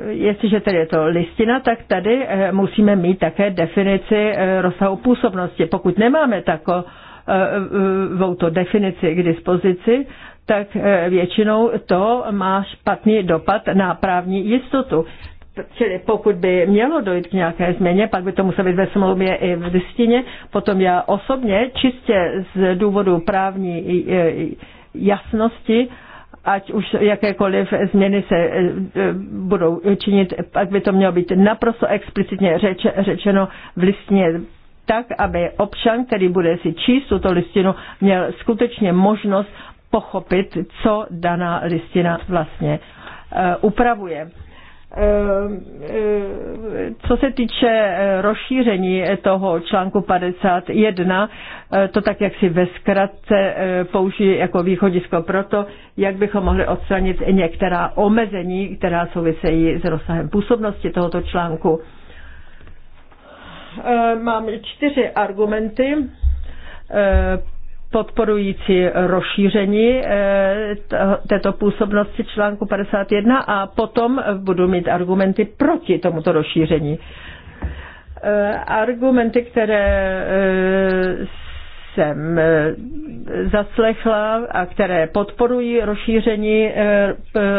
jestliže tedy je to listina, tak tady musíme mít také definici rozsahu působnosti. Pokud nemáme takovou to definici k dispozici, tak eh, většinou to má špatný dopad na právní jistotu. Čili pokud by mělo dojít k nějaké změně, pak by to muselo být ve smlouvě i v listině, potom já osobně čistě z důvodu právní eh, jasnosti, ať už jakékoliv změny se eh, budou činit, pak by to mělo být naprosto explicitně řeč, řečeno v listině tak, aby občan, který bude si číst tuto listinu, měl skutečně možnost pochopit, co daná listina vlastně eh, upravuje. Eh, eh, co se týče rozšíření toho článku 51, to tak, jak si ve zkratce použije jako východisko pro to, jak bychom mohli odstranit některá omezení, která souvisejí s rozsahem působnosti tohoto článku. Eh, mám čtyři argumenty eh, podporující rozšíření eh, této působnosti článku 51 a potom budu mít argumenty proti tomuto rozšíření. Argumenty, které jsem zaslechla a které podporují rozšíření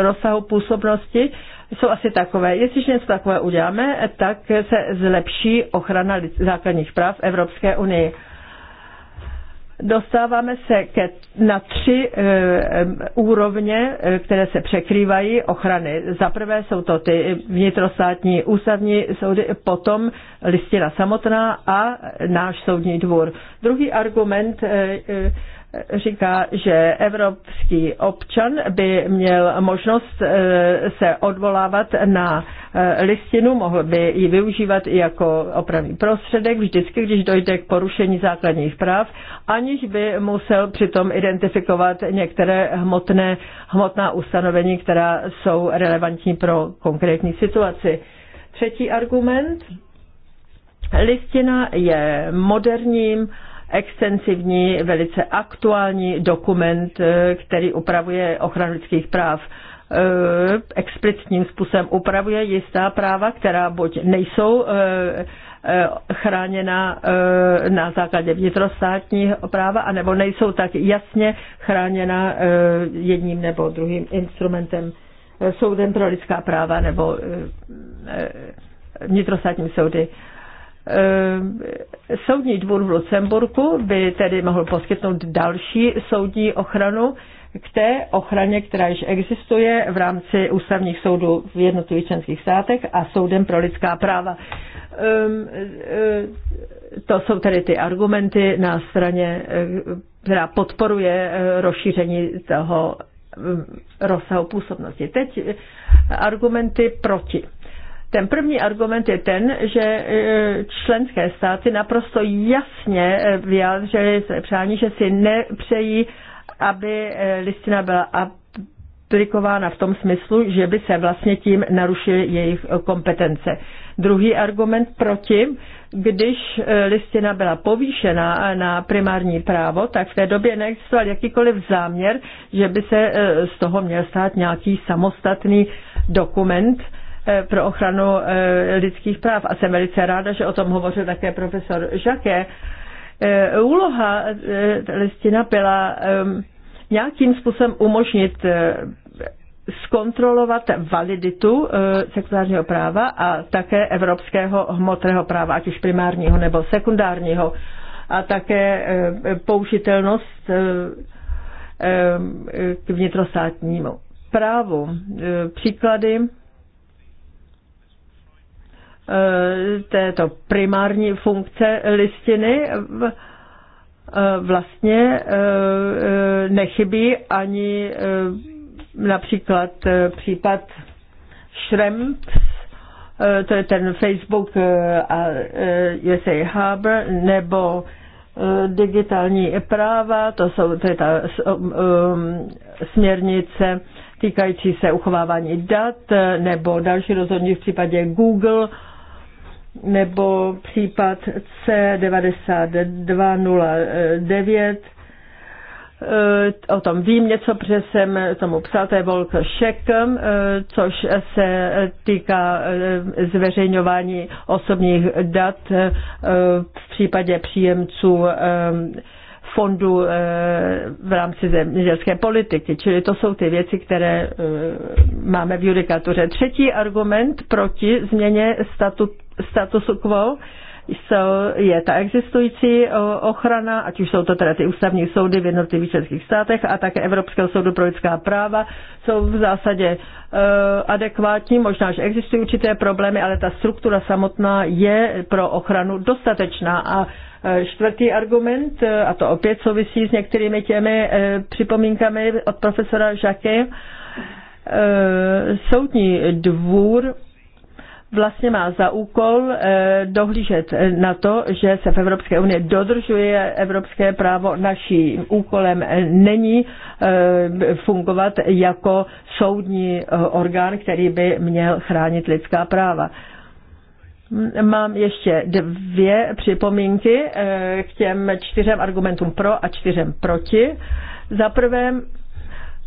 rozsahu působnosti, jsou asi takové. Jestliže něco takové uděláme, tak se zlepší ochrana základních práv Evropské unii. Dostáváme se ke, na tři e, úrovně, eh, které se překrývají ochrany. Za prvé jsou to ty vnitrostátní ústavní soudy, potom listina samotná a náš soudní dvůr. Druhý argument e, říká, že evropský občan by měl možnost eh, se odvolávat na eh, listinu, mohl by ji využívat i jako opravný prostředek vždycky, když dojde k porušení základních práv, aniž by musel přitom identifikovat některé hmotné, hmotná ustanovení, která jsou relevantní pro konkrétní situaci. Třetí argument. Listina je moderním extensivní, velice aktuální dokument, eh, který upravuje ochranu lidských práv eh, explicitním způsobem upravuje jistá práva, která buď nejsou eh, chráněna na základě vnitrostátního práva, anebo nejsou tak jasně chráněna jedním nebo druhým instrumentem soudem pro lidská práva nebo vnitrostátní soudy. Eh, soudní dvůr v Lucemburku by tedy mohl poskytnout další soudní ochranu k té ochraně, která již existuje v rámci ústavních soudů v jednotlivých členských státech a soudem pro lidská práva. Ehm, eh, to jsou tedy ty argumenty na straně, eh, která podporuje rozšíření toho mm, rozsahu působnosti. Teď argumenty proti. Ten první argument je ten, že e, členské státy naprosto jasně e, vyjádřily přání, že si nepřejí, aby e, listina byla aplikována v tom smyslu, že by se vlastně tím narušily jejich kompetence. Druhý argument proti, když listina byla povýšena na primární právo, tak v té době neexistoval jakýkoliv záměr, že by se z toho měl stát nějaký samostatný dokument, Eh, pro ochranu eh, lidských práv. A jsem velice ráda, že o tom hovořil také profesor Žaké. Eh, úloha listina byla ehm, nějakým způsobem umožnit zkontrolovat validitu sekulárního práva a také evropského hmotného práva, ať už primárního nebo sekundárního, a také použitelnost k vnitrostátnímu právu. Příklady Eh, této primární funkce listiny eh, vlastně eh, nechybí ani například případ Schrems, to je ten Facebook a USA Harbor, nebo digitální práva, to jsou to je ta um, um, směrnice týkající se uchovávání dat, nebo další rozhodnutí v případě Google, nebo případ C9209. Eh, o tom vím něco, protože jsem tomu psal, to je Volker Šek, eh, což se týká eh, zveřejňování osobních dat v případě příjemců fondů eh, v rámci zemědělské politiky. Čili to jsou ty věci, které eh, máme v judikatuře. Třetí argument proti změně statu, statusu quo jsou, je ta existující ochrana, ať už jsou to teda ty ústavní soudy v jednotlivých českých státech a také Evropského soudu pro lidská práva, jsou v zásadě e, adekvátní, možná, že existují určité problémy, ale ta struktura samotná je pro ochranu dostatečná a e, Čtvrtý argument, e, a to opět souvisí s některými těmi připomínkami od profesora Žaky, soudní dvůr vlastně má za úkol eh, dohlížet eh, na to, že se v Evropské unii dodržuje evropské právo. Naším úkolem eh, není fungovat jako soudní orgán, který by měl chránit lidská práva. Mám ještě dvě připomínky k těm čtyřem argumentům pro a čtyřem proti. Za prvé,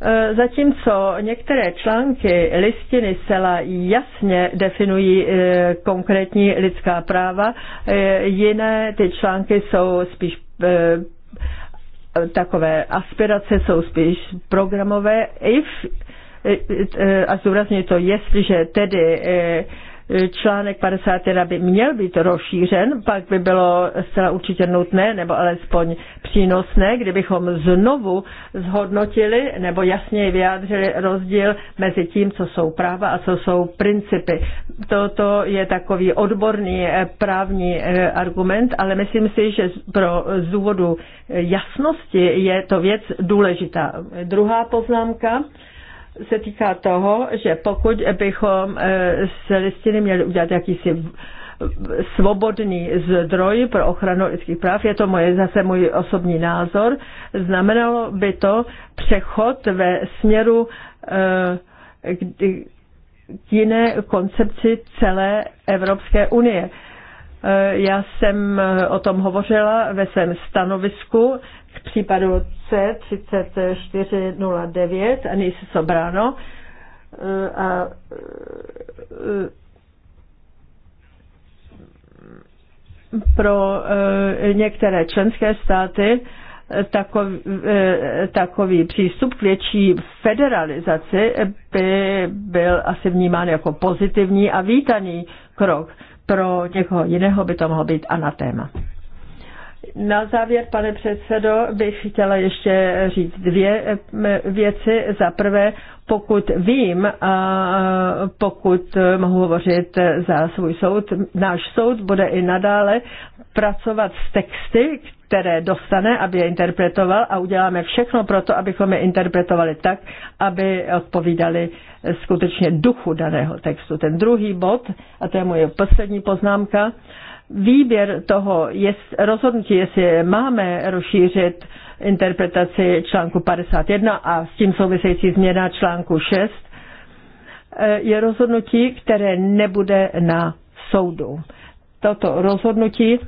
E, zatímco některé články listiny zcela jasně definují e, konkrétní lidská práva, e, jiné ty články jsou spíš takové aspirace, jsou spíš programové. If, a zúrazně to, jestliže tedy článek 51 by měl být rozšířen, pak by bylo zcela určitě nutné, nebo alespoň přínosné, kdybychom znovu zhodnotili nebo jasněji vyjádřili rozdíl mezi tím, co jsou práva a co jsou principy. Toto je takový odborný eh, právní eh, argument, ale myslím si, že pro z důvodu jasnosti je to věc důležitá. Druhá poznámka se týká toho, že pokud bychom eh, z listiny měli udělat jakýsi svobodný zdroj pro ochranu lidských práv, je to moje, zase můj osobní názor, znamenalo by to přechod ve směru eh, k jiné koncepci celé Evropské unie. Eh, já jsem o tom hovořila ve svém stanovisku k případu C 3409 Anis Sobrano a eh, eh, pro eh, některé členské státy takový, takový přístup k větší federalizaci by byl asi vnímán jako pozitivní a vítaný krok. Pro někoho jiného by to mohlo být anatéma. Na závěr, pane předsedo, bych chtěla ještě říct dvě eh, věci. Za prvé, pokud vím a pokud mohu hovořit za svůj soud, náš soud bude i nadále pracovat s texty, které dostane, aby je interpretoval a uděláme všechno pro to, abychom je interpretovali tak, aby odpovídali skutečně duchu daného textu. Ten druhý bod, a to je moje poslední poznámka, výběr toho je, rozhodnutí, jestli máme rozšířit interpretaci článku 51 a s tím související změna článku 6, je rozhodnutí, které nebude na soudu. Toto rozhodnutí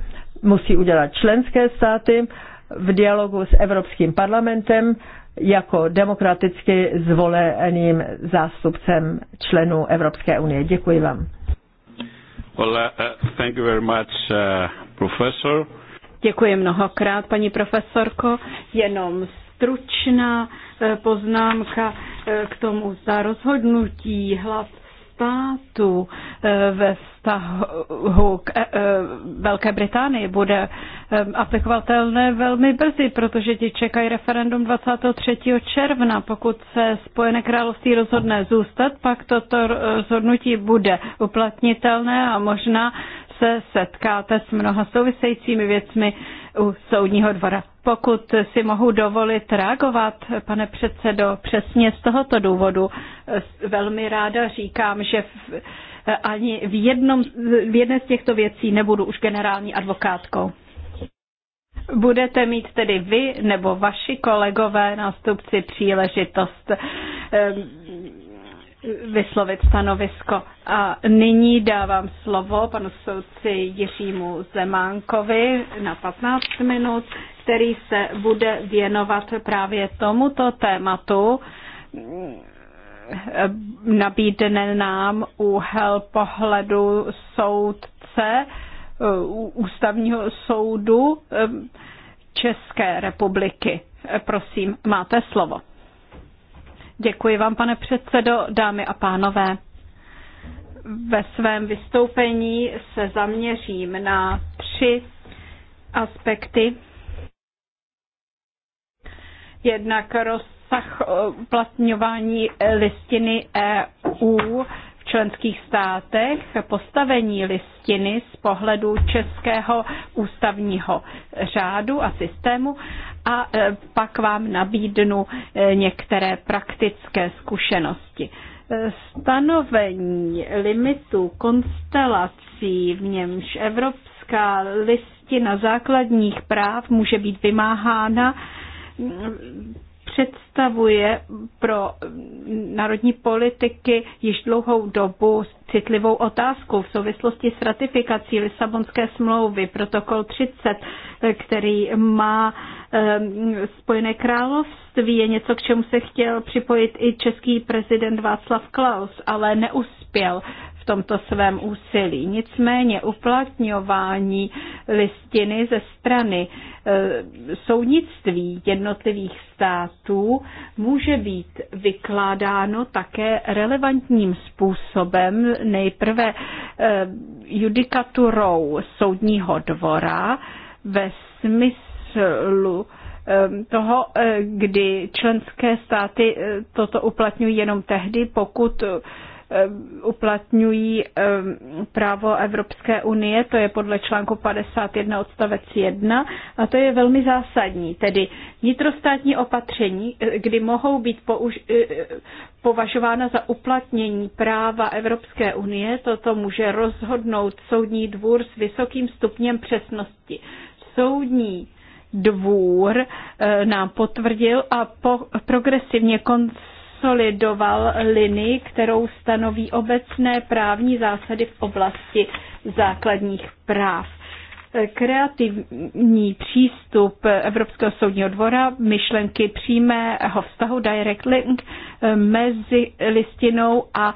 musí udělat členské státy v dialogu s Evropským parlamentem jako demokraticky zvoleným zástupcem členů Evropské unie. Děkuji vám. Well, uh, uh, thank you very much, uh, professor. Děkuji mnohokrát, paní profesorko. Jenom stručná eh, poznámka eh, k tomu, za rozhodnutí hlav států eh, ve vztahu k eh, eh, Velké Británii bude aplikovatelné velmi brzy, protože ti čekají referendum 23. června. Pokud se Spojené království rozhodne zůstat, pak toto rozhodnutí bude uplatnitelné a možná se setkáte s mnoha souvisejícími věcmi u soudního dvora. Pokud si mohu dovolit reagovat, pane předsedo, přesně z tohoto důvodu velmi ráda říkám, že v, ani v, jednom, v jedné z těchto věcí nebudu už generální advokátkou. Budete mít tedy vy nebo vaši kolegové nástupci příležitost ehm, vyslovit stanovisko. A nyní dávám slovo panu soudci Jiřímu Zemánkovi na 15 minut, který se bude věnovat právě tomuto tématu. Nabídne nám úhel pohledu soudce uh, ústavního soudu um, České republiky. Prosím, máte slovo. Děkuji vám, pane předsedo, dámy a pánové. Ve svém vystoupení se zaměřím na tři aspekty. Jednak rozsah eh, uplatňování eh, listiny EU v členských státech postavení listiny z pohledu českého ústavního řádu a systému a e, pak vám nabídnu e, některé praktické zkušenosti. E, stanovení limitu konstelací, v němž Evropská listina základních práv může být vymáhána, představuje pro národní politiky již dlouhou dobu citlivou otázku v souvislosti s ratifikací Lisabonské smlouvy, protokol 30, který má Spojené království, je něco, k čemu se chtěl připojit i český prezident Václav Klaus, ale neuspěl v tomto svém úsilí. Nicméně uplatňování listiny ze strany eh, soudnictví jednotlivých států může být vykládáno také relevantním způsobem, nejprve eh, judikaturou soudního dvora ve smyslu eh, toho, kdy členské státy toto uplatňují jenom tehdy, pokud Eh, uplatňují eh, právo Evropské unie, to je podle článku 51 odstavec 1 a to je velmi zásadní, tedy vnitrostátní opatření, eh, kdy mohou být použ- považována za uplatnění práva Evropské unie, toto může rozhodnout soudní dvůr s vysokým stupněm přesnosti. Soudní dvůr nám potvrdil a po, progresivně konc konsolidoval linii, kterou stanoví obecné právní zásady v oblasti základních práv. Kreativní přístup Evropského soudního dvora, myšlenky přímého vztahu direct link mezi listinou a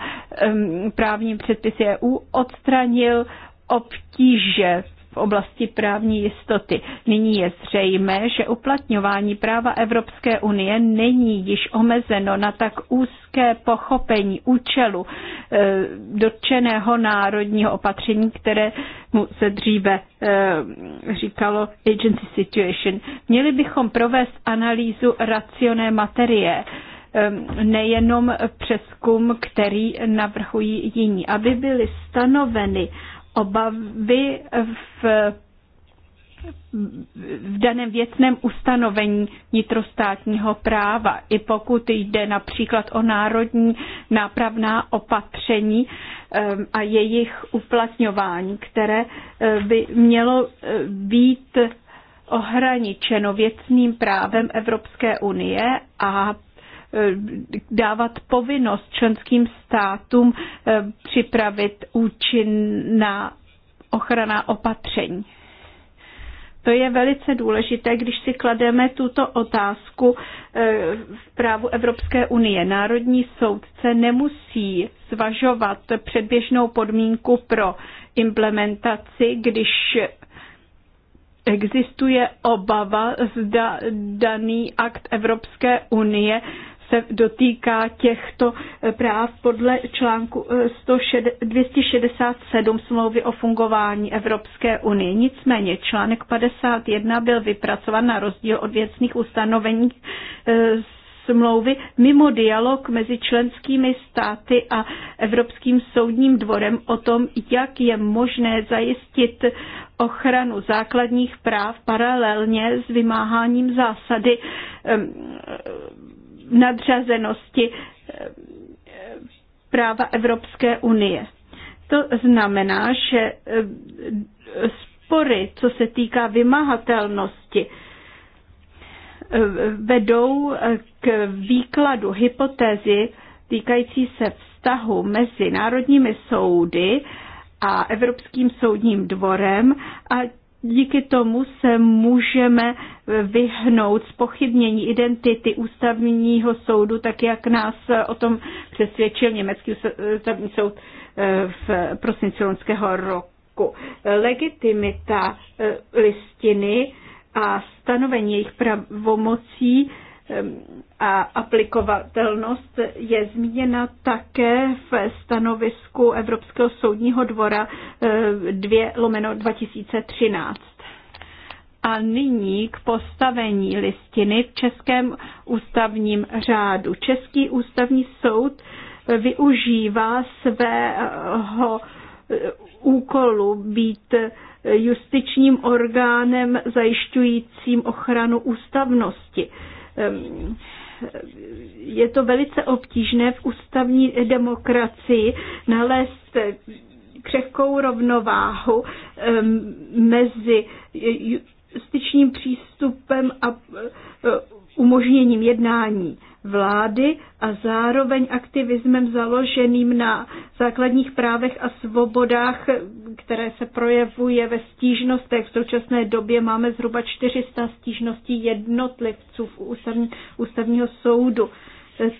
právním předpisy EU odstranil obtíže v oblasti právní jistoty. Nyní je zřejmé, že uplatňování práva Evropské unie není již omezeno na tak úzké pochopení účelu eh, dotčeného národního opatření, které mu se dříve eh, říkalo agency situation. Měli bychom provést analýzu racioné materie eh, nejenom přeskum, který navrhují jiní, aby byly stanoveny obavy v v daném věcném ustanovení vnitrostátního práva. I pokud jde například o národní nápravná opatření ehm, a jejich uplatňování, které eh, by mělo eh, být ohraničeno věcným právem Evropské unie a Eh, dávat povinnost členským státům eh, připravit účinná ochrana opatření. To je velice důležité, když si klademe tuto otázku eh, v právu Evropské unie. Národní soudce nemusí zvažovat předběžnou podmínku pro implementaci, když existuje obava, zda daný akt Evropské unie se dotýká těchto eh, práv podle článku 267 eh, smlouvy o fungování Evropské unie. Nicméně článek 51 byl vypracovan na rozdíl od věcných ustanovení eh, smlouvy mimo dialog mezi členskými státy a Evropským soudním dvorem o tom, jak je možné zajistit ochranu základních práv paralelně s vymáháním zásady nadřazenosti eh, eh, práva Evropské unie. To znamená, že eh, spory, co se týká vymahatelnosti, vedou k výkladu hypotézy týkající se vztahu mezi národními soudy a Evropským soudním dvorem a díky tomu se můžeme vyhnout pochybnění identity ústavního soudu, tak jak nás o tom přesvědčil německý ústavní soud eh, v prosinci loňského roku. Legitimita eh, listiny a stanovení jejich pravomocí a aplikovatelnost je zmíněna také v stanovisku Evropského soudního dvora 2 eh, lomeno 2013. A nyní k postavení listiny v Českém ústavním řádu. Český ústavní soud eh, využívá svého eh, úkolu být justičním orgánem zajišťujícím ochranu ústavnosti Ehm, je to velice obtížné v ústavní demokracii nalézt křehkou rovnováhu ehm, mezi justičním přístupem a e, umožněním jednání vlády a zároveň aktivismem založeným na základních právech a svobodách, které se projevuje ve stížnostech. V současné době máme zhruba 400 stížností jednotlivců v ústavní, ústavního soudu.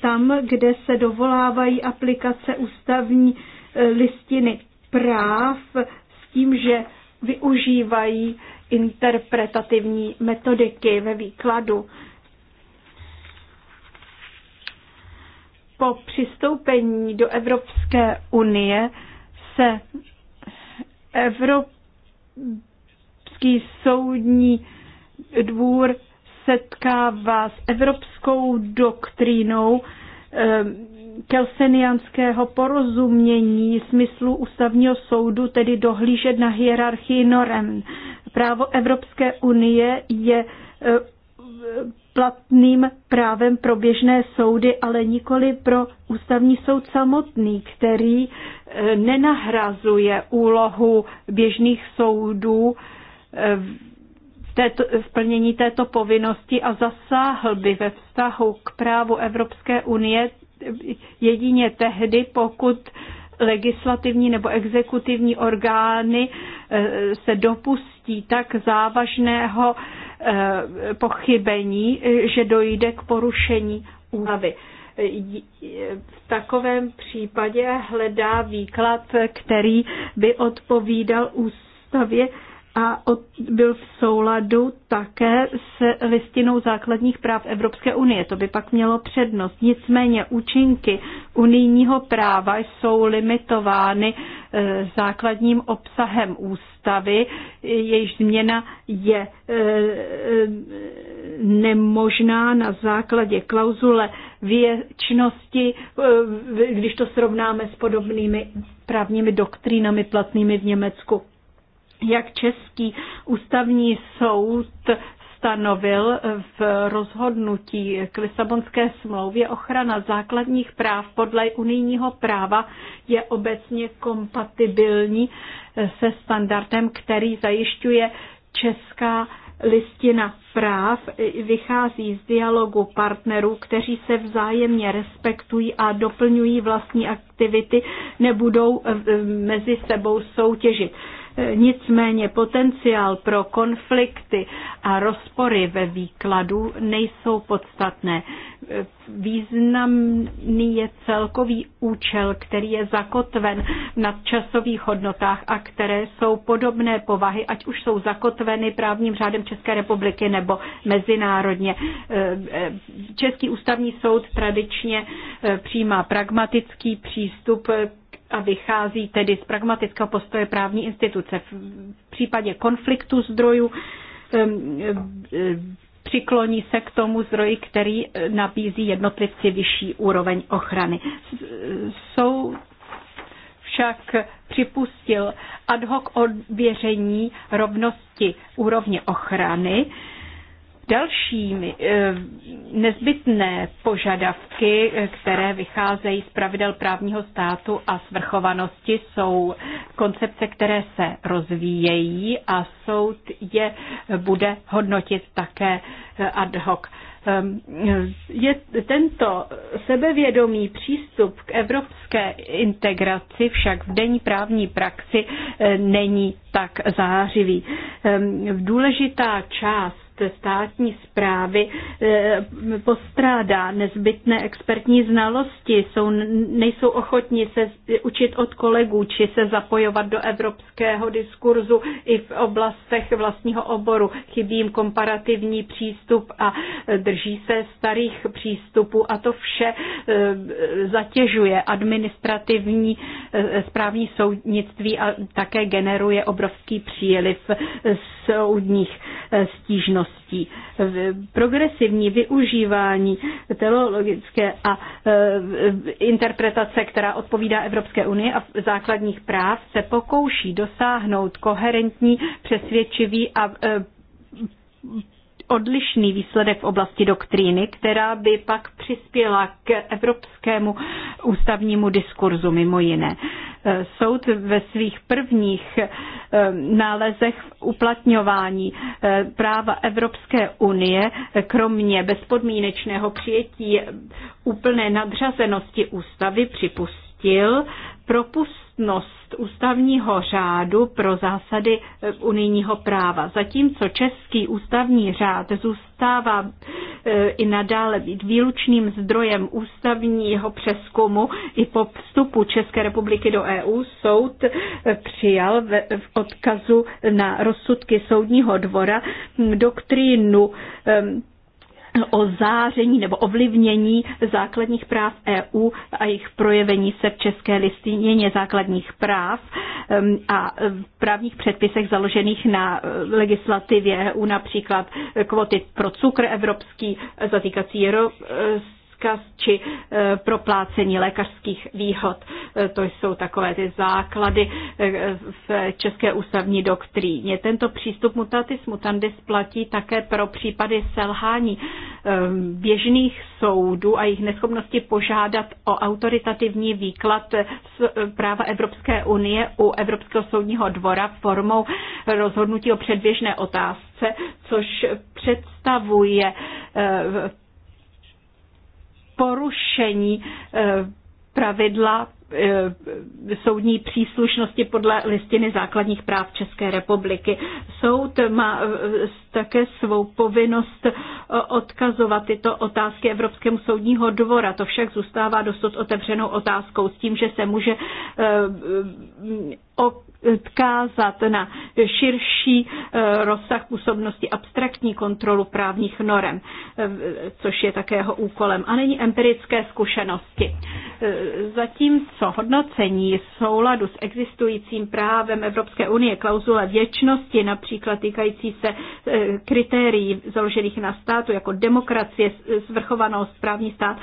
Tam, kde se dovolávají aplikace ústavní eh, listiny práv s tím, že využívají interpretativní metodiky ve výkladu po přistoupení do Evropské unie se Evropský soudní dvůr setkává s evropskou doktrínou ehm, kelsenianského porozumění smyslu ústavního soudu, tedy dohlížet na hierarchii norem. Právo Evropské unie je eh, platným právem pro běžné soudy, ale nikoli pro ústavní soud samotný, který eh, nenahrazuje úlohu běžných soudů eh, v, této, v plnění této povinnosti a zasáhl by ve vztahu k právu Evropské unie jedině tehdy, pokud legislativní nebo exekutivní orgány eh, se dopustí tak závažného Eh, pochybení, eh, že dojde k porušení ústavy. V takovém případě hledá výklad, který by odpovídal ústavě a byl v souladu také s listinou základních práv Evropské unie. To by pak mělo přednost. Nicméně účinky unijního práva jsou limitovány eh, základním obsahem ústavy, jejíž změna je eh, nemožná na základě klauzule věčnosti, eh, když to srovnáme s podobnými právními doktrínami platnými v Německu jak Český ústavní soud stanovil v rozhodnutí k Lisabonské smlouvě ochrana základních práv podle unijního práva je obecně kompatibilní se standardem, který zajišťuje Česká listina práv vychází z dialogu partnerů, kteří se vzájemně respektují a doplňují vlastní aktivity, nebudou mezi sebou soutěžit. Nicméně potenciál pro konflikty a rozpory ve výkladu nejsou podstatné. Významný je celkový účel, který je zakotven v nadčasových hodnotách a které jsou podobné povahy, ať už jsou zakotveny právním řádem České republiky nebo mezinárodně. Český ústavní soud tradičně eh, přijímá pragmatický přístup eh, a vychází tedy z pragmatického postoje právní instituce. V případě konfliktu zdrojů přikloní se k tomu zdroji, který nabízí jednotlivci vyšší úroveň ochrany. Jsou však připustil ad hoc odvěření rovnosti úrovně ochrany, Další eh, nezbytné požadavky, eh, které vycházejí z pravidel právního státu a svrchovanosti, jsou koncepce, které se rozvíjejí a soud je bude hodnotit také eh, ad hoc. Ehm, je tento sebevědomý přístup k evropské integraci však v denní právní praxi není tak zářivý. Ehm, důležitá část státní zprávy eh, postrádá nezbytné expertní znalosti, jsou, nejsou ochotní se učit od kolegů či se zapojovat do evropského diskurzu i v oblastech vlastního oboru. Chybí jim komparativní přístup a eh, drží se starých přístupů a to vše eh, zatěžuje administrativní správní soudnictví a také generuje obrovský příliv soudních stížností možností. Progresivní využívání teologické a e, interpretace, která odpovídá Evropské unii a základních práv, se pokouší dosáhnout koherentní, přesvědčivý a e, odlišný výsledek v oblasti doktríny, která by pak přispěla k evropskému ústavnímu diskurzu mimo jiné. E, soud ve svých prvních e, nálezech v uplatňování e, práva Evropské unie, kromě bezpodmínečného přijetí úplné nadřazenosti ústavy, připustil propust platnost ústavního řádu pro zásady eh, unijního práva. Zatímco český ústavní řád zůstává eh, i nadále být výlučným zdrojem ústavního přeskumu i po vstupu České republiky do EU, soud eh, přijal v odkazu na rozsudky soudního dvora hm, doktrínu hm, o záření nebo ovlivnění základních práv EU a jejich projevení se v České listině základních práv um, a právních předpisech založených na uh, legislativě EU, například uh, kvoty pro cukr evropský, uh, zatýkací rozkaz či e, proplácení lékařských výhod. E, to jsou takové ty základy e, v české ústavní doktríně. Tento přístup mutatis mutandis platí také pro případy selhání běžných soudů a jejich neschopnosti požádat o autoritativní výklad práva Evropské unie u Evropského soudního dvora formou rozhodnutí o předběžné otázce, což představuje porušení eh, pravidla eh, soudní příslušnosti podle listiny základních práv České republiky. Soud má eh, také svou povinnost odkazovat tyto otázky Evropskému soudního dvora. To však zůstává dosud otevřenou otázkou s tím, že se může odkázat na širší e, rozsah působnosti abstraktní kontrolu právních norem, e, což je také jeho úkolem, a není empirické zkušenosti. E, zatímco hodnocení souladu s existujícím právem Evropské unie klauzule věčnosti, například týkající se kritérií založených na státu, jako demokracie, svrchovanost, právní stát,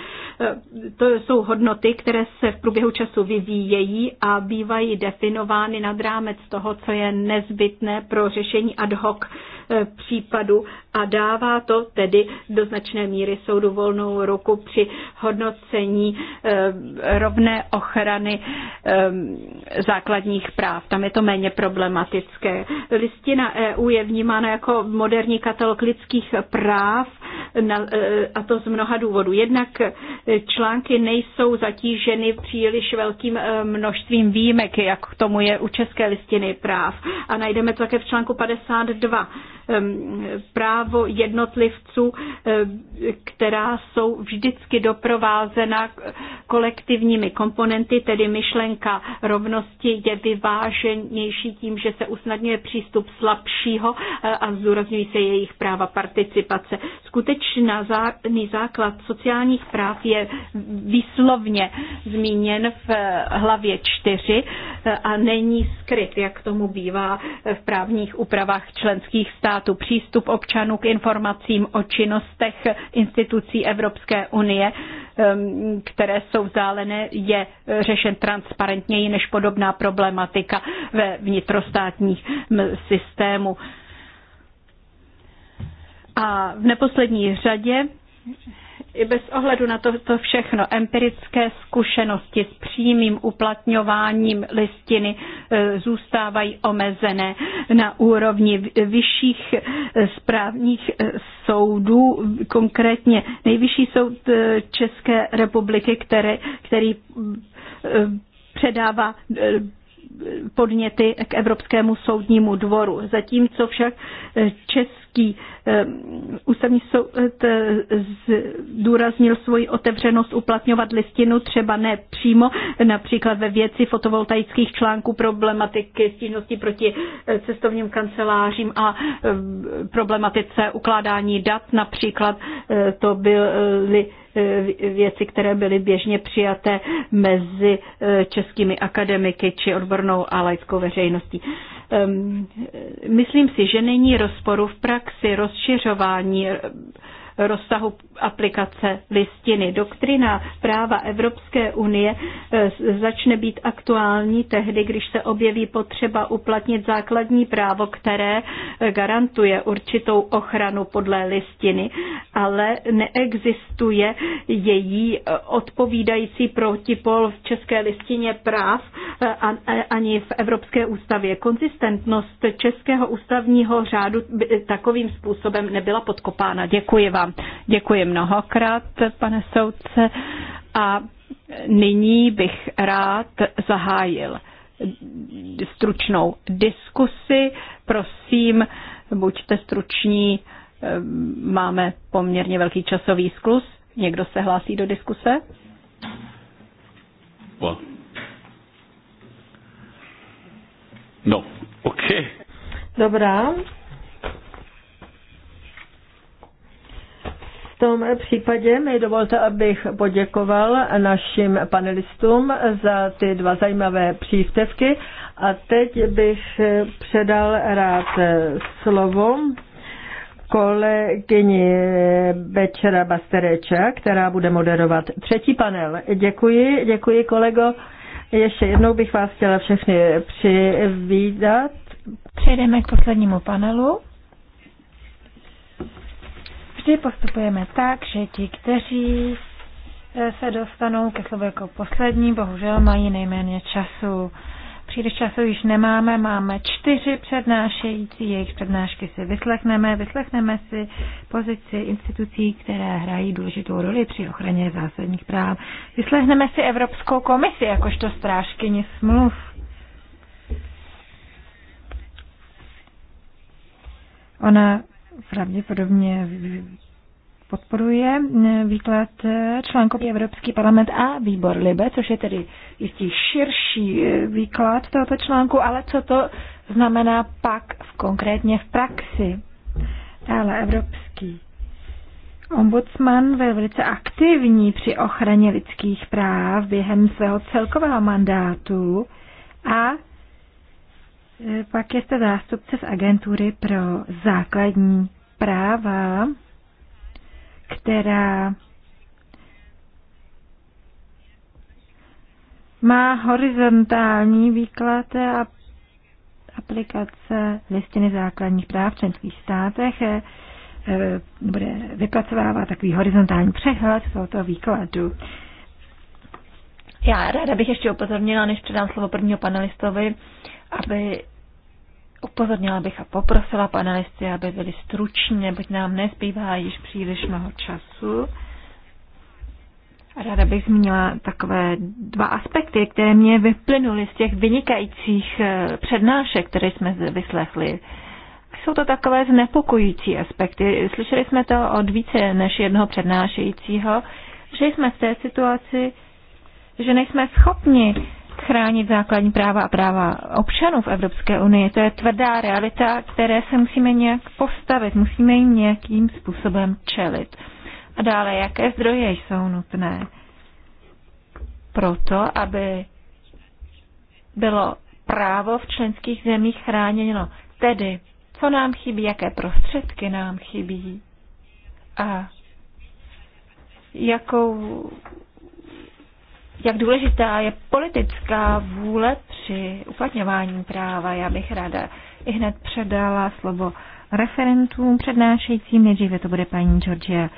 to jsou hodnoty, které se v průběhu času vyvíjejí a bývají definovány plány nad rámec toho, co je nezbytné pro řešení ad hoc e, případu a dává to tedy do značné míry soudu volnou ruku při hodnocení e, rovné ochrany e, základních práv. Tam je to méně problematické. Listina EU je vnímána jako moderní katalog lidských práv a to z mnoha důvodů. Jednak články nejsou zatíženy příliš velkým množstvím výjimek, jak k tomu je je u České listiny práv. A najdeme to také v článku 52. Ehm, právo jednotlivců, ehm, která jsou vždycky doprovázena kolektivními komponenty, tedy myšlenka rovnosti je vyváženější tím, že se usnadňuje přístup slabšího e, a zdůrazňují se jejich práva participace. Skutečný základ sociálních práv je výslovně zmíněn v e, hlavě 4 a není skryt, jak tomu bývá v právních úpravách členských států. Přístup občanů k informacím o činnostech institucí Evropské unie, které jsou vzdálené, je řešen transparentněji než podobná problematika ve vnitrostátních systému. A v neposlední řadě i bez ohledu na to, to všechno, empirické zkušenosti s přímým uplatňováním listiny e, zůstávají omezené na úrovni vyšších e, správních e, soudů, konkrétně nejvyšší soud České republiky, který, který předává podněty k Evropskému soudnímu dvoru. Zatímco však eh, český eh, ústavní soud eh, zdůraznil svoji otevřenost uplatňovat listinu třeba ne přímo, například ve věci fotovoltaických článků problematiky stížnosti proti cestovním kancelářím a problematice ukládání dat, například to byly Eh, věci, které byly běžně přijaté mezi eh, českými akademiky či odbornou a laickou veřejností. Myslím si, že není rozporu v praxi rozšiřování eh, rozsahu aplikace listiny. Doktrina práva Evropské unie e, začne být aktuální tehdy, když se objeví potřeba uplatnit základní právo, které e, garantuje určitou ochranu podle listiny, ale neexistuje její e, odpovídající protipol v České listině práv ani v Evropské ústavě. Konzistentnost Českého ústavního řádu takovým způsobem nebyla podkopána. Děkuji vám vám děkuji mnohokrát, pane soudce, a nyní bych rád zahájil stručnou diskusi. Prosím, buďte struční, ehm, máme poměrně velký časový sklus. Někdo se hlásí do diskuse? No, OK. Dobrá, tom případě mi dovolte, abych poděkoval našim panelistům za ty dva zajímavé příspěvky a teď bych předal rád slovo kolegyni Bečera Bastereča, která bude moderovat třetí panel. Děkuji, děkuji kolego. Ještě jednou bych vás chtěla všechny přivítat. Přejdeme k poslednímu panelu. Vždy postupujeme tak, že ti, kteří eh, se dostanou ke slovu jako poslední, bohužel mají nejméně času. Příliš času již nemáme, máme čtyři přednášející, jejich přednášky si vyslechneme, vyslechneme si pozici institucí, které hrají důležitou roli při ochraně zásadních práv. Vyslechneme si Evropskou komisi, jakožto strážkyni smluv. Ona pravděpodobně podporuje eh, výklad eh, článku Evropský parlament a výbor Libe, což je tedy jistý širší eh, výklad tohoto článku, ale co to znamená pak v, konkrétně v praxi. Ale Evropský ombudsman byl velice aktivní při ochraně lidských práv během svého celkového mandátu a Eh, pak je to zástupce z agentury pro základní práva, která má horizontální výklad a aplikace listiny základních práv v členských státech eh, eh, bude vypracovávat takový horizontální přehled tohoto výkladu. Já ráda bych ještě upozornila, než předám slovo prvního panelistovi, aby Upozornila bych a poprosila panelisty, aby byli struční, neboť nám nezbývá již příliš mnoho času. Ráda bych zmínila takové dva aspekty, které mě vyplynuly z těch vynikajících eh, přednášek, které jsme vyslechli. Jsou to takové znepokojící aspekty. Slyšeli jsme to od více než jednoho přednášejícího, že jsme v té situaci, že nejsme schopni chránit základní práva a práva občanů v Evropské unii. To je tvrdá realita, které se musíme nějak postavit, musíme jim nějakým způsobem čelit. A dále, jaké zdroje jsou nutné pro to, aby bylo právo v členských zemích chráněno. Tedy, co nám chybí, jaké prostředky nám chybí a jakou jak důležitá je politická vůle při uplatňování práva. Já bych ráda i hned předala slovo referentům přednášejícím. Nejdříve to bude paní Georgia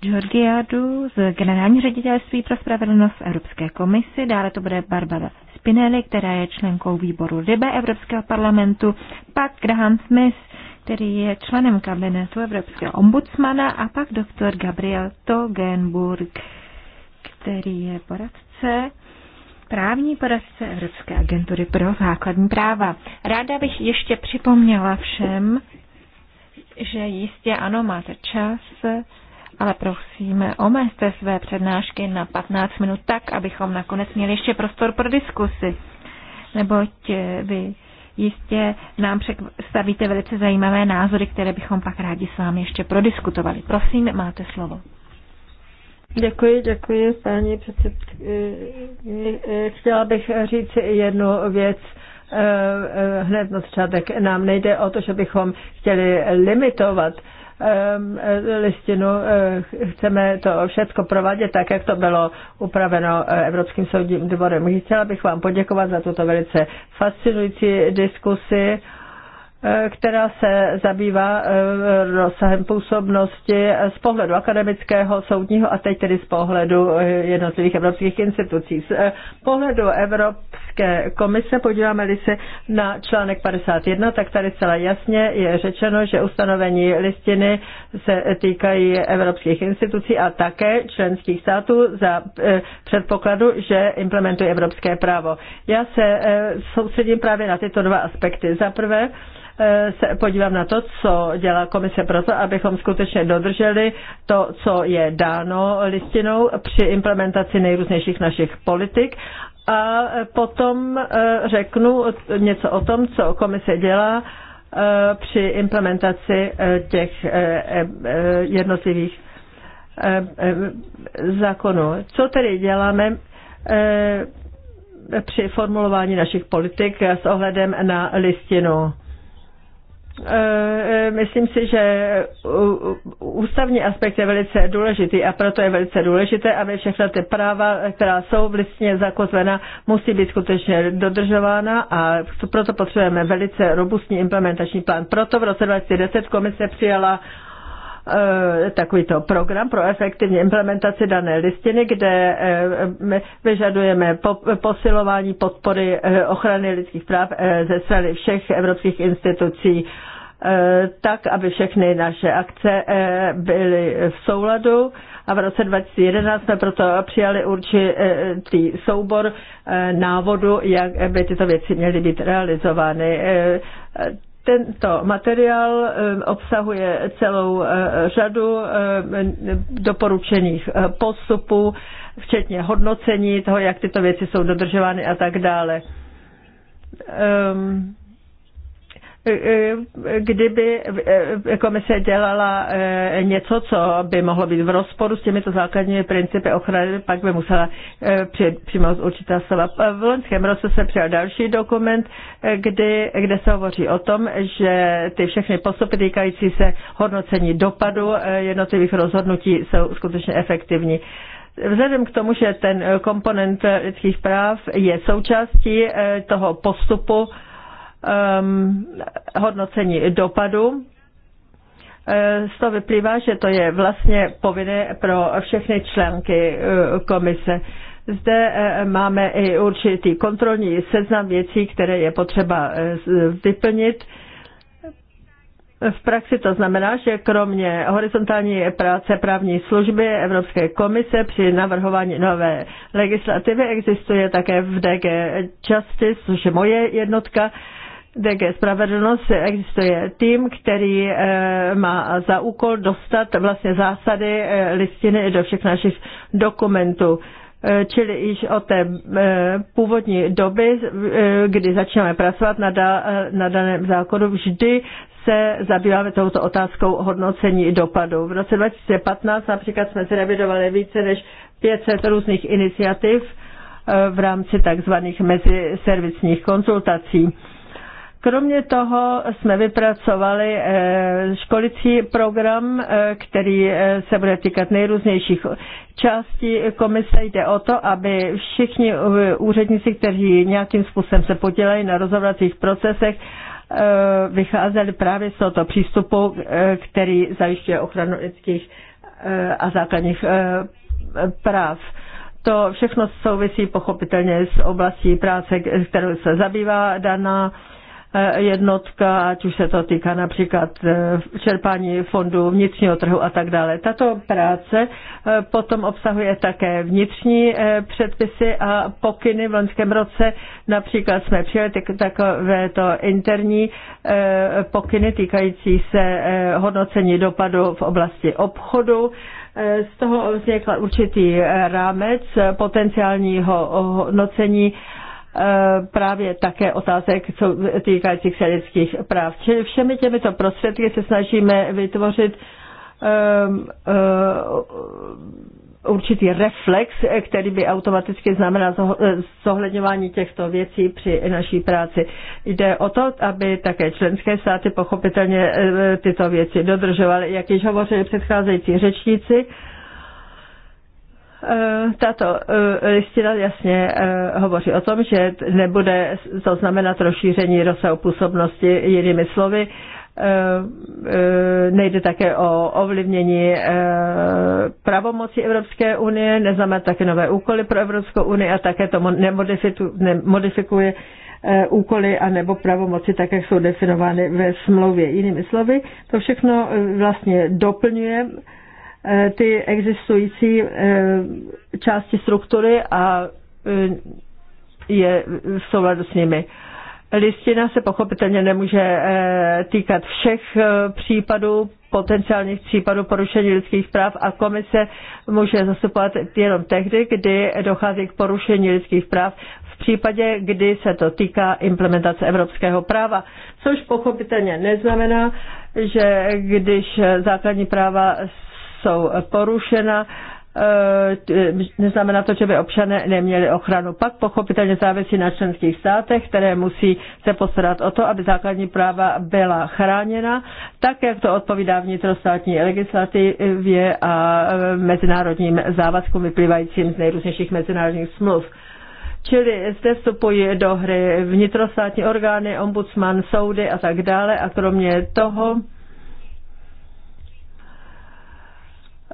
Georgiadu z Generální ředitelství pro spravedlnost Evropské komisi, dále to bude Barbara Spinelli, která je členkou výboru LIBE Evropského parlamentu, pak Graham Smith, který je členem kabinetu Evropského ombudsmana a pak doktor Gabriel Togenburg, který je poradce, právní poradce Evropské agentury pro základní práva. Ráda bych ještě připomněla všem, že jistě ano, máte čas, ale prosím, omezte své přednášky na 15 minut tak, abychom nakonec měli ještě prostor pro diskusy. Neboť eh, vy jistě nám představíte velice zajímavé názory, které bychom pak rádi s vámi ještě prodiskutovali. Prosím, máte slovo. Děkuji, děkuji, paní předsedkyně. Chtěla bych říct jednu věc eh, eh, hned na začátek. Nám nejde o to, že bychom chtěli limitovat eh, listinu. Chceme to všechno provádět tak, jak to bylo upraveno Evropským soudním dvorem. Chtěla bych vám poděkovat za tuto velice fascinující diskusi Eh, která se zabývá eh, rozsahem působnosti eh, z pohledu akademického, soudního a teď tedy z pohledu jednotlivých evropských institucí. Z pohledu Evropské komise, podíváme-li se na článek 51, tak tady celá jasně je řečeno, že ustanovení listiny se týkají evropských institucí a také členských států za předpokladu, že implementují evropské právo. Já se soustředím právě na tyto dva aspekty. Za prvé, Eh, se podívám na to, co dělá komise to, abychom skutečně dodrželi to, co je dáno listinou při implementaci nejrůznějších našich politik a potom eh, řeknu něco o tom, co komise dělá eh, při implementaci těch jednotlivých zákonů. Co tedy děláme při formulování našich politik s ohledem na listinu? Eh, myslím si, že eh, ústavní aspekt je velice důležitý a proto je velice důležité, aby všechna ty práva, která jsou v listině zakotvena, musí být skutečně dodržována a proto potřebujeme velice robustní implementační plán. Proto v roce 2010 komise přijala Eh, takovýto program pro efektivní implementaci dané listiny, kde eh, vyžadujeme posilování podpory eh, ochrany lidských práv ze strany všech evropských institucí tak, aby všechny naše akce byly v souladu a v roce 2011 jsme proto přijali určitý soubor návodu, jak by tyto věci měly být realizovány. Tento materiál eh, obsahuje celou eh, řadu eh, doporučených postupů, včetně hodnocení toho, jak tyto věci jsou dodržovány a tak dále. Um, Eh, eh, kdyby eh, komise dělala něco, co by mohlo být v rozporu s těmito základními principy ochrany, pak by musela přijmout určitá slova. V loňském roce se přijal další dokument, kdy, kde se hovoří o tom, že ty všechny postupy týkající se hodnocení dopadu jednotlivých rozhodnutí jsou skutečně efektivní. Vzhledem k tomu, že ten komponent lidských práv je součástí toho postupu, um, hodnocení dopadu. Eh, z toho vyplývá, že to je vlastně povinné pro všechny členky eh, komise. Zde eh, máme i určitý kontrolní seznam věcí, které je potřeba vyplnit. V praxi to znamená, že kromě horizontální práce právní služby Evropské komise při navrhování nové legislativy existuje také v DG Justice, což je moje jednotka, DG Spravedlnost existuje tým, který eh, má za úkol dostat vlastně zásady eh, listiny do všech našich dokumentů. Eh, čili již od té původní doby, kdy začínáme pracovat na, na daném zákonu, vždy se zabýváme touto otázkou hodnocení dopadu. V roce 2015 například jsme zrevidovali více než 500 různých iniciativ v rámci takzvaných meziservisních konzultací Kromě toho jsme vypracovali eh, školicí program, eh, který eh, se bude týkat nejrůznějších částí komise. Jde o to, aby všichni úředníci, kteří nějakým způsobem se podělají na rozhodovacích procesech, vycházeli právě z tohoto přístupu, který zajišťuje ochranu lidských a základních práv. To všechno souvisí pochopitelně s oblastí práce, kterou se zabývá daná Eh, jednotka, ať už se to týká například eh, čerpání fondů vnitřního trhu a tak dále. Tato práce eh, potom obsahuje také vnitřní předpisy a pokyny v loňském roce. Například jsme přijeli takovéto interní pokyny týkající se hodnocení dopadu v oblasti obchodu. Z toho vznikl určitý rámec potenciálního hodnocení Eh, právě také otázek týkajících se lidských práv. Čili všemi těmito prostředky se snažíme vytvořit ehm, eh, určitý reflex, který by automaticky znamenal zohledňování těchto věcí při naší práci. Jde o to, aby také členské státy pochopitelně eh, tyto věci dodržovaly. Jak již hovořili předcházející řečníci, Eh, tato eh, listina jasně eh, hovoří o tom, že nebude to znamenat rozšíření rozsahu působnosti jinými slovy. Nejde také o ovlivnění pravomoci Evropské unie, neznamená také nové úkoly pro Evropskou unii a také to nemodifikuje úkoly a nebo pravomoci, tak jak jsou definovány ve smlouvě. Jinými slovy, to všechno vlastně doplňuje Eh, ty existující eh, části struktury a eh, je v souladu s nimi. Listina se pochopitelně nemůže týkat všech případů, potenciálních případů porušení lidských práv a komise může zastupovat jenom tehdy, kdy dochází k porušení lidských práv v případě, kdy se to týká implementace evropského práva, což pochopitelně neznamená, že když základní práva jsou porušena, eh, neznamená to, že by občané neměli ochranu. Pak pochopitelně závisí na členských státech, které musí se postarat o to, aby základní práva byla chráněna, tak jak to odpovídá vnitrostátní legislativě a eh, mezinárodním závazkům vyplývajícím z nejrůznějších mezinárodních smluv. Čili zde vstupují do hry vnitrostátní orgány, ombudsman, soudy a tak dále a kromě toho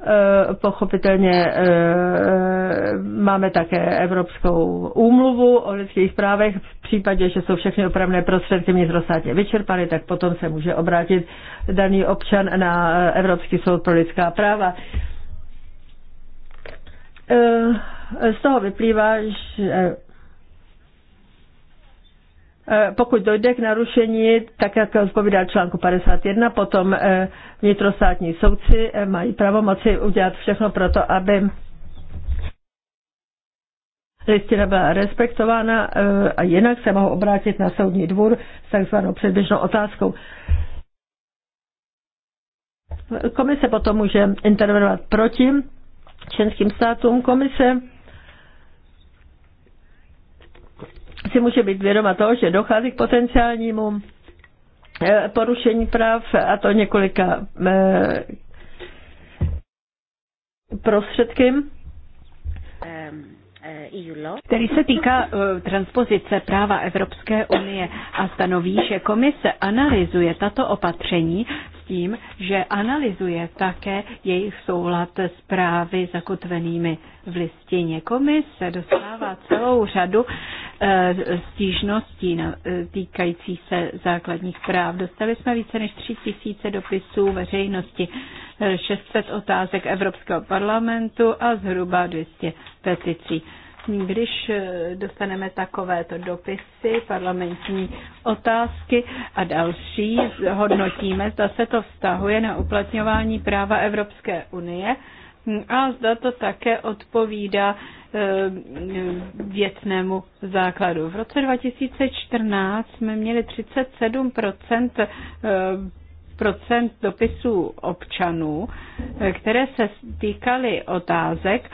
Eh, pochopitelně eh, máme také Evropskou úmluvu o lidských právech. V případě, že jsou všechny opravné prostředky vnitrostátně vyčerpány, tak potom se může obrátit daný občan na eh, Evropský soud pro lidská práva. Z toho vyplývá, že Eh, pokud dojde k narušení, tak jak odpovídá článku 51, potom eh, vnitrostátní soudci eh, mají pravomoci udělat všechno pro to, aby listina byla respektována a jinak se mohou obrátit na soudní dvůr s takzvanou předběžnou otázkou. Komise potom může intervenovat proti členským státům. Komise si může být vědoma toho, že dochází k potenciálnímu eh, porušení práv a to několika eh, prostředky eh, e který se týká transpozice práva Evropské unie a stanoví, že komise analyzuje tato opatření tím, že analyzuje také jejich soulad s právy zakotvenými v listině. Komise dostává celou řadu eh, stížností eh, týkající se základních práv. Dostali jsme více než 3 tisíce dopisů veřejnosti, 600 eh, otázek Evropského parlamentu a zhruba 200 peticí. Vlastně, když eh, dostaneme takovéto dopisy, parlamentní otázky a další, hodnotíme, zda se to vztahuje na uplatňování práva Evropské unie hm, a zda to také odpovídá eh, věcnému základu. V roce 2014 jsme měli 37 eh, procent dopisů občanů, které se týkaly otázek,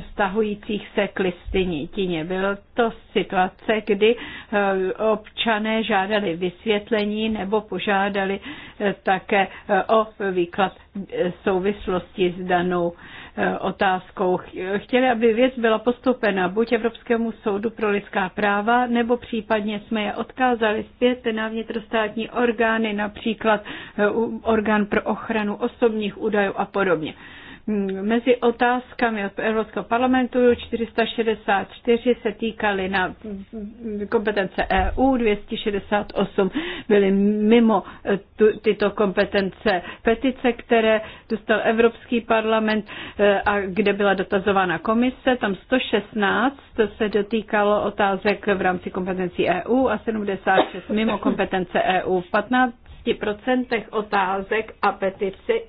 stahujících se k listině. Byl to situace, kdy eh, občané žádali vysvětlení nebo požádali eh, také eh, o výklad souvislosti s danou otázkou. Chtěli, aby věc byla postoupena buď Evropskému soudu pro lidská práva, nebo případně jsme je odkázali zpět na vnitrostátní orgány, například orgán pro ochranu osobních údajů a podobně. Mezi otázkami od Evropského parlamentu 464 se týkaly na kompetence EU, 268 byly mimo eh, tu, tyto kompetence petice, které dostal Evropský parlament eh, a kde byla dotazována komise. Tam 116 se dotýkalo otázek v rámci kompetencí EU a 76 mimo kompetence EU. V 15 15% otázek a petici,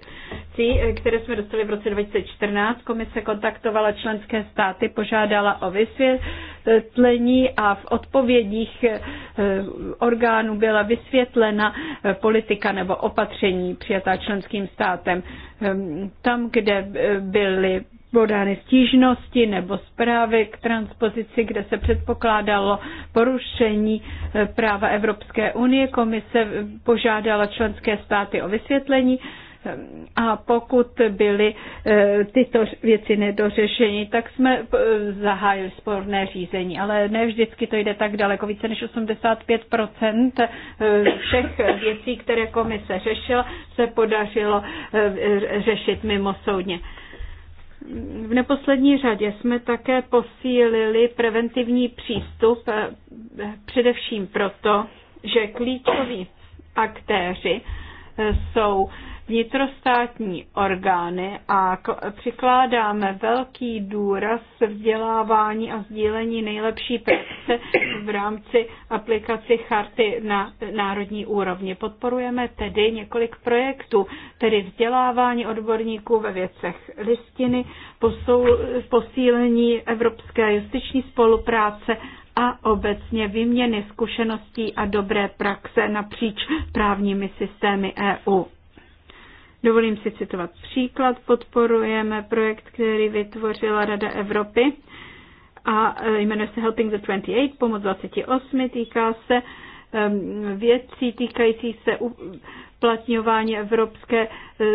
které jsme dostali v roce 2014. Komise kontaktovala členské státy, požádala o vysvětlení a v odpovědích eh, orgánů byla vysvětlena eh, politika nebo opatření přijatá členským státem. Ehm, tam, kde eh, byly podány stížnosti nebo zprávy k transpozici, kde se předpokládalo porušení e, práva Evropské unie. Komise požádala členské státy o vysvětlení e, a pokud byly e, tyto věci nedořešeny, tak jsme zahájili sporné řízení. Ale ne vždycky to jde tak daleko. Více než 85% všech věcí, které komise řešila, se podařilo řešit mimo soudně. V neposlední řadě jsme také posílili preventivní přístup eh, především proto, že klíčoví aktéři eh, jsou vnitrostátní orgány a přikládáme velký důraz vzdělávání a sdílení nejlepší praxe v rámci aplikaci charty na národní úrovni. Podporujeme tedy několik projektů, tedy vzdělávání odborníků ve věcech listiny, posílení evropské justiční spolupráce, a obecně výměny zkušeností a dobré praxe napříč právními systémy EU. Dovolím si citovat příklad. Podporujeme projekt, který vytvořila Rada Evropy a e, jmenuje se Helping the 28, pomoc 28, týká se věcí týkající se uplatňování evropské E,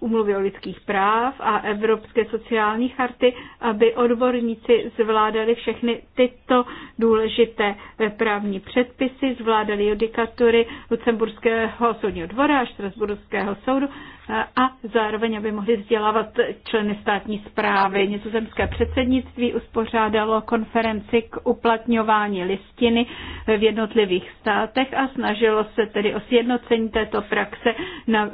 umluvy o lidských práv a Evropské sociální charty, aby odborníci zvládali všechny tyto důležité e, právní předpisy, zvládali judikatury Lucemburského soudního dvora a Štrasburského soudu e, a zároveň, aby mohli vzdělávat členy státní zprávy. Nizozemské předsednictví uspořádalo konferenci k uplatňování listiny v jednotlivých státech a snažilo se tedy o sjednocení této praxe.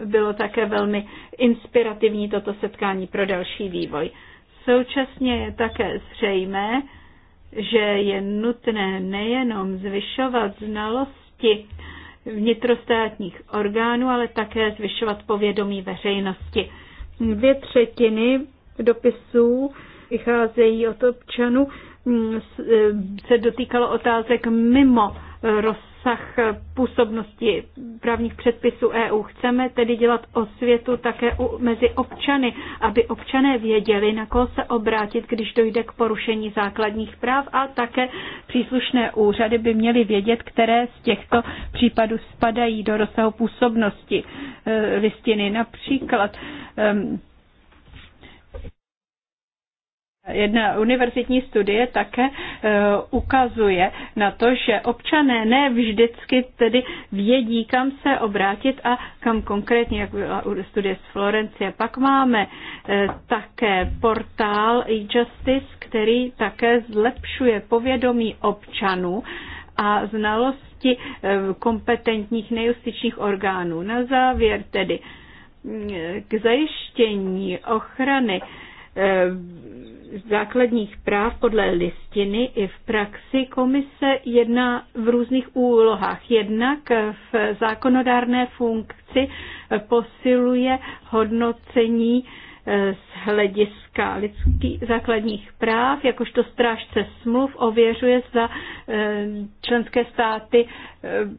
Bylo také velmi velmi inspirativní toto setkání pro další vývoj. Současně je také zřejmé, že je nutné nejenom zvyšovat znalosti vnitrostátních orgánů, ale také zvyšovat povědomí veřejnosti. Dvě třetiny dopisů vycházejí od občanů, mm, eh, se dotýkalo otázek mimo rozsah působnosti právních předpisů EU. Chceme tedy dělat osvětu také u, mezi občany, aby občané věděli, na koho se obrátit, když dojde k porušení základních práv a také příslušné úřady by měly vědět, které z těchto případů spadají do rozsahu působnosti e, listiny. Například e, Jedna univerzitní studie také eh, ukazuje na to, že občané ne vždycky tedy vědí, kam se obrátit a kam konkrétně, jak byla studie z Florencie. Pak máme eh, také portál e-justice, který také zlepšuje povědomí občanů a znalosti eh, kompetentních nejustičních orgánů. Na závěr tedy mm, k zajištění ochrany Eh, základních práv podle listiny i v praxi komise jedná v různých úlohách. Jednak v zákonodárné funkci posiluje hodnocení eh, z hlediska lidských základních práv, jakožto strážce smluv ověřuje, zda eh, členské státy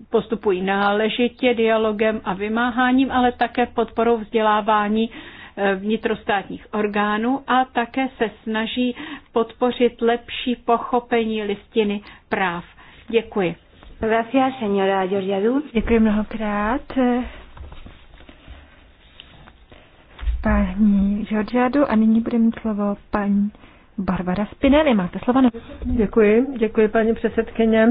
postupují náležitě dialogem a vymáháním, ale také podporou vzdělávání vnitrostátních orgánů a také se snaží podpořit lepší pochopení listiny práv. Děkuji. Gracias, señora Georgiadou. Děkuji mnohokrát. Paní Georgiadu a nyní bude mít slovo paní Barbara Spinelli. Máte slovo na Děkuji, děkuji paní předsedkyně.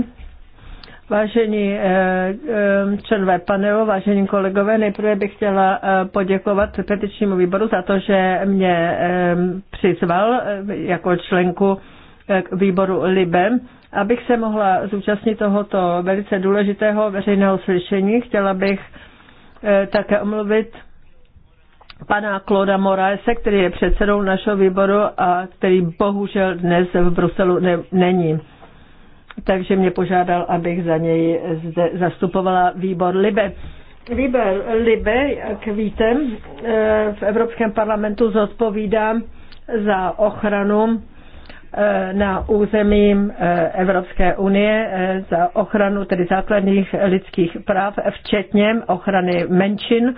Vážení eh, eh, členové panelu, vážení kolegové, nejprve bych chtěla eh, poděkovat petičnímu výboru za to, že mě přizval jako členku výboru LIBE. Abych se mohla zúčastnit tohoto velice důležitého veřejného slyšení, chtěla bych také omluvit pana Kloda Moraese, který je předsedou našeho výboru a který bohužel dnes v Bruselu ne, není takže mě požádal, abych za něj zde zastupovala výbor Libe. Výbor Libe, jak víte, eh, v Evropském parlamentu zodpovídá za ochranu eh, na území eh, Evropské unie za ochranu tedy základních lidských práv, včetně ochrany menšin,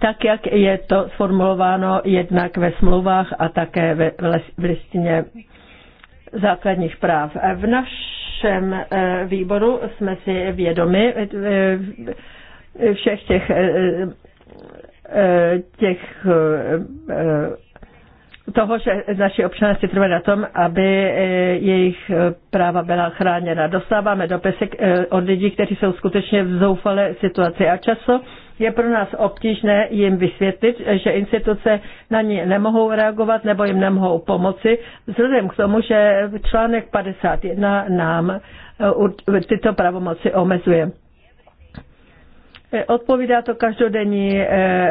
tak jak je to sformulováno jednak ve smlouvách a také v listině základních práv. E, v našem e, výboru jsme si vědomi e, všech těch, těch toho, že naši občané si trvají na tom, aby jejich práva byla chráněna. Dostáváme dopisy od lidí, kteří jsou skutečně v zoufalé situaci a často je pro nás obtížné jim vysvětlit, že instituce na ně nemohou reagovat nebo jim nemohou pomoci, vzhledem k tomu, že článek 51 nám eh, tyto pravomoci omezuje. Eh, odpovídá to každodenní eh,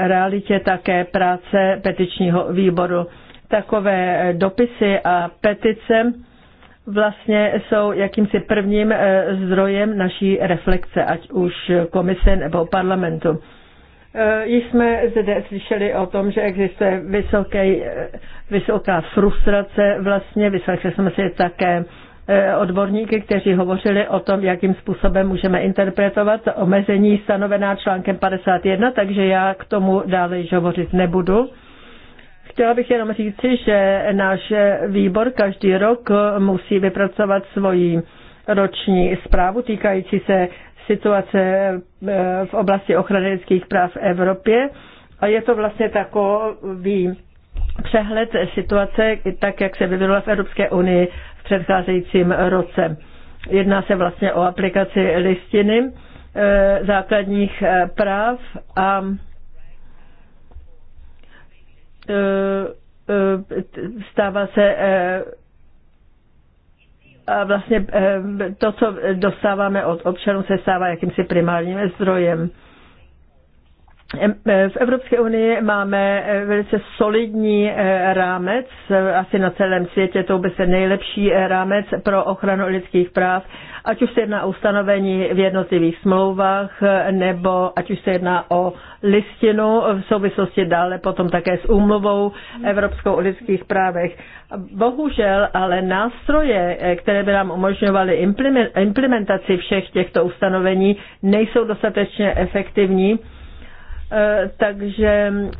realitě také práce petičního výboru. Takové dopisy a petice vlastně jsou jakýmsi prvním eh, zdrojem naší reflexe, ať už komise nebo parlamentu. Již eh, jsme zde slyšeli o tom, že existuje vysoké, eh, vysoká frustrace vlastně, vyslechli jsme si také odborníky, kteří hovořili o tom, jakým způsobem můžeme interpretovat omezení stanovená článkem 51, takže já k tomu dále již hovořit nebudu. Chtěla bych jenom říci, že náš výbor každý rok musí vypracovat svoji roční zprávu týkající se situace eh, v oblasti ochrany lidských práv v Evropě. A je to vlastně takový přehled situace, tak jak se vyvinula v Evropské unii v předcházejícím roce. Jedná se vlastně o aplikaci listiny eh, základních eh, práv a Eh, eh, stává se eh, a vlastně to, co dostáváme od občanů, se stává jakýmsi primárním zdrojem v Evropské unii máme velice solidní eh, rámec, eh, asi na celém světě to by se nejlepší eh, rámec pro ochranu lidských práv, ať už se jedná o ustanovení v jednotlivých smlouvách, nebo ať už se jedná o listinu v souvislosti dále potom také s úmluvou Evropskou o lidských právech. Bohužel ale nástroje, které by nám umožňovaly implementaci všech těchto ustanovení, nejsou dostatečně efektivní Eh, takže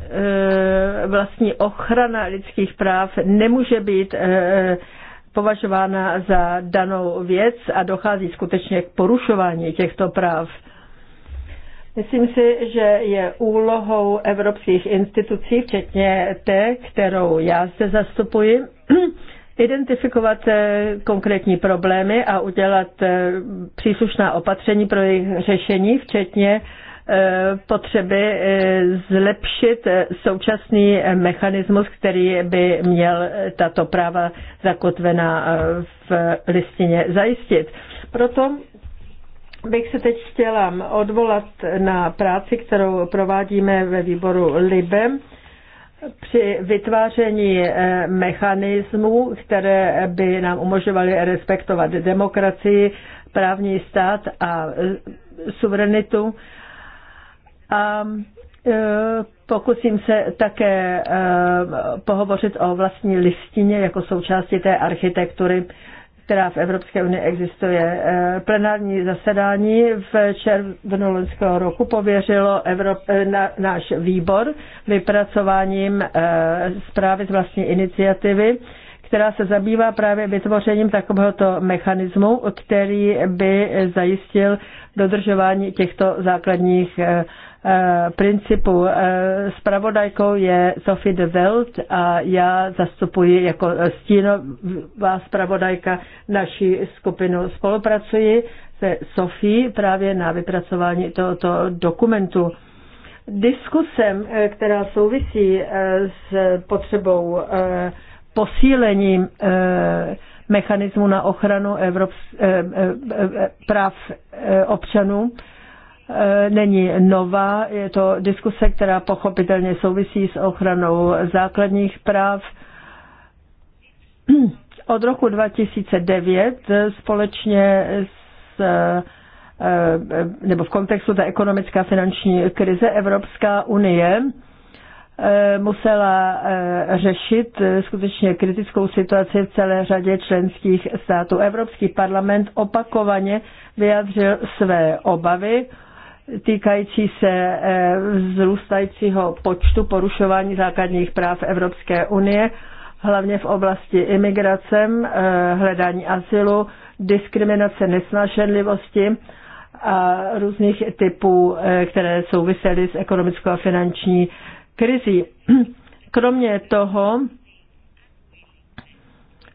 eh, vlastní ochrana lidských práv nemůže být eh, považována za danou věc a dochází skutečně k porušování těchto práv. Myslím si, že je úlohou evropských institucí, včetně té, kterou já zde zastupuji, [clears throat] identifikovat konkrétní problémy a udělat příslušná opatření pro jejich řešení, včetně Eh, potřeby eh, zlepšit eh, současný mechanismus, který by měl tato práva zakotvená v listině zajistit. Proto bych se teď chtěla odvolat na práci, kterou provádíme ve výboru LIBE při vytváření mechanismů, které by nám umožňovaly respektovat demokracii, právní stát a suverenitu a e, pokusím se také e, pohovořit o vlastní listině jako součásti té architektury, která v Evropské unii existuje. E, plenární zasedání v červnu loňského roku pověřilo Evrop- na, náš výbor vypracováním zprávy z vlastní iniciativy, která se zabývá právě vytvořením takovéhoto mechanismu, který by zajistil dodržování těchto základních Eh, principu. Eh, spravodajkou je Sophie de Welt a já zastupuji jako stínová spravodajka naší skupinu. Spolupracuji se Sophie právě na vypracování tohoto dokumentu. Diskusem, eh, která souvisí s potřebou posílením mechanismu na ochranu Evrops- práv občanů, Eh, není nová, je to diskuse, která pochopitelně souvisí s ochranou základních práv. Od roku 2009 společně s eh, nebo v kontextu té ekonomická finanční krize Evropská unie eh, musela řešit skutečně kritickou situaci v celé řadě členských států. Evropský parlament opakovaně vyjadřil své obavy týkající se eh, vzrůstajícího počtu porušování základních práv Evropské unie, hlavně v oblasti imigrace, eh, hledání asilu, diskriminace, nesnášenlivosti a různých typů, eh, které souvisely s ekonomickou a finanční krizí. [clears throat] Kromě toho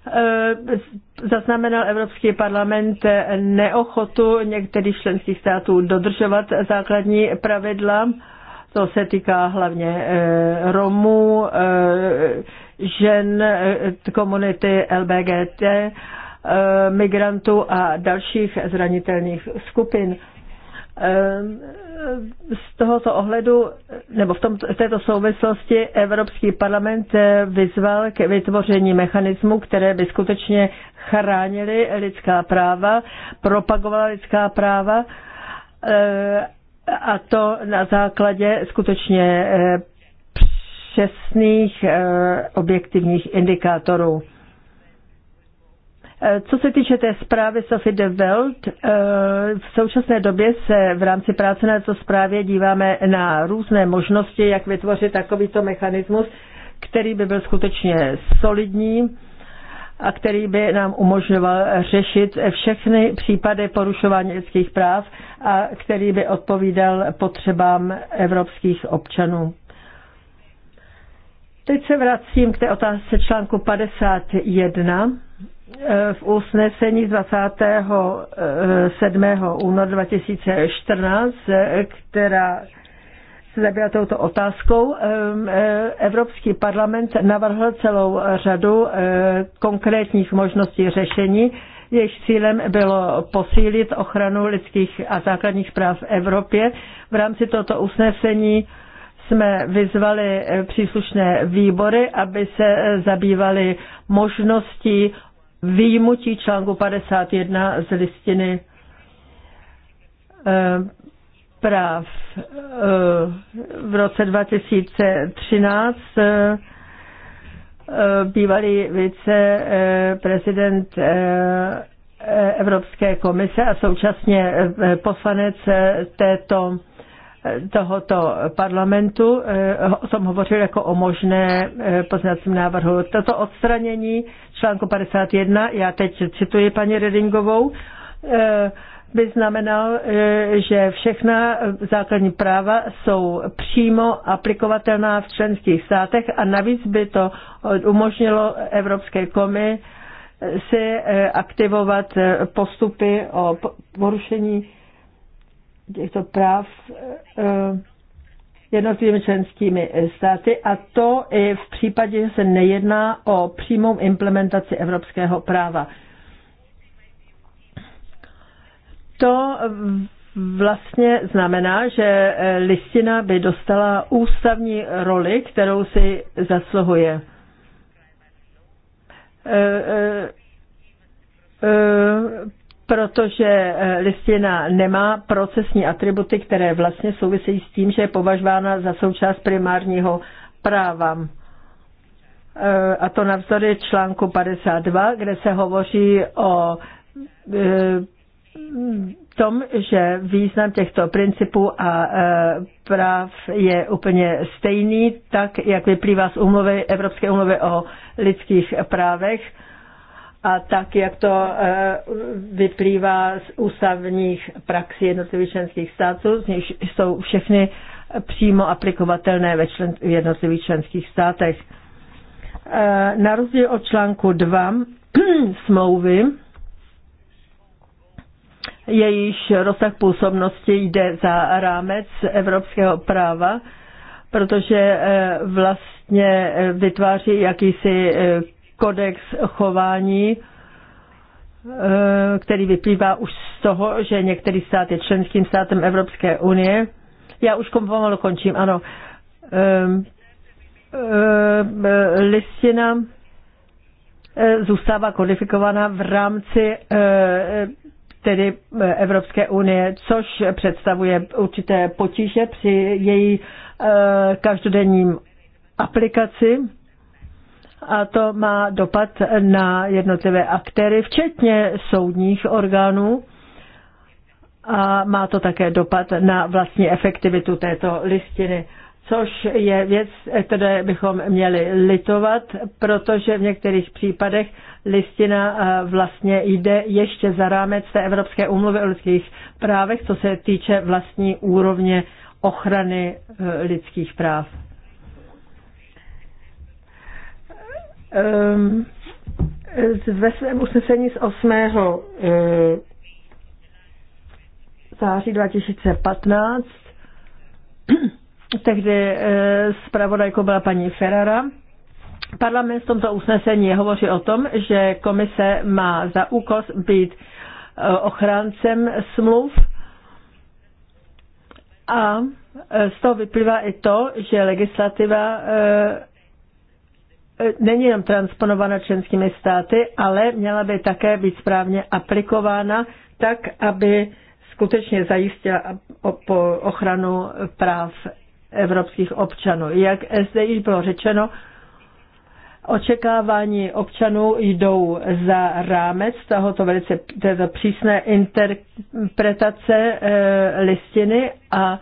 Eh, zaznamenal Evropský parlament neochotu některých členských států dodržovat základní pravidla. To se týká hlavně eh, Romů, eh, žen, komunity LBGT, migrantů a dalších zranitelných skupin. Ehm, z tohoto ohledu, nebo v, tom, v této souvislosti Evropský parlament eh, vyzval k vytvoření mechanismů, které by skutečně chránili lidská práva, propagovala lidská práva eh, a to na základě skutečně eh, přesných objektivních indikátorů. Co se týče té zprávy Sophie de Welt, eh, v současné době se v rámci práce na této zprávě díváme na různé možnosti, jak vytvořit takovýto mechanismus, který by byl skutečně solidní a který by nám umožňoval řešit všechny případy porušování lidských práv a který by odpovídal potřebám evropských občanů. Teď se vracím k té otázce článku 51 Eh, v usnesení 27. Eh, února 2014, eh, která se zabývá touto otázkou. Evropský parlament navrhl celou řadu konkrétních možností řešení. Jejich cílem bylo posílit ochranu lidských a základních práv v Evropě. V rámci tohoto usnesení jsme vyzvali příslušné výbory, aby se zabývali možností výjimutí článku 51 z listiny eh, práv. Eh, v roce 2013 eh, bývalý viceprezident Evropské komise a současně poslanec této tohoto parlamentu. O tom hovořil jako o možné poznacím návrhu. Toto odstranění článku 51, já teď cituji paní Redingovou, eh, by znamenal, eh, že všechna základní práva jsou přímo aplikovatelná v členských státech a navíc by to umožnilo Evropské komi eh, si aktivovat postupy o porušení těchto práv jednotlivými členskými státy a to i v případě, že se nejedná o přímou implementaci evropského práva. To vlastně znamená, že listina by dostala ústavní roli, kterou si zasluhuje. Eh, eh, eh, protože eh, listina nemá procesní atributy, které vlastně souvisejí s tím, že je považována za součást primárního práva. Eh, a to navzdory článku 52, kde se hovoří o eh, tom, že význam těchto principů a práv je úplně stejný, tak jak vyplývá z umluvy, Evropské umluvy o lidských právech a tak, jak to eh, vyplývá z ústavních praxí jednotlivých členských států, z nich jsou všechny přímo aplikovatelné ve člen, v jednotlivých členských státech. Eh, na rozdíl od článku 2 [clears throat] smlouvy, jejíž rozsah působnosti jde za rámec evropského práva, protože eh, vlastně vytváří jakýsi kodex chování, e, který vyplývá už z toho, že některý stát je členským státem Evropské unie. Já už pomalu končím, ano. E, e, listina zůstává kodifikovaná v rámci tedy Evropské unie, což představuje určité potíže při její každodenním aplikaci a to má dopad na jednotlivé aktéry, včetně soudních orgánů a má to také dopad na vlastní efektivitu této listiny což je věc, které bychom měli litovat, protože v některých případech listina eh, vlastně jde ještě za rámec té Evropské úmluvy o lidských právech, co se týče vlastní úrovně ochrany eh, lidských práv. Ehm, ve svém usnesení z 8. Eh, září 2015, [clears throat] tehdy eh, zpravodajkou byla paní Ferrara, Parlament v tomto usnesení hovoří o tom, že komise má za úkol být eh, ochráncem smluv a z toho vyplývá i to, že legislativa E, není jenom transponována členskými státy, ale měla by také být správně aplikována tak, aby skutečně zajistila ochranu práv evropských občanů. Jak zde již bylo řečeno, očekávání občanů jdou za rámec tohoto velice této přísné interpretace e, listiny a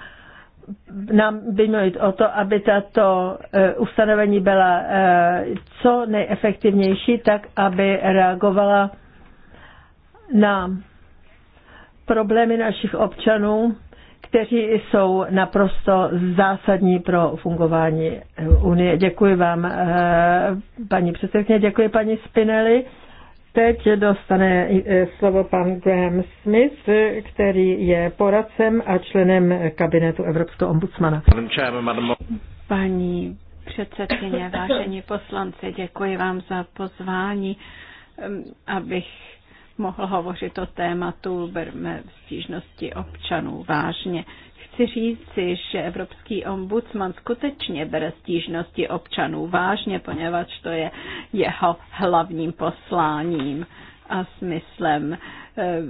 nám by mělo jít o to, aby tato e, ustanovení byla e, co nejefektivnější, tak aby reagovala na problémy našich občanů, kteří jsou naprosto zásadní pro fungování Unie. Děkuji vám, e, paní předsedkyně, děkuji paní Spinelli. Teď dostane eh, slovo pan Graham Smith, který je poradcem a členem kabinetu Evropského ombudsmana. Paní předsedkyně, vážení poslanci, děkuji vám za pozvání, ehm, abych mohl hovořit o tématu berme stížnosti občanů vážně chci říci, že Evropský ombudsman skutečně bere stížnosti občanů vážně, poněvadž to je jeho hlavním posláním a smyslem. Eh,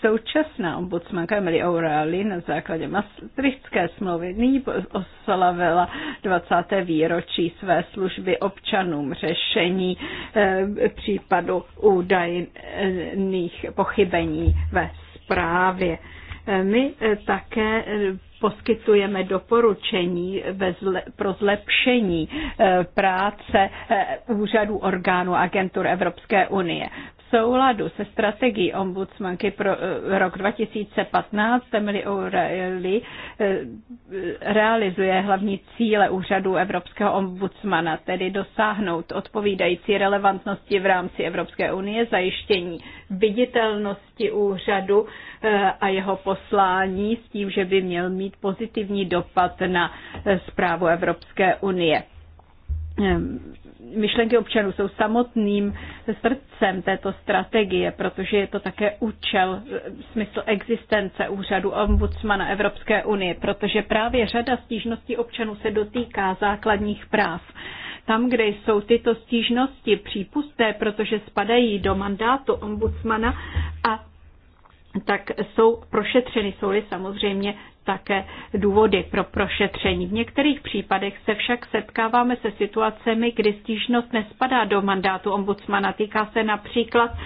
současná ombudsmanka Emily O'Reilly na základě Maastrichtské smlouvy nyní oslavila 20. výročí své služby občanům řešení eh, případu údajných pochybení ve správě. Eh, my eh, také eh, poskytujeme doporučení pro zlepšení práce úřadů orgánů agentur Evropské unie souladu se strategií ombudsmanky pro eh, rok 2015 Emily O'Reilly eh, realizuje hlavní cíle úřadu Evropského ombudsmana, tedy dosáhnout odpovídající relevantnosti v rámci Evropské unie, zajištění viditelnosti úřadu eh, a jeho poslání s tím, že by měl mít pozitivní dopad na zprávu Evropské unie. Eh, myšlenky občanů jsou samotným srdcem této strategie, protože je to také účel, eh, smysl existence úřadu ombudsmana Evropské unie, protože právě řada stížností občanů se dotýká základních práv. Tam, kde jsou tyto stížnosti přípusté, protože spadají do mandátu ombudsmana a tak jsou prošetřeny, jsou-li samozřejmě také důvody pro prošetření. V některých případech se však setkáváme se situacemi, kdy stížnost nespadá do mandátu ombudsmana. Týká se například e,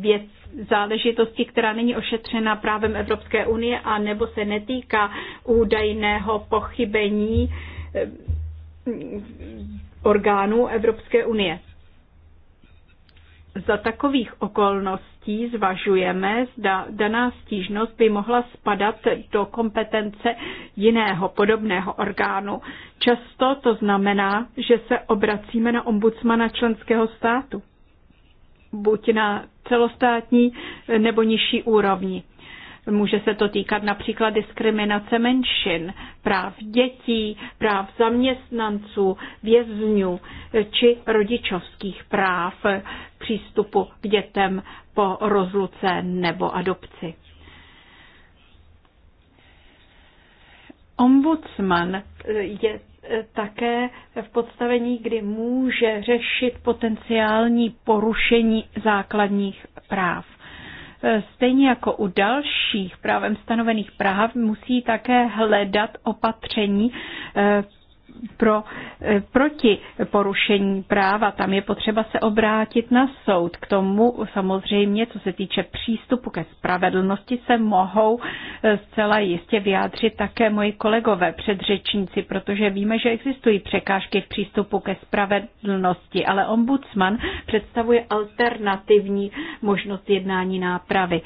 věc, záležitosti, která není ošetřena právem Evropské unie a nebo se netýká údajného pochybení e, orgánů Evropské unie za takových okolností zvažujeme, zda daná stížnost by mohla spadat do kompetence jiného podobného orgánu. Často to znamená, že se obracíme na ombudsmana členského státu, buď na celostátní nebo nižší úrovni. Může se to týkat například diskriminace menšin, práv dětí, práv zaměstnanců, vězňů či rodičovských práv přístupu k dětem po rozluce nebo adopci. Ombudsman je také v podstavení, kdy může řešit potenciální porušení základních práv. E, stejně jako u dalších právem stanovených práv musí také hledat opatření e, pro, eh, proti porušení práva. Tam je potřeba se obrátit na soud. K tomu samozřejmě, co se týče přístupu ke spravedlnosti, se mohou eh, zcela jistě vyjádřit také moji kolegové předřečníci, protože víme, že existují překážky v přístupu ke spravedlnosti, ale ombudsman představuje alternativní možnost jednání nápravy.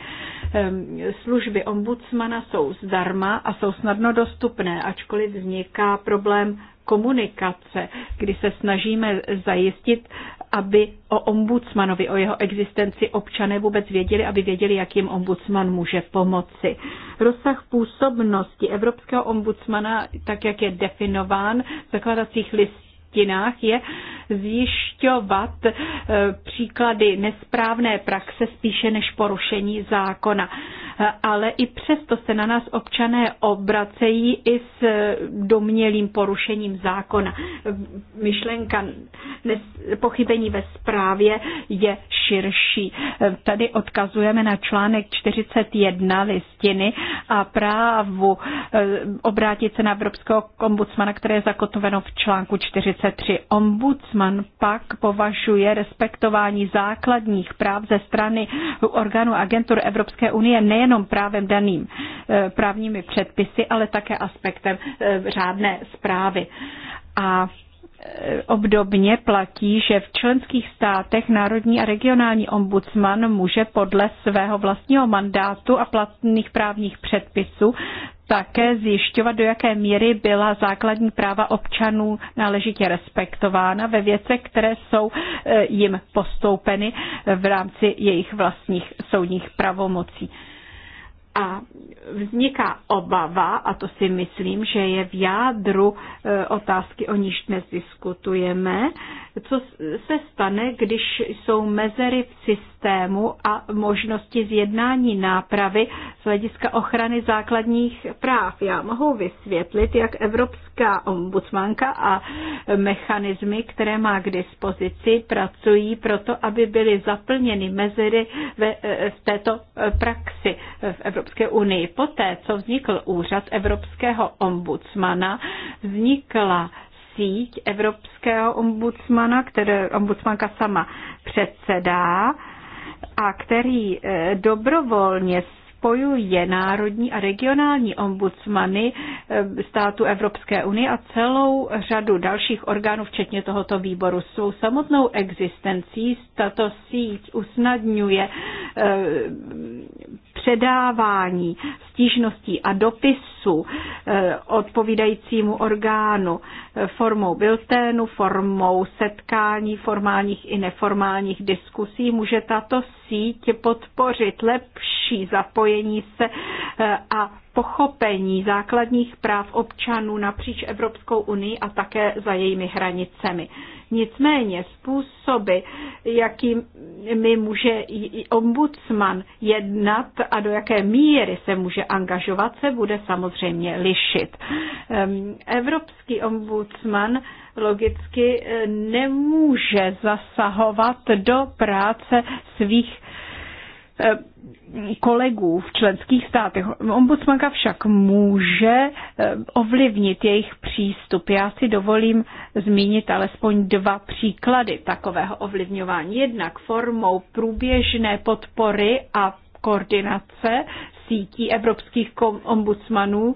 Služby ombudsmana jsou zdarma a jsou snadno dostupné, ačkoliv vzniká problém komunikace, kdy se snažíme zajistit, aby o ombudsmanovi, o jeho existenci občané vůbec věděli, aby věděli, jak jim ombudsman může pomoci. Rozsah působnosti Evropského ombudsmana, tak jak je definován v zakladacích listech, listinách je zjišťovat eh, příklady nesprávné praxe spíše než porušení zákona. Eh, ale i přesto se na nás občané obracejí i s eh, domělým porušením zákona. Myšlenka pochybení ve správě je širší. Tady odkazujeme na článek 41 listiny a právu obrátit se na Evropského ombudsmana, které je zakotveno v článku 40 23. Ombudsman pak považuje respektování základních práv ze strany orgánů agentur Evropské unie nejenom právem daným eh, právními předpisy, ale také aspektem eh, řádné zprávy. A Obdobně platí, že v členských státech národní a regionální ombudsman může podle svého vlastního mandátu a platných právních předpisů také zjišťovat, do jaké míry byla základní práva občanů náležitě respektována ve věcech, které jsou e, jim postoupeny v rámci jejich vlastních soudních pravomocí. A vzniká obava, a to si myslím, že je v jádru e, otázky, o níž dnes diskutujeme, co se stane, když jsou mezery v systému a možnosti zjednání nápravy z hlediska ochrany základních práv. Já mohu vysvětlit, jak Evropská ombudsmanka a mechanismy, které má k dispozici, pracují proto, aby byly zaplněny mezery ve, v této praxi v Evropské unii. Poté, co vznikl úřad Evropského ombudsmana, vznikla síť evropského ombudsmana, které ombudsmanka sama předsedá a který eh, dobrovolně spojuje národní a regionální ombudsmany eh, státu Evropské unie a celou řadu dalších orgánů, včetně tohoto výboru. Svou samotnou existencí tato síť usnadňuje eh, předávání stížností a dopisu eh, odpovídajícímu orgánu formou bilténu, formou setkání, formálních i neformálních diskusí, může tato síť podpořit lepší větší zapojení se eh, a pochopení základních práv občanů napříč Evropskou unii a také za jejími hranicemi. Nicméně způsoby, mi může ombudsman jednat a do jaké míry se může angažovat, se bude samozřejmě lišit. Ehm, Evropský ombudsman logicky eh, nemůže zasahovat do práce svých Eh, kolegů v členských státech. Ombudsmanka však může eh, ovlivnit jejich přístup. Já si dovolím zmínit alespoň dva příklady takového ovlivňování. Jednak formou průběžné podpory a koordinace sítí evropských ombudsmanů,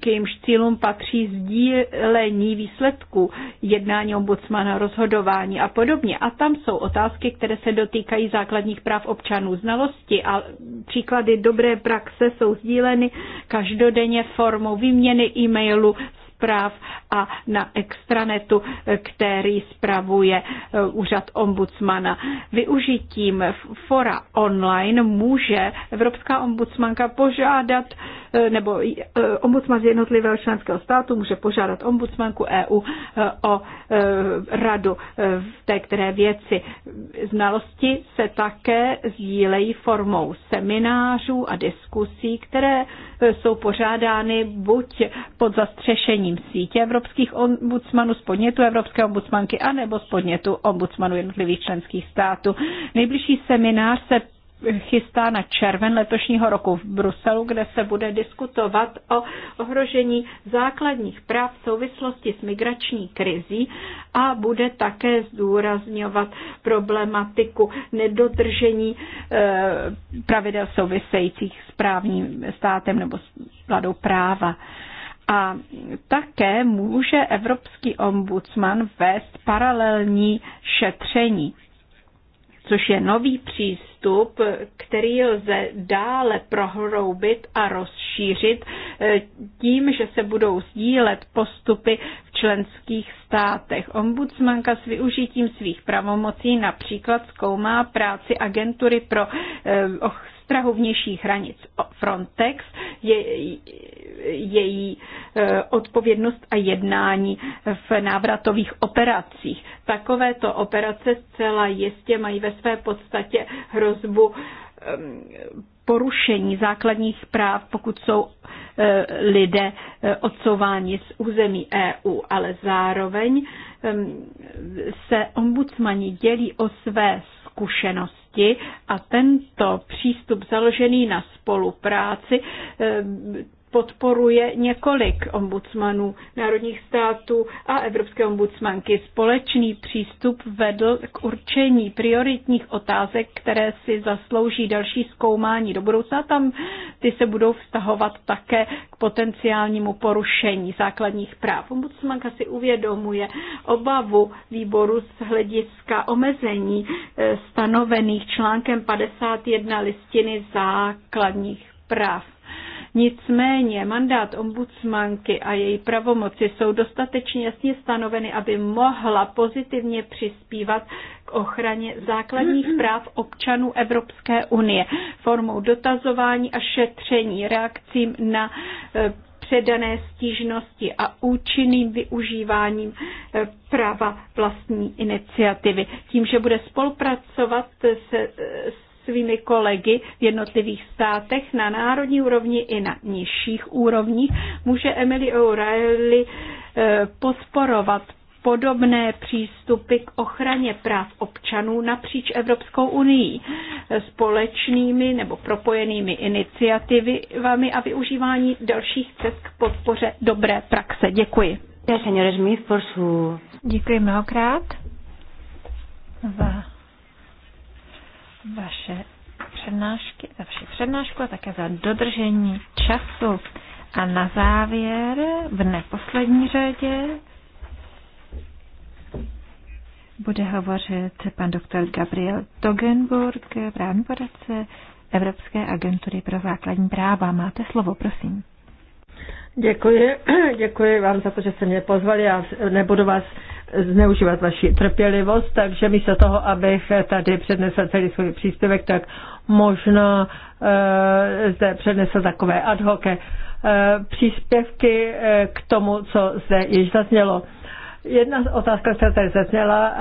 k jejímž cílům patří sdílení výsledků jednání ombudsmana, rozhodování a podobně. A tam jsou otázky, které se dotýkají základních práv občanů znalosti a příklady dobré praxe jsou sdíleny každodenně formou výměny e-mailu, zpráv a na extranetu, který spravuje eh, úřad ombudsmana. Využitím fora online může Evropská ombudsmanka požádat, eh, nebo eh, ombudsman z jednotlivého členského státu může požádat ombudsmanku EU o radu v té které věci. Znalosti se také sdílejí formou seminářů a diskusí, které jsou pořádány buď pod zastřešení sociálním sítě evropských ombudsmanů z podnětu Evropské ombudsmanky nebo z podnětu ombudsmanů jednotlivých členských států. Nejbližší seminář se chystá na červen letošního roku v Bruselu, kde se bude diskutovat o ohrožení základních práv v souvislosti s migrační krizí a bude také zdůrazňovat problematiku nedodržení eh, pravidel souvisejících s právním státem nebo s vládou práva. A také může evropský ombudsman vést paralelní šetření, což je nový přístup, který lze dále prohroubit a rozšířit eh, tím, že se budou sdílet postupy v členských státech. Ombudsmanka s využitím svých pravomocí například zkoumá práci agentury pro eh, ostrahu vnějších hranic. Frontex, je, její e, odpovědnost a jednání v návratových operacích. Takovéto operace zcela jistě mají ve své podstatě hrozbu e, porušení základních práv, pokud jsou e, lidé odsouváni z území EU, ale zároveň se ombudsmani dělí o své zkušenosti oblasti a tento přístup založený na spolupráci eh, podporuje několik ombudsmanů národních států a evropské ombudsmanky. Společný přístup vedl k určení prioritních otázek, které si zaslouží další zkoumání do budoucna. Tam ty se budou vztahovat také k potenciálnímu porušení základních práv. Ombudsmanka si uvědomuje obavu výboru z hlediska omezení eh, stanovených článkem 51 listiny základních práv Nicméně mandát ombudsmanky a její pravomoci jsou dostatečně jasně stanoveny, aby mohla pozitivně přispívat k ochraně základních [clears throat] práv občanů Evropské unie formou dotazování a šetření reakcím na eh, předané stížnosti a účinným využíváním eh, práva vlastní iniciativy. Tím, že bude spolupracovat se, eh, svými kolegy v jednotlivých státech na národní úrovni i na nižších úrovních, může Emily O'Reilly eh, posporovat podobné přístupy k ochraně práv občanů napříč Evropskou unii společnými nebo propojenými iniciativami a využívání dalších cest k podpoře dobré praxe. Děkuji. Děkuji mnohokrát vaše přednášky, za vaši přednášku a také za dodržení času. A na závěr, v neposlední řadě, bude hovořit pan doktor Gabriel Togenburg, právní poradce Evropské agentury pro základní práva. Máte slovo, prosím. Děkuji, [clears throat] děkuji vám za to, že jste mě pozvali. a nebudu vás zneužívat vaši trpělivost, takže místo toho, abych tady přednesl celý svůj příspěvek, tak možná e, zde přednesl takové ad hoc e, příspěvky e, k tomu, co zde již zaznělo. Jedna z otázka, která tady zazněla,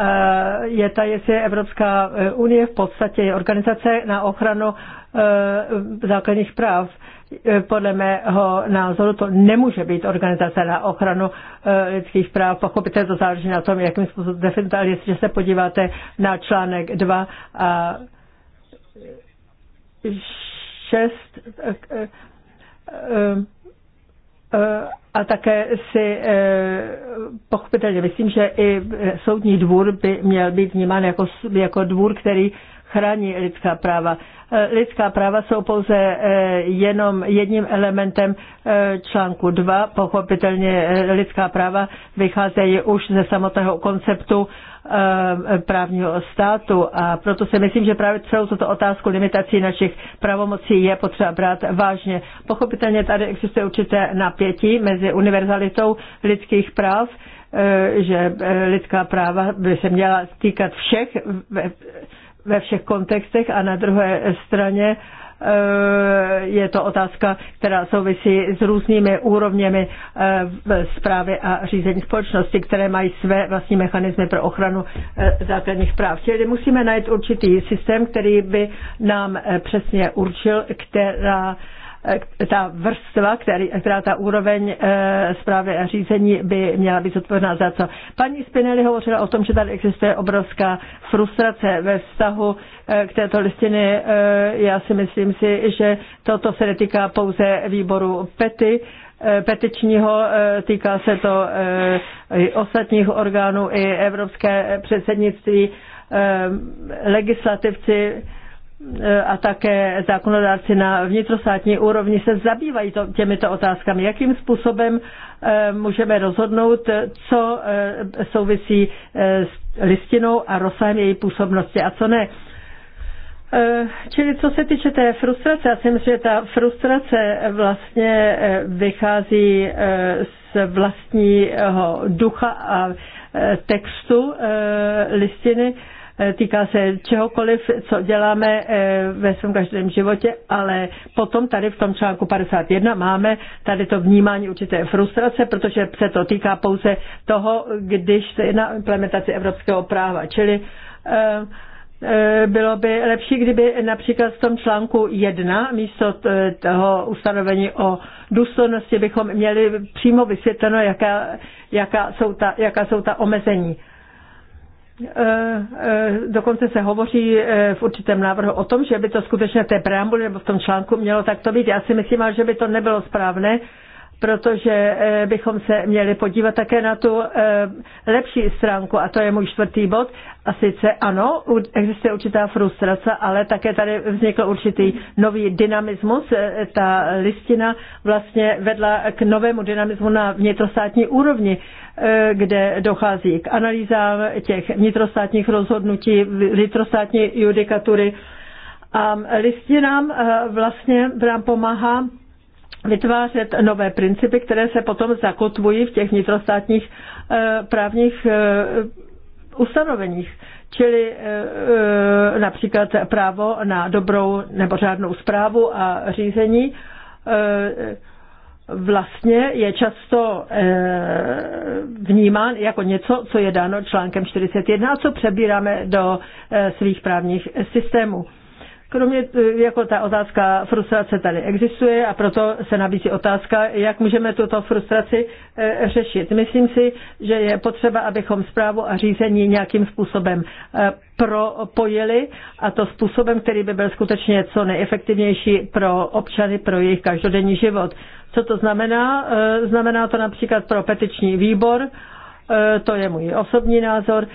je ta, jestli Evropská unie v podstatě je organizace na ochranu základních práv. E, podle mého názoru to nemůže být organizace na ochranu e, lidských práv. Pochopitelně to záleží na tom, jakým způsobem definitivně, ale jestliže se podíváte na článek 2 a 6 e, a také si pochopitelně myslím, že i soudní dvůr by měl být vnímán jako, jako dvůr, který chrání lidská práva. Eh, lidská práva jsou pouze eh, jenom jedním elementem eh, článku 2. Pochopitelně lidská práva vycházejí už ze samotného konceptu právního státu a proto si myslím, že právě celou tuto otázku limitací našich pravomocí je potřeba brát vážně. Pochopitelně tady existuje určité napětí mezi univerzalitou lidských práv, že lidská práva by se měla týkat všech ve všech kontextech a na druhé straně eh, je to otázka, která souvisí s různými úrovněmi zprávy eh, a řízení společnosti, které mají své vlastní mechanismy pro ochranu eh, základních práv. Čili musíme najít určitý systém, který by nám přesně určil, která Eh, ta vrstva, který, která ta úroveň e, eh, zprávy a řízení by měla být zodpovědná za co. Paní Spinelli hovořila o tom, že tady existuje obrovská frustrace ve vztahu e, k této listině. E, já si myslím si, že toto se netýká pouze výboru PETY, e, petičního, e, týká se to e, i ostatních orgánů, i evropské předsednictví, e, legislativci, a také zákonodárci na vnitrostátní úrovni se zabývají to, těmito otázkami. Jakým způsobem eh, můžeme rozhodnout, co eh, souvisí eh, s listinou a rozsahem její působnosti a co ne. Čili co se týče té frustrace, já si myslím, že ta frustrace vlastně vychází z vlastního ducha a textu listiny Eh, týká se čehokoliv, co děláme eh, ve svém každém životě, ale potom tady v tom článku 51 máme tady to vnímání určité frustrace, protože se to týká pouze toho, když se jedná o implementaci evropského práva. Čili eh, bylo by lepší, kdyby například v tom článku 1 místo toho ustanovení o důstojnosti bychom měli přímo vysvětleno, jaká, jaká, jsou, ta, jaká jsou ta omezení. Eh, eh, dokonce se hovoří eh, v určitém návrhu o tom, že by to skutečně v té preambuli nebo v tom článku mělo takto být. Já si myslím, že by to nebylo správné, protože eh, bychom se měli podívat také na tu eh, lepší stránku, a to je můj čtvrtý bod. A sice ano, existuje určitá frustrace, ale také tady vznikl určitý nový dynamismus. Eh, ta listina vlastně vedla k novému dynamismu na vnitrostátní úrovni, kde dochází k analýzám těch vnitrostátních rozhodnutí, vnitrostátní judikatury. A listina vlastně nám pomáhá vytvářet nové principy, které se potom zakotvují v těch vnitrostátních eh, právních eh, ustanoveních, čili eh, například právo na dobrou nebo řádnou zprávu a řízení vlastně je často vnímán jako něco, co je dáno článkem 41 a co přebíráme do svých právních systémů. Kromě e, jako ta otázka frustrace tady existuje a proto se nabízí otázka, jak můžeme tuto frustraci e, řešit. Myslím si, že je potřeba, abychom zprávu a řízení nějakým způsobem e, propojili a to způsobem, který by byl skutečně co nejefektivnější pro občany, pro jejich každodenní život. Co to znamená? Znamená to například pro petiční výbor, to je můj osobní názor,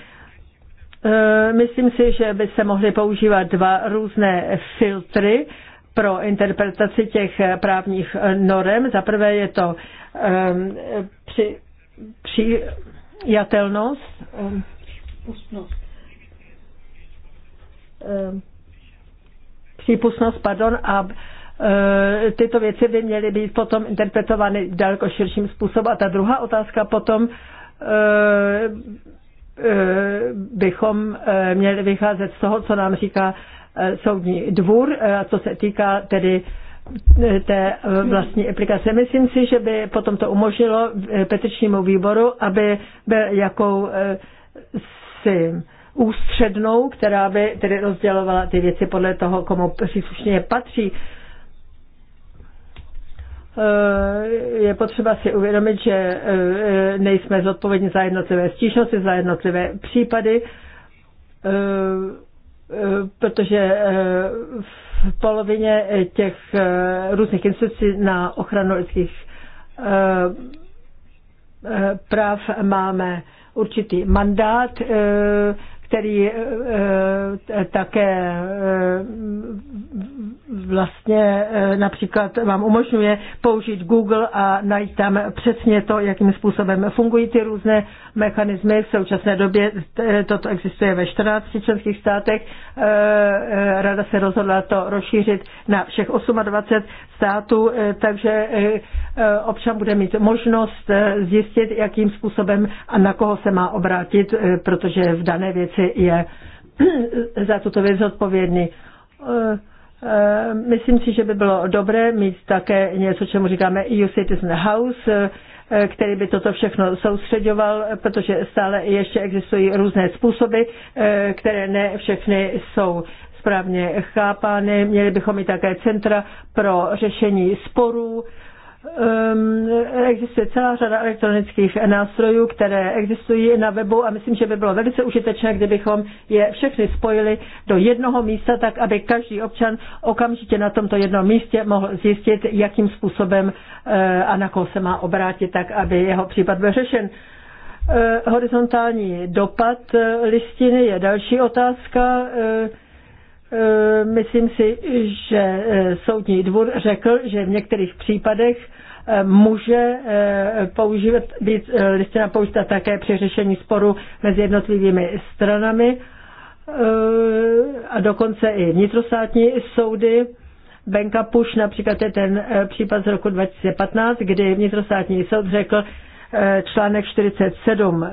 Eh, myslím si, že by se mohly používat dva různé filtry pro interpretaci těch eh, právních eh, norem. Za prvé je to ehm, při, přijatelnost. Ehm, ehm, přípustnost, pardon, a tyto věci by měly být potom interpretovány daleko širším způsobem. A ta druhá otázka potom Eh, bychom eh, měli vycházet z toho, co nám říká eh, soudní dvůr, a co se týká tedy té vlastní aplikace. Myslím si, že by potom to umožnilo petičnímu výboru, aby byl jakou si ústřednou, která by tedy rozdělovala ty věci podle toho, komu příslušně patří. Eh, je potřeba si uvědomit, že eh, nejsme zodpovědní za jednotlivé stížnosti, za jednotlivé případy, eh, protože v polovině těch různých institucí na ochranu lidských práv máme určitý mandát, který eh, eh, také eh, vlastně například vám umožňuje použít Google a najít tam přesně to, jakým způsobem fungují ty různé mechanismy. V současné době toto existuje ve 14 členských státech. Rada se rozhodla to rozšířit na všech 28 států, takže občan bude mít možnost zjistit, jakým způsobem a na koho se má obrátit, protože v dané věci je [clears throat] za tuto věc odpovědný. Eh, eh, myslím si, že by bylo dobré mít také něco, čemu říkáme EU Citizen House, eh, který by toto všechno soustředoval, protože stále ještě existují různé způsoby, které ne všechny jsou správně chápány. Měli bychom i také centra pro řešení sporů, Ehm, existuje celá řada elektronických nástrojů, které existují na webu a myslím, že by bylo velice užitečné, kdybychom je všechny spojili do jednoho místa, tak aby každý občan okamžitě na tomto jednom místě mohl zjistit, jakým způsobem eh, a na koho se má obrátit, tak aby jeho případ byl řešen. Eh, horizontální dopad eh, listiny je další otázka myslím si, že soudní dvůr řekl, že v některých případech může eh, používat, být eh, listina použita také při řešení sporu mezi jednotlivými stranami eh, a dokonce i vnitrostátní soudy. Benka Puš například je ten případ z roku 2015, kdy vnitrostátní soud řekl, článek 47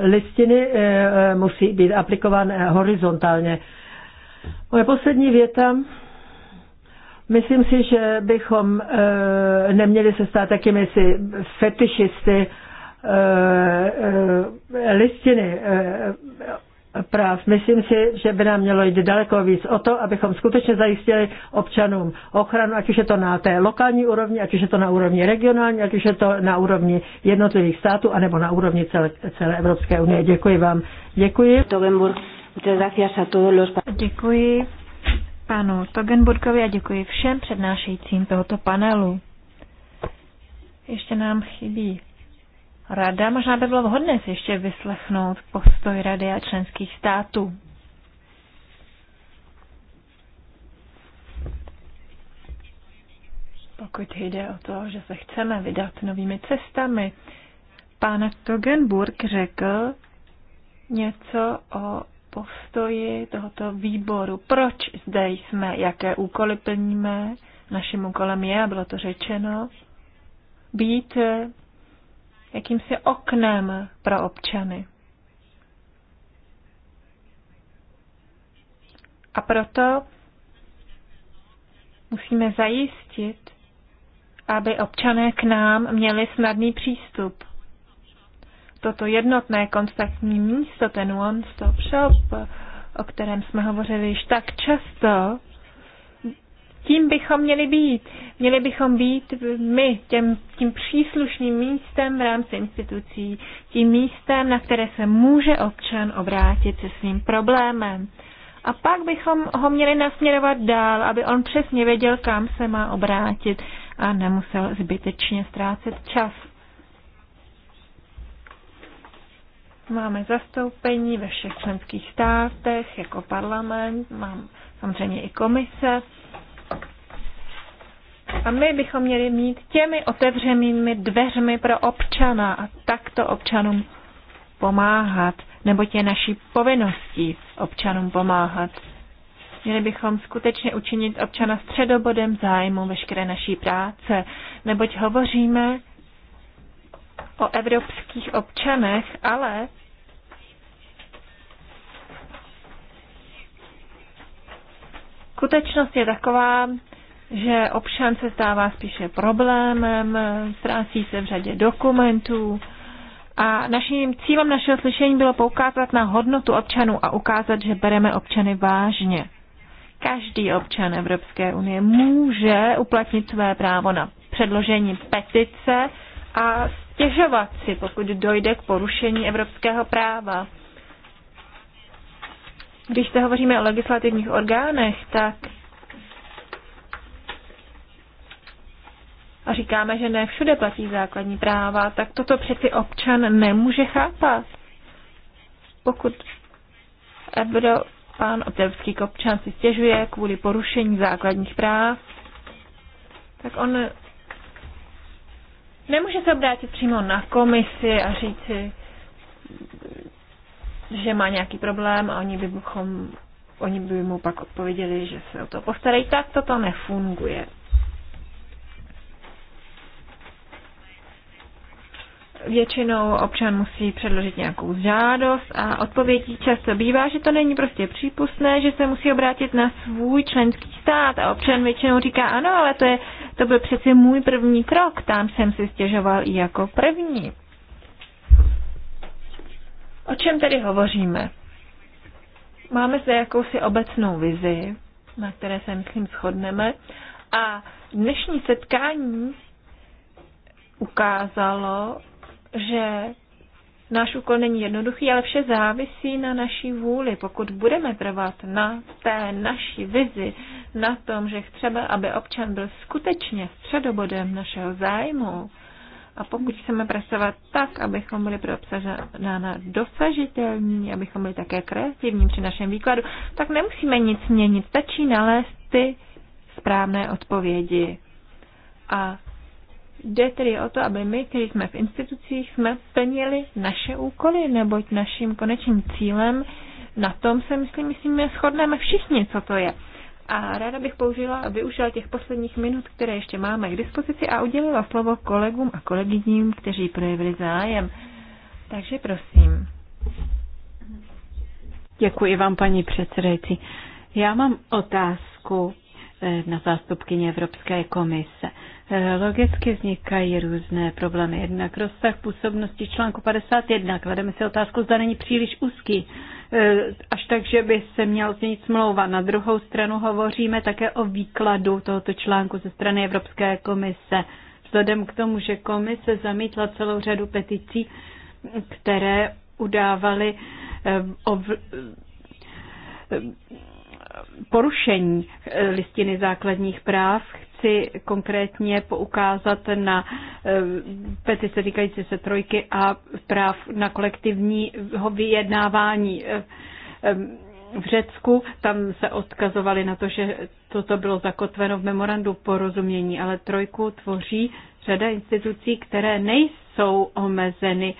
listiny musí být aplikován horizontálně. Moje poslední věta Myslím si, že bychom eh, neměli se stát takými si fetišisty eh, eh, listiny práv. Myslím si, že by nám mělo jít daleko víc o to, abychom skutečně zajistili občanům ochranu, ať už je to na té lokální úrovni, ať už je to na úrovni regionální, ať už je to na úrovni jednotlivých států, anebo na úrovni celé, celé Evropské unie. Děkuji vám. Děkuji. Děkuji panu Togenburkovi a děkuji všem přednášejícím tohoto panelu. Ještě nám chybí rada. Možná by bylo vhodné si ještě vyslechnout postoj rady a členských států. Pokud jde o to, že se chceme vydat novými cestami, pán Togenburg řekl něco o postoji tohoto výboru, proč zde jsme, jaké úkoly plníme. Naším úkolem je, a bylo to řečeno, být jakýmsi oknem pro občany. A proto musíme zajistit, aby občané k nám měli snadný přístup toto jednotné kontaktní místo, ten one-stop shop, o kterém jsme hovořili již tak často, tím bychom měli být. Měli bychom být my těm, tím příslušným místem v rámci institucí, tím místem, na které se může občan obrátit se svým problémem. A pak bychom ho měli nasměrovat dál, aby on přesně věděl, kam se má obrátit a nemusel zbytečně ztrácet čas. Máme zastoupení ve všech členských státech, jako parlament, mám samozřejmě i komise. A my bychom měli mít těmi otevřenými dveřmi pro občana a takto občanům pomáhat, nebo je naší povinností občanům pomáhat. Měli bychom skutečně učinit občana středobodem zájmu veškeré naší práce, neboť hovoříme o evropských občanech, ale skutečnost je taková, že občan se stává spíše problémem, ztrácí se v řadě dokumentů. A naším cílem našeho slyšení bylo poukázat na hodnotu občanů a ukázat, že bereme občany vážně. Každý občan Evropské unie může uplatnit své právo na předložení petice a stěžovat si, pokud dojde k porušení evropského práva. Když se hovoříme o legislativních orgánech, tak a říkáme, že ne všude platí základní práva, tak toto přeci občan nemůže chápat. Pokud Ebro, pan Otevský občan si stěžuje kvůli porušení základních práv, tak on nemůže se obrátit přímo na komisi a říci, že má nějaký problém a oni by, bychom, oni by mu pak odpověděli, že se o to postarají. Tak toto nefunguje. většinou občan musí předložit nějakou žádost a odpovědí často bývá, že to není prostě přípustné, že se musí obrátit na svůj členský stát a občan většinou říká ano, ale to, je, to byl přeci můj první krok, tam jsem si stěžoval i jako první. O čem tedy hovoříme? Máme zde jakousi obecnou vizi, na které se, myslím, shodneme. A dnešní setkání ukázalo, že náš úkol není jednoduchý, ale vše závisí na naší vůli. Pokud budeme trvat na té naší vizi, na tom, že chceme, aby občan byl skutečně středobodem našeho zájmu, a pokud chceme pracovat tak, abychom byli pro na dosažitelní, abychom byli také kreativní při našem výkladu, tak nemusíme nic měnit. Stačí nalézt ty správné odpovědi. A Jde tedy o to, aby my, kteří jsme v institucích, jsme plnili naše úkoly, neboť naším konečným cílem, na tom se myslím, myslím, shodneme všichni, co to je. A ráda bych použila a využila těch posledních minut, které ještě máme k dispozici a udělila slovo kolegům a kolegyním, kteří projevili zájem. Takže prosím. Děkuji vám, paní předsedající. Já mám otázku eh, na zástupkyně Evropské komise. Logicky vznikají různé problémy. Jednak rozsah působnosti článku 51. Klademe si otázku, zda není příliš úzký, e, až tak, že by se měl změnit smlouva. Na druhou stranu hovoříme také o výkladu tohoto článku ze strany Evropské komise. Vzhledem k tomu, že komise zamítla celou řadu peticí, které udávaly e, o e, porušení listiny základních práv, chci konkrétně poukázat na eh, petice týkající se trojky a práv na kolektivního vyjednávání eh, eh, v Řecku, tam se odkazovali na to, že toto bylo zakotveno v memorandu porozumění, ale trojku tvoří řada institucí, které nejsou omezeny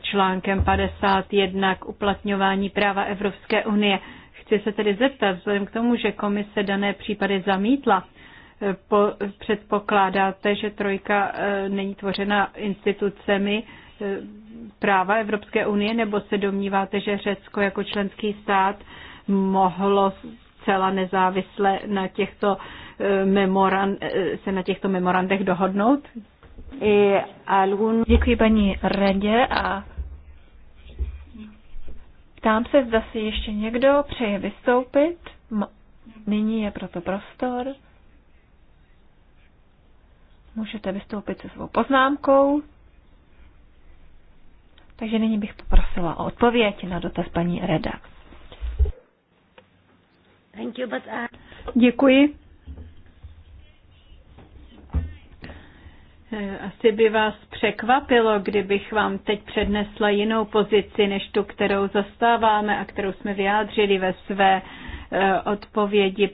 článkem 51 k uplatňování práva Evropské unie. Chci se tedy zeptat, vzhledem k tomu, že komise dané případy zamítla, po, předpokládáte, že trojka e, není tvořena institucemi e, práva Evropské unie, nebo se domníváte, že Řecko jako členský stát mohlo zcela nezávisle na těchto e, memoran, se na těchto memorandech dohodnout? Děkuji paní radě a ptám se, zda si ještě někdo přeje vystoupit. Nyní je proto prostor. Můžete vystoupit se svou poznámkou. Takže nyní bych poprosila o odpověď na dotaz paní Reda. Thank you, but I... Uh, Děkuji. Eh, asi by vás překvapilo, kdybych vám teď přednesla jinou pozici, než tu, kterou zastáváme a kterou jsme vyjádřili ve své uh, Eh, odpovědi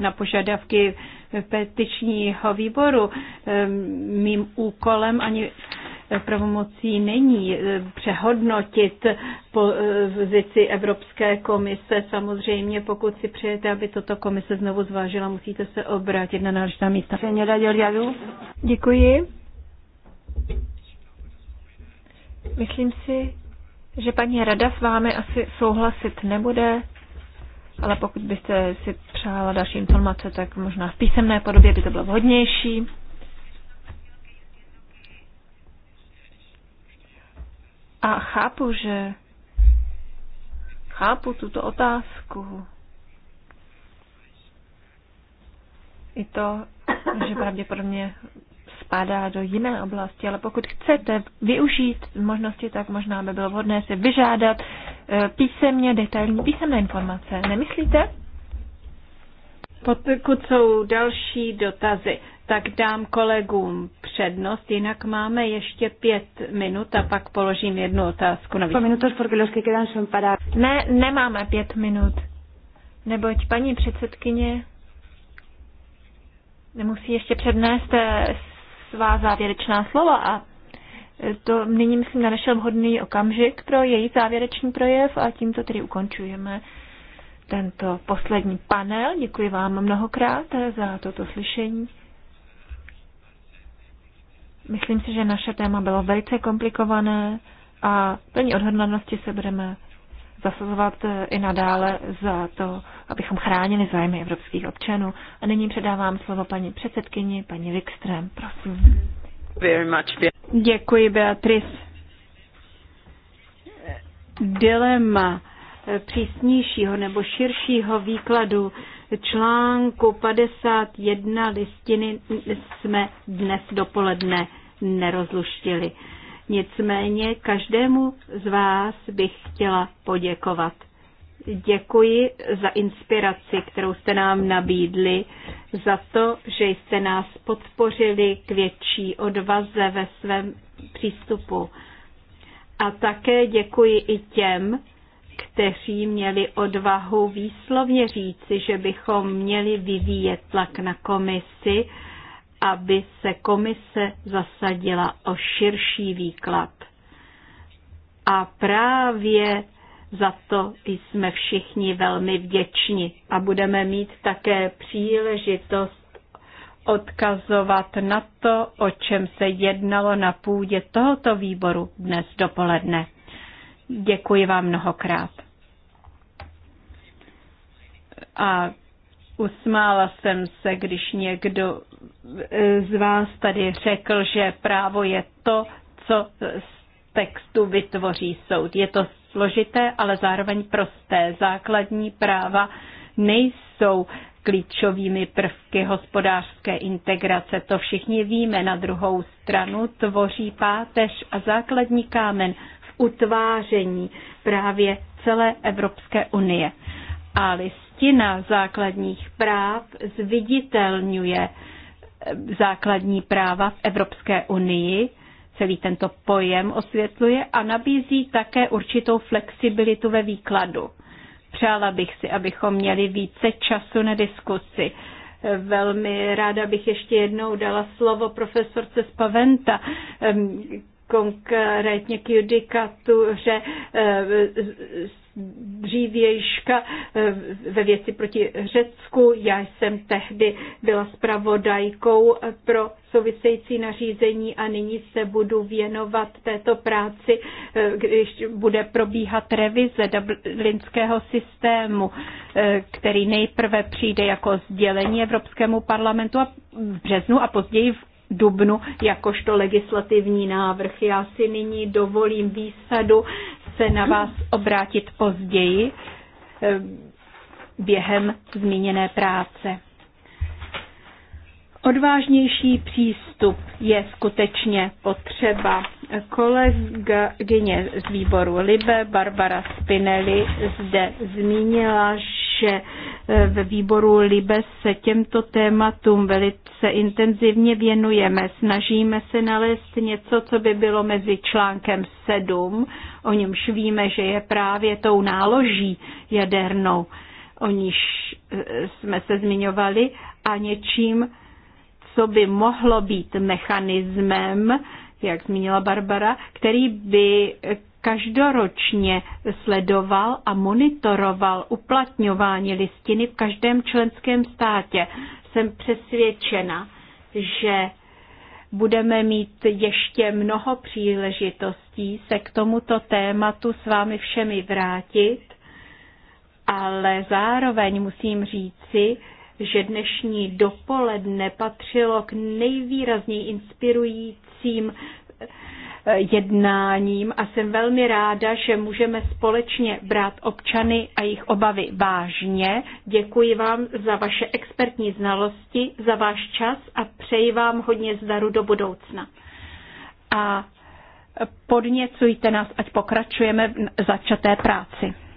na požadavky petičního výboru. Eh, mým úkolem ani pravomocí není eh, přehodnotit pozici Evropské komise. Samozřejmě, pokud si přejete, aby toto komise znovu zvážila, musíte se obrátit na náležitá místa. Děkuji. Myslím si, že paní Rada s vámi asi souhlasit nebude ale pokud byste si přála další informace, tak možná v písemné podobě by to bylo vhodnější. A chápu, že chápu tuto otázku. I to, že pravděpodobně spadá do jiné oblasti, ale pokud chcete využít možnosti, tak možná by bylo vhodné si vyžádat eh, písemně detailní písemné informace. Nemyslíte? Pokud jsou další dotazy, tak dám kolegům přednost, jinak máme ještě pět minut a pak položím jednu otázku. Navíc. Ne, nemáme pět minut, neboť paní předsedkyně musí ještě přednést eh, svá závěrečná slova a e, to nyní, myslím, našel vhodný okamžik pro její závěrečný projev a tímto tedy ukončujeme tento poslední panel. Děkuji vám mnohokrát e, za toto slyšení. Myslím si, že naše téma bylo velice komplikované a plní odhodlanosti se budeme zasazovat eh, i nadále za to, abychom chránili zájmy evropských občanů. A nyní předávám slovo paní předsedkyni, paní Wikström, prosím. Very much. Děkuji, Beatrice. Dilema eh, přísnějšího nebo širšího výkladu článku 51 listiny jsme dnes dopoledne nerozluštili. Nicméně každému z vás bych chtěla poděkovat. Děkuji za inspiraci, kterou jste nám nabídli, za to, že jste nás podpořili k větší odvaze ve svém přístupu. A také děkuji i těm, kteří měli odvahu výslovně říci, že bychom měli vyvíjet tlak na komisi, aby se komise zasadila o širší výklad. A právě za to jsme všichni velmi vděční a budeme mít také příležitost odkazovat na to, o čem se jednalo na půdě tohoto výboru dnes dopoledne. Děkuji vám mnohokrát. A usmála jsem se, když někdo z vás tady řekl, že právo je to, co z textu vytvoří soud. Je to složité, ale zároveň prosté. Základní práva nejsou klíčovými prvky hospodářské integrace. To všichni víme. Na druhou stranu tvoří páteř a základní kámen v utváření právě celé Evropské unie. A listina základních práv zviditelňuje základní práva v Evropské unii, celý tento pojem osvětluje a nabízí také určitou flexibilitu ve výkladu. Přála bych si, abychom měli více času na diskusi. Velmi ráda bych ještě jednou dala slovo profesorce Spaventa, konkrétně k judikatuře eh, dřívějška eh, ve věci proti Řecku. Já jsem tehdy byla spravodajkou pro související nařízení a nyní se budu věnovat této práci, eh, když bude probíhat revize dublinského systému, eh, který nejprve přijde jako sdělení Evropskému parlamentu a v březnu a později v dubnu jakožto legislativní návrh. Já si nyní dovolím výsadu se na vás obrátit později eh, během zmíněné práce. Odvážnější přístup je skutečně potřeba. Kolegyně z výboru Libe, Barbara Spinelli, zde zmínila, že eh, ve výboru Libes se těmto tématům velice intenzivně věnujeme. Snažíme se nalézt něco, co by bylo mezi článkem 7, o němž víme, že je právě tou náloží jadernou, o níž eh, jsme se zmiňovali, a něčím, co by mohlo být mechanismem, jak zmínila Barbara, který by každoročně sledoval a monitoroval uplatňování listiny v každém členském státě. Jsem přesvědčena, že budeme mít ještě mnoho příležitostí se k tomuto tématu s vámi všemi vrátit, ale zároveň musím říci, že dnešní dopoledne patřilo k nejvýrazněji inspirujícím jednáním a jsem velmi ráda, že můžeme společně brát občany a jejich obavy vážně. Děkuji vám za vaše expertní znalosti, za váš čas a přeji vám hodně zdaru do budoucna. A podněcujte nás, ať pokračujeme v začaté práci.